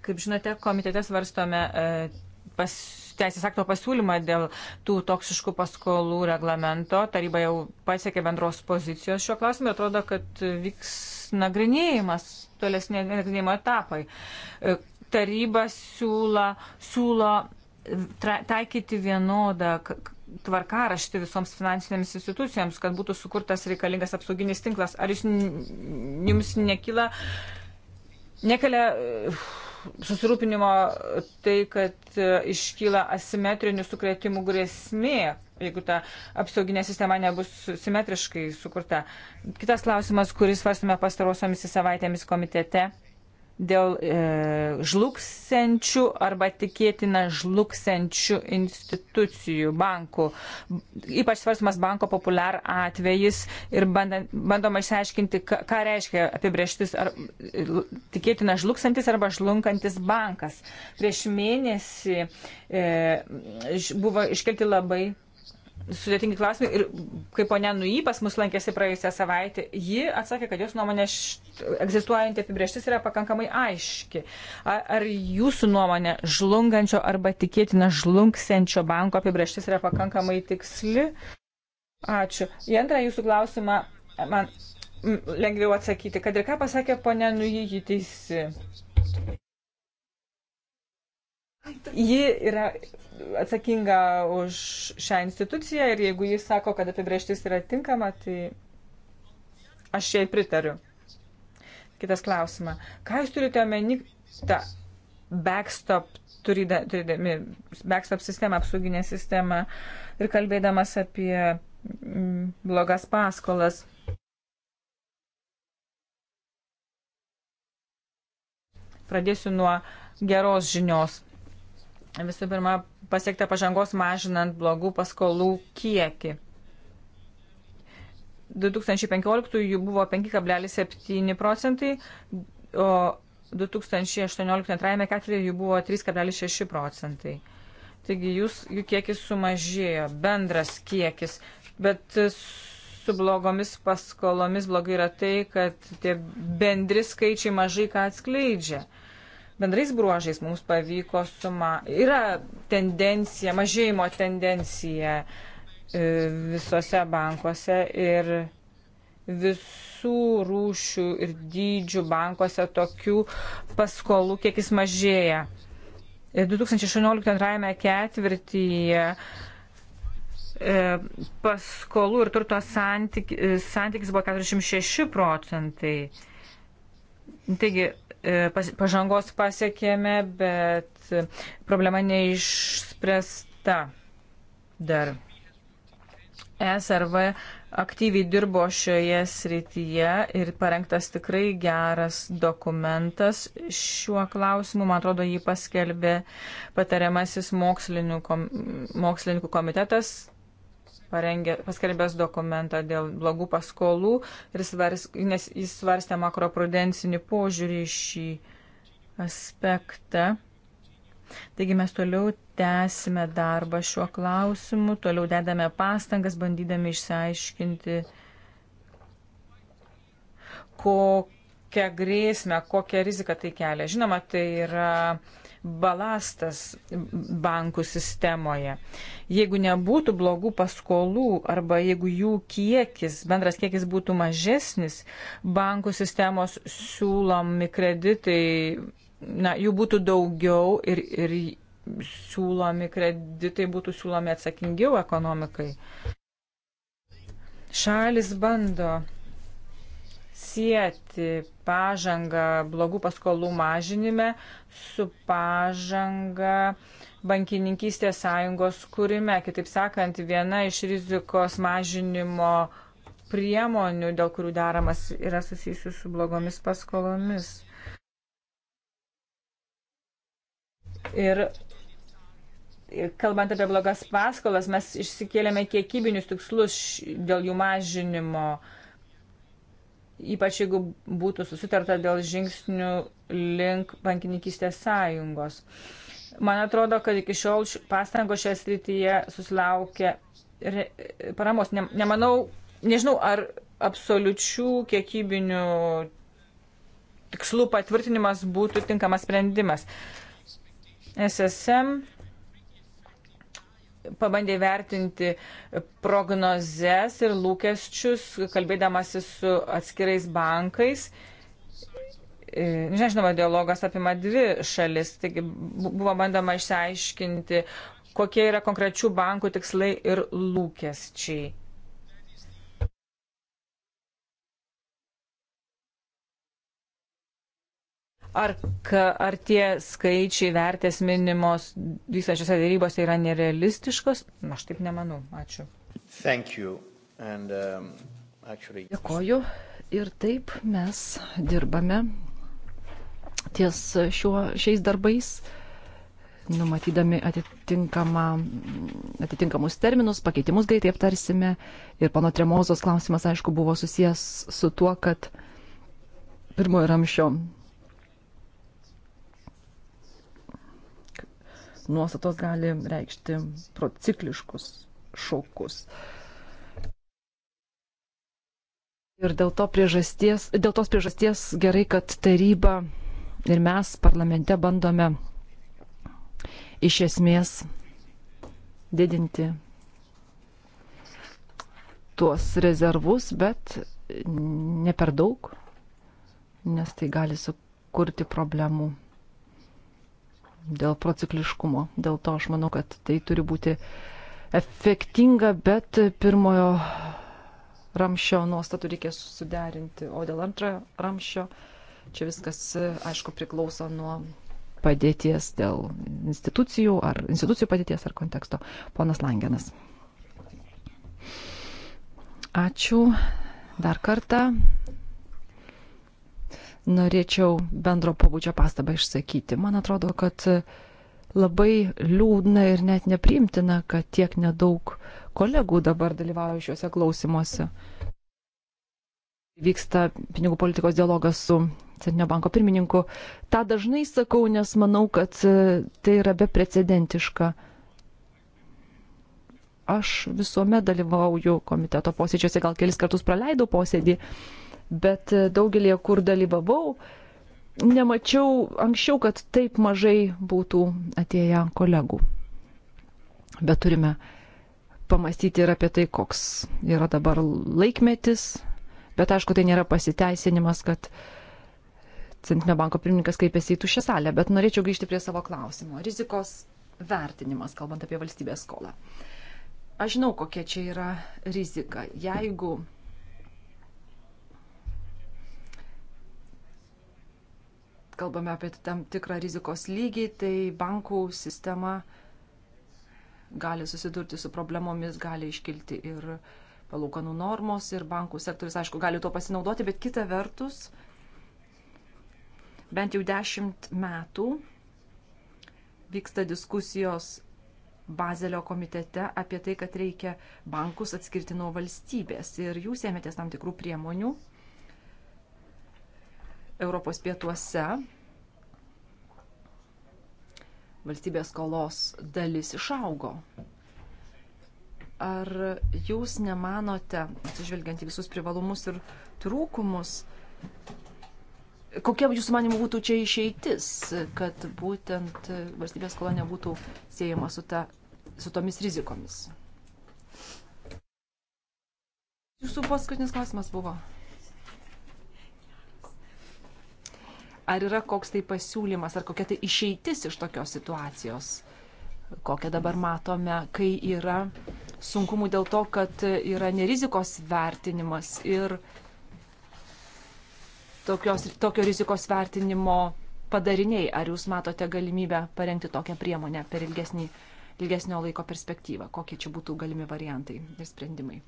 Kaip žinote, komitete svarstome e, pas, teisės akto pasiūlymą dėl tų toksiškų paskolų reglamento. Taryba jau pasiekė bendros pozicijos šiuo klausimu. Atrodo, kad vyks nagrinėjimas, tolesnė nagrinėjimo etapai. E, taryba siūla, siūlo e, tra, taikyti vienodą tvarkaraštį visoms finansinėms institucijoms, kad būtų sukurtas reikalingas apsauginis tinklas. Ar jis, jums nekyla, nekelia. Uh, susirūpinimo tai, kad e, iškyla asimetrinių sukretimų grėsmė, jeigu ta apsauginė sistema nebus simetriškai sukurta. Kitas klausimas, kuris svarstume pastarosiomis savaitėmis komitete dėl e, žlugsenčių arba tikėtina žlugsenčių institucijų, bankų. Ypač svarstumas banko populiar atvejis ir bandant, bandoma išsiaiškinti, ką, ką reiškia apibrieštis ar, tikėtina žlugsantis arba žlunkantis bankas. Prieš mėnesį e, buvo iškelti labai sudėtingi klausimai. Ir kai ponia Nuipas mus lankėsi praėjusią savaitę, ji atsakė, kad jos nuomonė egzistuojanti apibrieštis yra pakankamai aiški. Ar, ar jūsų nuomonė žlungančio arba tikėtina žlungsiančio banko apibrieštis yra pakankamai tiksli? Ačiū. Į antrą jūsų klausimą man lengviau atsakyti, kad ir ką pasakė ponia Nuipas, ji teisi. Ji yra atsakinga už šią instituciją ir jeigu jis sako, kad apibrieštis yra tinkama, tai aš jai pritariu. Kitas klausimas. Ką jūs turite omeny tą backstop, turėdami backstop sistemą, apsauginę sistemą ir kalbėdamas apie mm, blogas paskolas? Pradėsiu nuo geros žinios visų pirma pasiekta pažangos mažinant blogų paskolų kiekį. 2015 buvo 5,7 procentai, o 2018 antrajame ketvirtyje jų buvo 3,6 procentai. Taigi jūs, jų kiekis sumažėjo, bendras kiekis, bet su blogomis paskolomis blogai yra tai, kad tie bendri skaičiai mažai ką atskleidžia. Uh, bendrais bruožais mums pavyko suma. Yra tendencija, mažėjimo tendencija e, visose bankuose ir visų rūšių ir dydžių bankuose tokių paskolų kiekis mažėja. 2018 e, ketvirtyje e, paskolų ir turto santyk, santykis buvo 46 procentai. Taigi, E, pažangos pasiekėme, bet problema neišspręsta dar. SRV aktyviai dirbo šioje srityje ir parengtas tikrai geras dokumentas šiuo klausimu. Man atrodo, jį paskelbė patariamasis kom, mokslininkų komitetas parengė, paskelbęs dokumentą dėl blogų paskolų, svars, nes jis svarstė makroprudencinį požiūrį į šį aspektą. Taigi mes toliau tęsime darbą šiuo klausimu, toliau dedame pastangas, bandydami išsiaiškinti, kokią grėsmę, kokią riziką tai kelia. Žinoma, tai yra uh, balastas bankų sistemoje. Jeigu nebūtų blogų paskolų arba jeigu jų kiekis, bendras kiekis būtų mažesnis, bankų sistemos siūlomi kreditai, na, jų būtų daugiau ir, ir siūlomi kreditai būtų siūlomi atsakingiau ekonomikai. Šalis bando sieti pažangą blogų paskolų mažinime su pažanga bankininkystės sąjungos kūrime. Kitaip sakant, viena iš rizikos mažinimo priemonių, dėl kurių daromas, yra susijusi su blogomis paskolomis. Ir kalbant apie blogas paskolas, mes išsikėlėme kiekybinius tikslus dėl jų mažinimo ypač jeigu būtų susitarta dėl žingsnių link bankininkystės sąjungos. Man atrodo, kad iki šiol pastango šią srityje susilaukia paramos. Ne, nemanau, nežinau, ar absoliučių kiekybinių tikslų patvirtinimas būtų tinkamas sprendimas. SSM pabandė vertinti prognozes ir lūkesčius, kalbėdamasi su atskirais bankais. E, nežinoma, dialogas apima dvi šalis, taigi buvo bandoma išsiaiškinti, kokie yra konkrečių bankų tikslai ir lūkesčiai. ar, ka, ar tie skaičiai vertės minimos vykstančiose dėrybose yra nerealistiškos? Na, aš taip nemanau. Ačiū. And, um, actually... Dėkoju. Ir taip mes dirbame ties šiuo, šiais darbais, numatydami atitinkamus terminus, pakeitimus greitai aptarsime. Ir pano Tremozos klausimas, aišku, buvo susijęs su tuo, kad pirmojo ramšio nuostatos gali reikšti procikliškus šokus. Ir dėl, to dėl tos priežasties gerai, kad taryba ir mes parlamente bandome iš esmės didinti tuos rezervus, bet ne per daug, nes tai gali sukurti problemų dėl procikliškumo. Dėl to aš manau, kad tai turi būti efektinga, bet pirmojo ramšio nuostatų reikės suderinti. O dėl antrojo ramšio čia viskas, aišku, priklauso nuo padėties dėl institucijų ar institucijų padėties ar konteksto. Ponas Langenas. Ačiū dar kartą norėčiau bendro pabudžio pastabą išsakyti. Man atrodo, kad labai liūdna ir net nepriimtina, kad tiek nedaug kolegų dabar dalyvauja šiuose klausimuose. Vyksta pinigų politikos dialogas su Centrinio banko pirmininku. Ta dažnai sakau, nes manau, kad tai yra beprecedentiška. Aš visuomet dalyvauju komiteto posėdžiuose, gal kelis kartus praleidau posėdį. Uh, bet e, daugelie, kur dalyvavau, nemačiau anksčiau, kad taip mažai būtų atėję kolegų. Bet turime pamastyti ir apie tai, koks yra dabar laikmetis, bet aišku, tai nėra pasiteisinimas, kad Centrinio banko pirmininkas kreipėsi į tušę salę, bet norėčiau grįžti prie savo klausimo. Rizikos vertinimas, kalbant apie valstybės skolą. Aš žinau, kokia čia yra rizika. Jeigu kalbame apie tam tikrą rizikos lygį, tai bankų sistema gali susidurti su problemomis, gali iškilti ir palūkanų normos, ir bankų sektorius, aišku, gali tuo pasinaudoti, bet kita vertus, bent jau dešimt metų vyksta diskusijos Bazelio komitete apie tai, kad reikia bankus atskirti nuo valstybės. Ir jūs ėmėtės tam tikrų priemonių Europos pietuose valstybės skolos dalis išaugo. Ar jūs nemanote, atsižvelgiant į visus privalumus ir trūkumus, kokia jūsų manimų būtų čia išeitis, kad būtent valstybės skola nebūtų siejama su, ta, su tomis rizikomis? Jūsų paskutinis klausimas buvo Ar yra koks tai pasiūlymas, ar kokia tai išeitis iš tokios situacijos, kokią dabar matome, kai yra sunkumų dėl to, kad yra nerizikos vertinimas ir tokios, tokio rizikos vertinimo padariniai. Ar jūs matote galimybę parengti tokią priemonę per ilgesnį, ilgesnio laiko perspektyvą? Kokie čia būtų galimi variantai ir sprendimai?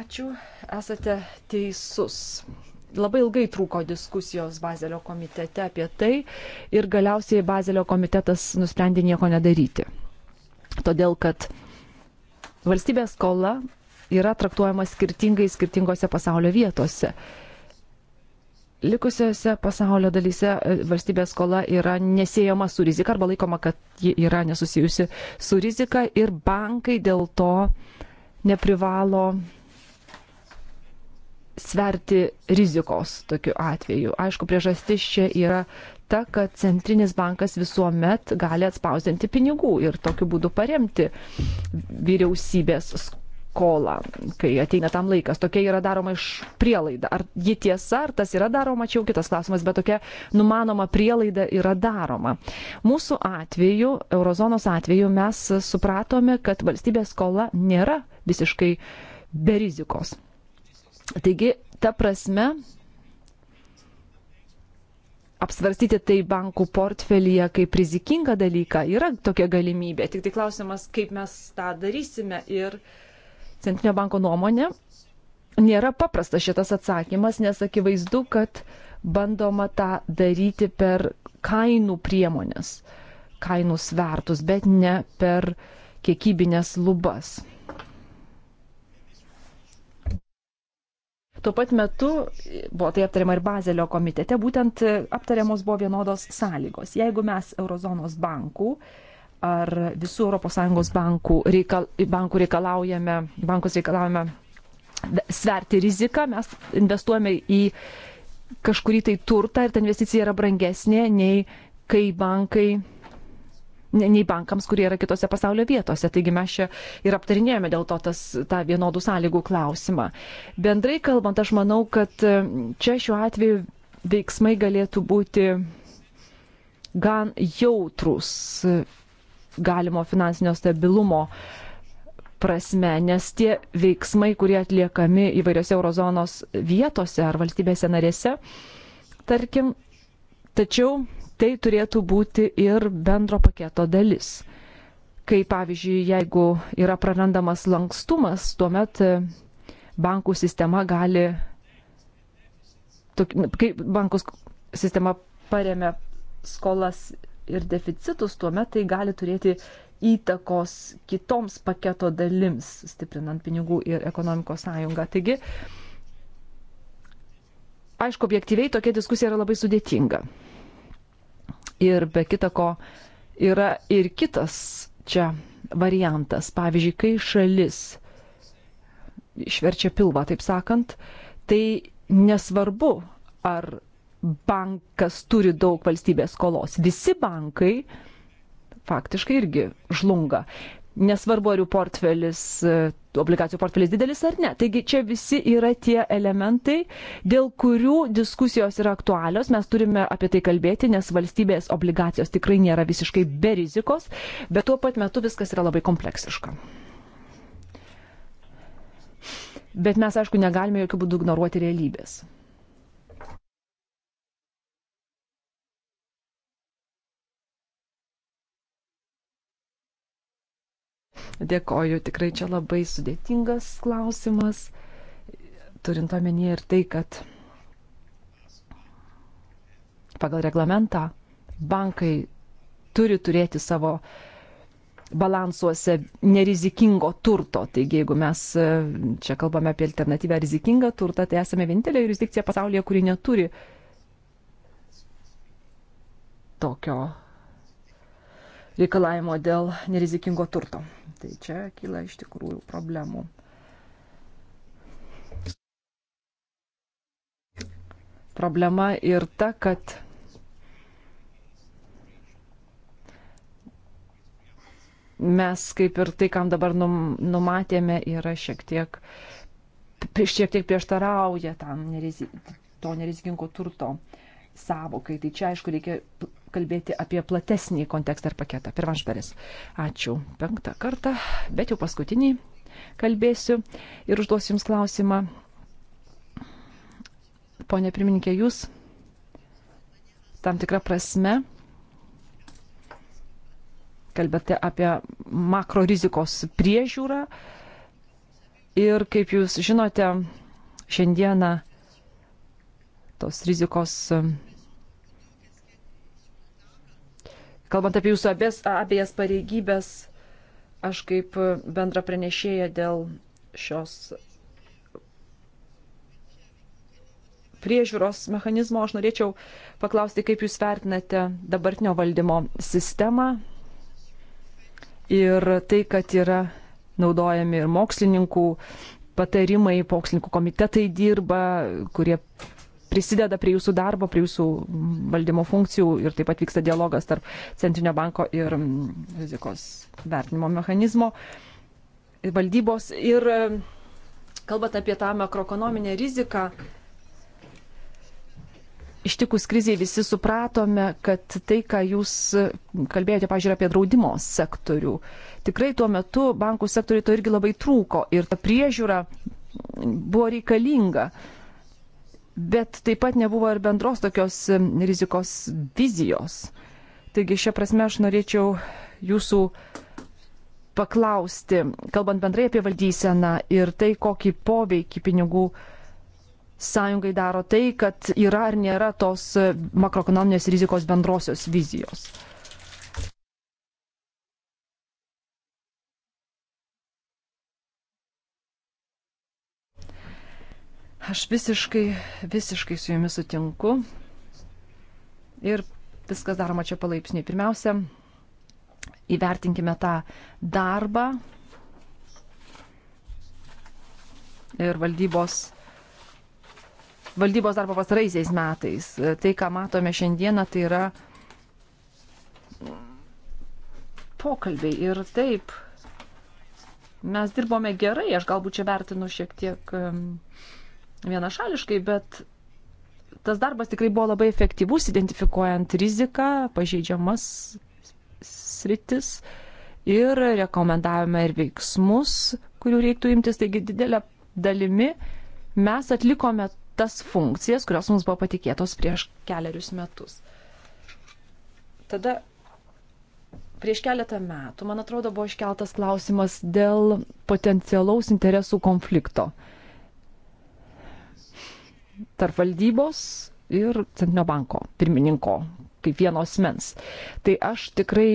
Ačiū, esate teisus labai ilgai trūko diskusijos Bazelio komitete apie tai ir galiausiai Bazelio komitetas nusprendė nieko nedaryti. Todėl, kad valstybės skola yra traktuojama skirtingai skirtingose pasaulio vietose. Likusiose pasaulio dalyse e, valstybės skola yra nesėjama su rizika arba laikoma, kad ji yra nesusijusi su rizika ir bankai dėl to neprivalo sverti rizikos tokiu atveju. Aišku, priežastis čia yra ta, kad centrinis bankas visuomet gali atspausdinti pinigų ir tokiu būdu paremti vyriausybės skolą, kai ateina tam laikas. Tokia yra daroma iš prielaida. Ar ji tiesa, ar tas yra daroma, čia jau kitas klausimas, bet tokia numanoma prielaida yra daroma. Mūsų atveju, eurozonos atveju, mes supratome, kad valstybės skola nėra visiškai be rizikos Taigi, ta prasme, apsvarstyti tai bankų portfelyje kaip rizikingą dalyką yra tokia galimybė. Tik tai klausimas, kaip mes tą darysime. Ir Centrinio banko nuomonė nėra paprastas šitas atsakymas, nes akivaizdu, kad bandoma tą daryti per kainų priemonės, kainų svertus, bet ne per kiekybinės lubas. Tuo pat metu buvo tai aptariama ir Bazelio komitete, būtent aptariamos buvo vienodos sąlygos. Jeigu mes Eurozonos bankų ar visų ES bankų, reikal, bankų reikalaujame, bankus reikalaujame sverti riziką, mes investuojame į kažkurį tai turtą ir ta investicija yra brangesnė nei kai bankai nei bankams, kurie yra kitose pasaulio vietose. Taigi mes čia ir aptarinėjome dėl to tas, tą vienodų sąlygų klausimą. Bendrai kalbant, aš manau, kad čia šiuo atveju veiksmai galėtų būti gan jautrus galimo finansinio stabilumo prasme, nes tie veiksmai, kurie atliekami įvairiose eurozonos vietose ar valstybėse narėse, tarkim, tačiau tai turėtų būti ir bendro paketo dalis. Kai, pavyzdžiui, jeigu yra prarandamas lankstumas, tuomet e, bankų sistema gali, nu, kai bankų sistema paremia skolas ir deficitus, tuomet tai gali turėti įtakos kitoms paketo dalims, stiprinant pinigų ir ekonomikos sąjungą. Taigi, aišku, objektyviai tokia diskusija yra labai sudėtinga. Ir be kita ko yra ir kitas čia variantas. Pavyzdžiui, kai šalis išverčia pilvą, taip sakant, tai nesvarbu, ar bankas turi daug valstybės skolos. Visi bankai faktiškai irgi žlunga nesvarbu ar jų portfelis, e, obligacijų portfelis didelis ar ne. Taigi čia visi yra tie elementai, dėl kurių diskusijos yra aktualios, mes turime apie tai kalbėti, nes valstybės obligacijos tikrai nėra visiškai be rizikos, bet tuo pat metu viskas yra labai kompleksiška. Bet mes, aišku, negalime jokių būdų ignoruoti realybės. Dėkoju, tikrai čia labai sudėtingas klausimas, turint omenyje ir tai, kad pagal reglamentą bankai turi turėti savo balansuose nerizikingo turto. Taigi, jeigu mes e, čia kalbame apie alternatyvę rizikingą turtą, tai esame vienintelė jurisdikcija pasaulyje, kuri neturi tokio reikalavimo dėl nerizikingo turto. Tai čia kyla iš tikrųjų problemų. Problema ir ta, kad mes kaip ir tai, kam dabar numatėme, yra šiek tiek, šiek tiek prieštarauja tam nerizi, to nerizikingo turto savokai. Tai čia, aišku, reikia kalbėti apie platesnį kontekstą ir paketą. Pirmas šperis. Ačiū penktą kartą, bet jau paskutinį kalbėsiu ir užduosiu Jums klausimą. Pone pirmininkė, Jūs tam tikrą prasme kalbate apie makro rizikos priežiūrą ir kaip Jūs žinote, šiandieną tos rizikos Kalbant apie jūsų abės, abiejas pareigybės, aš kaip bendra pranešėja dėl šios priežiūros mechanizmo, aš norėčiau paklausti, kaip jūs vertinate dabartinio valdymo sistemą ir tai, kad yra naudojami ir mokslininkų patarimai, mokslininkų komitetai dirba, kurie prisideda prie jūsų darbo, prie jūsų mm, valdymo funkcijų ir taip pat vyksta dialogas tarp Centrinio banko ir mm, rizikos vertinimo mechanizmo e, valdybos. Ir e, kalbant apie tą makroekonominę riziką, ištikus kriziai visi supratome, kad tai, ką jūs kalbėjote, pažiūrėjau, apie draudimo sektorių, tikrai tuo metu bankų sektoriui to irgi labai trūko ir ta priežiūra buvo reikalinga bet taip pat nebuvo ir bendros tokios e, rizikos vizijos. Taigi šią prasme aš norėčiau jūsų paklausti, kalbant bendrai apie valdyseną ir tai, kokį poveikį pinigų sąjungai daro tai, kad yra ar nėra tos makroekonominės rizikos bendrosios vizijos. Aš visiškai, visiškai su jumis sutinku. Ir viskas daroma čia palaipsniui. Pirmiausia, įvertinkime tą darbą ir valdybos, valdybos darbo pastaraisiais metais. Tai, ką matome šiandieną, tai yra pokalbiai. Ir taip, mes dirbome gerai, aš galbūt čia vertinu šiek tiek. Um, vienašališkai, bet tas darbas tikrai buvo labai efektyvus, identifikuojant riziką, pažeidžiamas sritis ir rekomendavome ir veiksmus, kurių reiktų imtis. Taigi didelė dalimi mes atlikome tas funkcijas, kurios mums buvo patikėtos prieš keliarius metus. Tada prieš keletą metų, man atrodo, buvo iškeltas klausimas dėl potencialaus interesų konflikto. Uh, tarp valdybos ir Centrinio banko pirmininko kaip vienos mens. Tai aš tikrai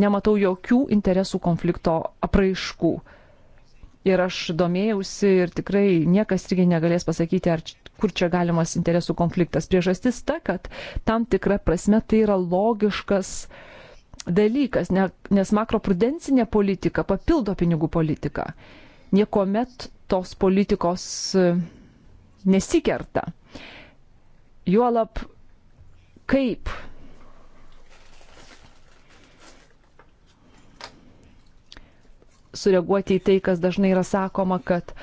nematau jokių interesų konflikto apraiškų. Ir aš domėjausi ir tikrai niekas irgi negalės pasakyti, ar, kur čia galimas interesų konfliktas. Priežastis ta, kad tam tikra prasme tai yra logiškas dalykas, ne, nes makroprudencinė politika papildo pinigų politiką. Niekuomet tos politikos nesikerta. Juolap kaip sureaguoti į tai, kas dažnai yra sakoma, kad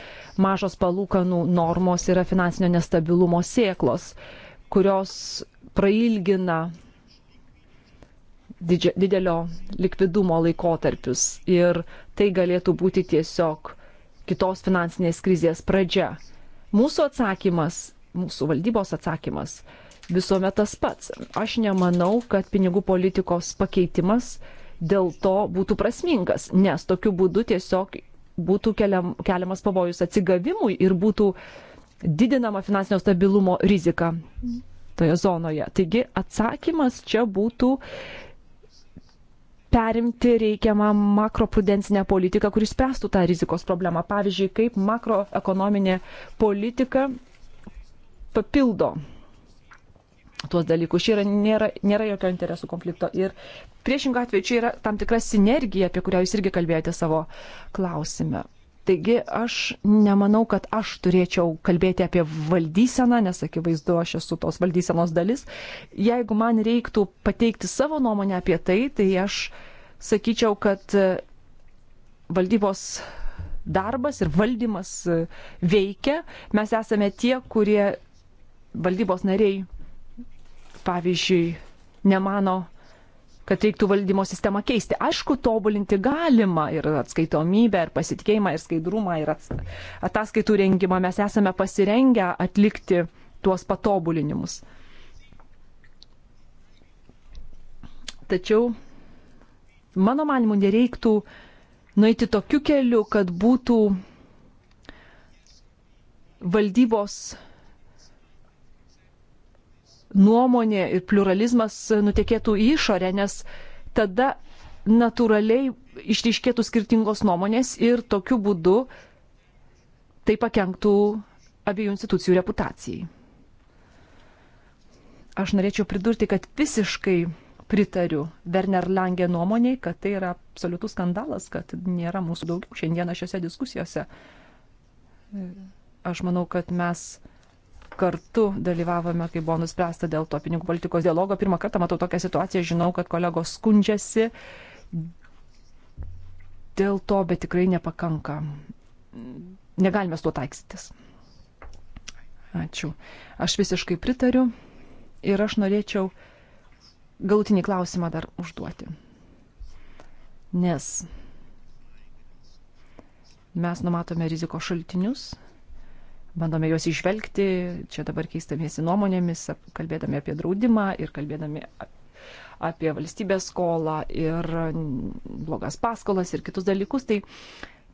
mažos palūkanų normos yra finansinio nestabilumo sėklos, kurios prailgina didelio likvidumo laikotarpius ir tai galėtų būti tiesiog kitos finansinės krizės pradžia. Mūsų atsakymas, mūsų valdybos atsakymas visuomet tas pats. Aš nemanau, kad pinigų politikos pakeitimas dėl to būtų prasmingas, nes tokiu būdu tiesiog būtų keliam, keliamas pavojus atsigavimui ir būtų didinama finansinio stabilumo rizika toje zonoje. Taigi atsakymas čia būtų perimti reikiamą makroprudencinę politiką, kuris spręstų tą rizikos problemą. Pavyzdžiui, kaip makroekonominė politika papildo tuos dalykus. Čia yra, nėra, nėra jokio interesų konflikto. Ir priešingą atveju čia yra tam tikra sinergija, apie kurią jūs irgi kalbėjote savo klausime. Taigi aš nemanau, kad aš turėčiau kalbėti apie valdyseną, nes akivaizdu, aš esu tos valdysenos dalis. Jeigu man reiktų pateikti savo nuomonę apie tai, tai aš sakyčiau, kad e, valdybos darbas ir valdymas e, veikia. Mes esame tie, kurie valdybos nariai, pavyzdžiui, nemano, kad reiktų valdymo sistemą keisti. Aišku, tobulinti galima ir atskaitomybę, ir pasitikėjimą, ir skaidrumą, ir ataskaitų rengimą. Mes esame pasirengę atlikti tuos patobulinimus. Tačiau, mano manimu, nereiktų nueiti tokiu keliu, kad būtų valdybos nuomonė ir pluralizmas nutekėtų į išorę, nes tada natūraliai išryškėtų skirtingos nuomonės ir tokiu būdu tai pakenktų abiejų institucijų reputacijai. Aš norėčiau pridurti, kad visiškai pritariu Werner Lange nuomoniai, kad tai yra absoliutus skandalas, kad nėra mūsų daugiau šiandieną šiose diskusijose. Aš manau, kad mes kartu dalyvavome, kai buvo nuspręsta dėl to pinigų politikos dialogo. Pirmą kartą matau tokią situaciją, žinau, kad kolegos skundžiasi dėl to, bet tikrai nepakanka. Negalime su tuo taikstytis. Ačiū. Aš visiškai pritariu ir aš norėčiau galutinį klausimą dar užduoti. Nes mes numatome riziko šaltinius bandome juos išvelgti, čia dabar keistamėsi nuomonėmis, kalbėdami apie draudimą ir kalbėdami apie valstybės skolą ir blogas paskolas ir kitus dalykus. Tai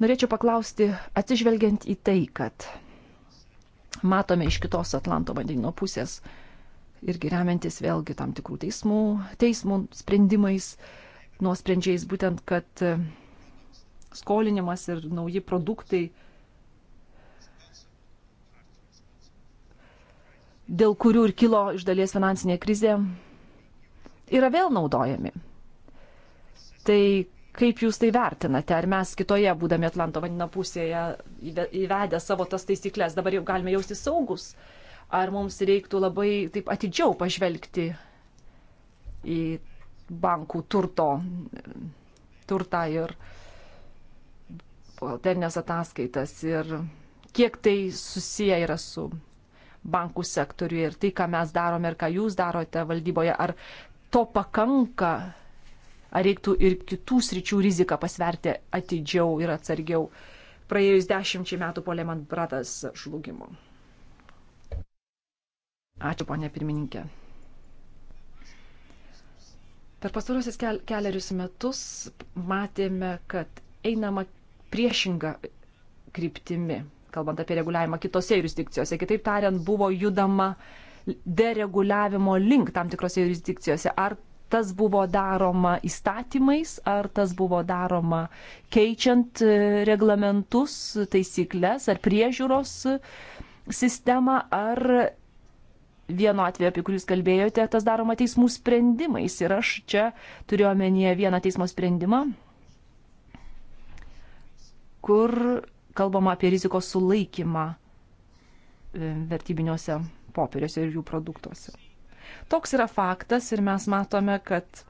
norėčiau paklausti, atsižvelgiant į tai, kad matome iš kitos Atlanto vandenino pusės irgi remiantis vėlgi tam tikrų teismų, teismų sprendimais, nuosprendžiais būtent, kad skolinimas ir nauji produktai dėl kurių ir kilo iš dalies finansinė krizė, yra vėl naudojami. Tai kaip jūs tai vertinate? Ar mes kitoje, būdami Atlanto vandenų pusėje, įvedę savo tas taisyklės, dabar jau galime jausti saugus? Ar mums reiktų labai taip atidžiau pažvelgti į bankų turto, turtą ir buhalterinės ataskaitas ir kiek tai susiję yra su bankų sektoriuje ir tai, ką mes darome ir ką jūs darote valdyboje, ar to pakanka, ar reiktų ir kitų sričių riziką pasverti atidžiau ir atsargiau praėjus dešimčiai metų po Lehman Brothers žlugimo. Ačiū, ponė pirmininkė. Per pastarosius keliarius metus matėme, kad einama priešinga kryptimi kalbant apie reguliavimą kitose jurisdikcijose. Kitaip tariant, buvo judama dereguliavimo link tam tikrose jurisdikcijose. Ar tas buvo daroma įstatymais, ar tas buvo daroma keičiant e, reglamentus, taisyklės ar priežiūros sistemą, ar vienu atveju, apie kurį jūs kalbėjote, tas daroma teismų sprendimais. Ir aš čia turiu omenyje vieną teismo sprendimą, kur kalbama apie rizikos sulaikymą e, vertybiniuose popieriuose ir jų produktuose. Toks yra faktas ir mes matome, kad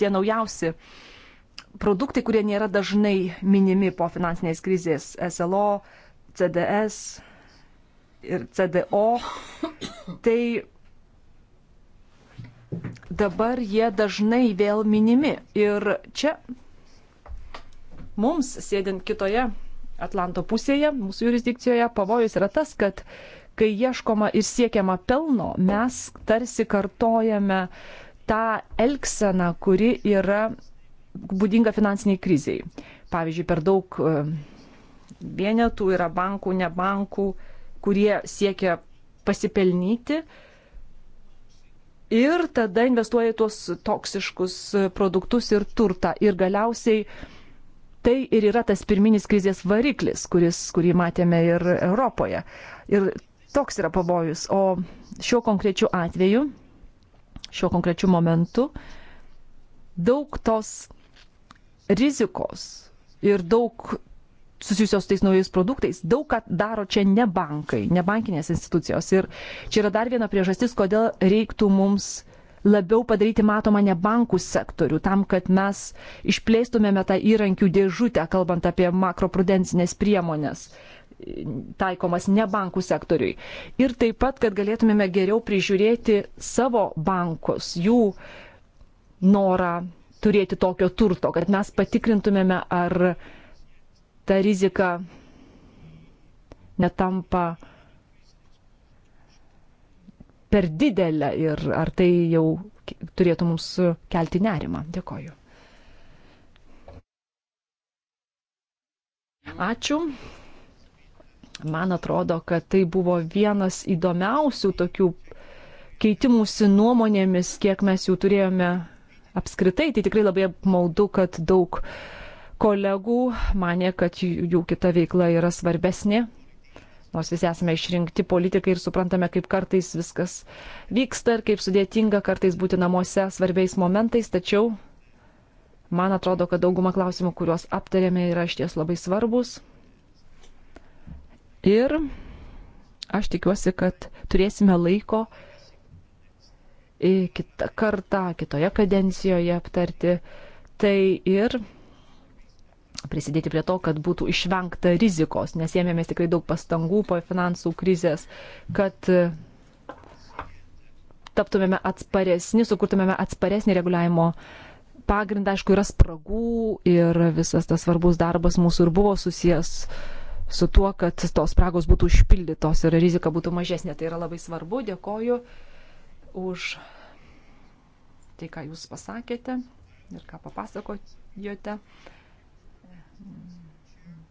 tie naujausi produktai, kurie nėra dažnai minimi po finansinės krizės - SLO, CDS ir CDO, tai dabar jie dažnai vėl minimi. Ir čia mums, sėdint kitoje Atlanto pusėje, mūsų jurisdikcijoje, pavojus yra tas, kad kai ieškoma ir siekiama pelno, mes tarsi kartojame tą elkseną, kuri yra būdinga finansiniai kriziai. Pavyzdžiui, per daug e, vienetų yra bankų, ne bankų, kurie siekia pasipelnyti ir tada investuoja tuos toksiškus e, produktus ir turtą. Ir galiausiai Tai ir yra tas pirminis krizės variklis, kuris, kurį matėme ir Europoje. Ir toks yra pavojus. O šiuo konkrečiu atveju, šiuo konkrečiu momentu, daug tos rizikos ir daug susijusios su tais naujais produktais, daug ką daro čia ne bankai, ne bankinės institucijos. Ir čia yra dar viena priežastis, kodėl reiktų mums labiau padaryti matomą ne bankų sektorių, tam, kad mes išplėstumėme tą įrankių dėžutę, kalbant apie makroprudencinės priemonės taikomas ne bankų sektoriui. Ir taip pat, kad galėtumėme geriau prižiūrėti savo bankus, jų norą turėti tokio turto, kad mes patikrintumėme, ar ta rizika netampa uh, per didelė ir ar tai jau turėtų mums kelti nerimą. Dėkoju. Ačiū. Man atrodo, kad tai buvo vienas įdomiausių tokių keitimųsi nuomonėmis, kiek mes jų turėjome apskritai. Tai tikrai labai apmaudu, kad daug kolegų mane, kad jų kita veikla yra svarbesnė Nors visi esame išrinkti politikai ir suprantame, kaip kartais viskas vyksta ir kaip sudėtinga kartais būti namuose svarbiais momentais, tačiau man atrodo, kad dauguma klausimų, kuriuos aptarėme, yra iš ties labai svarbus. Ir aš tikiuosi, kad turėsime laiko kitą kartą, kitoje kadencijoje aptarti tai ir prisidėti prie to, kad būtų išvengta rizikos, nes ėmėmės tikrai daug pastangų po finansų krizės, kad e, taptumėme atsparesni, sukurtumėme atsparesnį reguliavimo pagrindą, aišku, yra spragų ir visas tas svarbus darbas mūsų ir buvo susijęs su tuo, kad tos spragos būtų užpildytos ir rizika būtų mažesnė. Tai yra labai svarbu. Dėkoju už tai, ką jūs pasakėte ir ką papasakojote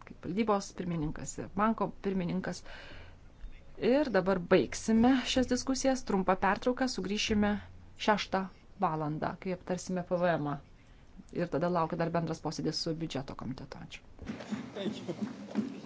kaip valdybos pirmininkas ir banko pirmininkas. Ir dabar baigsime šias diskusijas, trumpą pertrauką, sugrįšime 6 valandą, kai aptarsime PVM. -ą. Ir tada laukia dar bendras posėdis su biudžeto komitetu. Ačiū. Ačiū.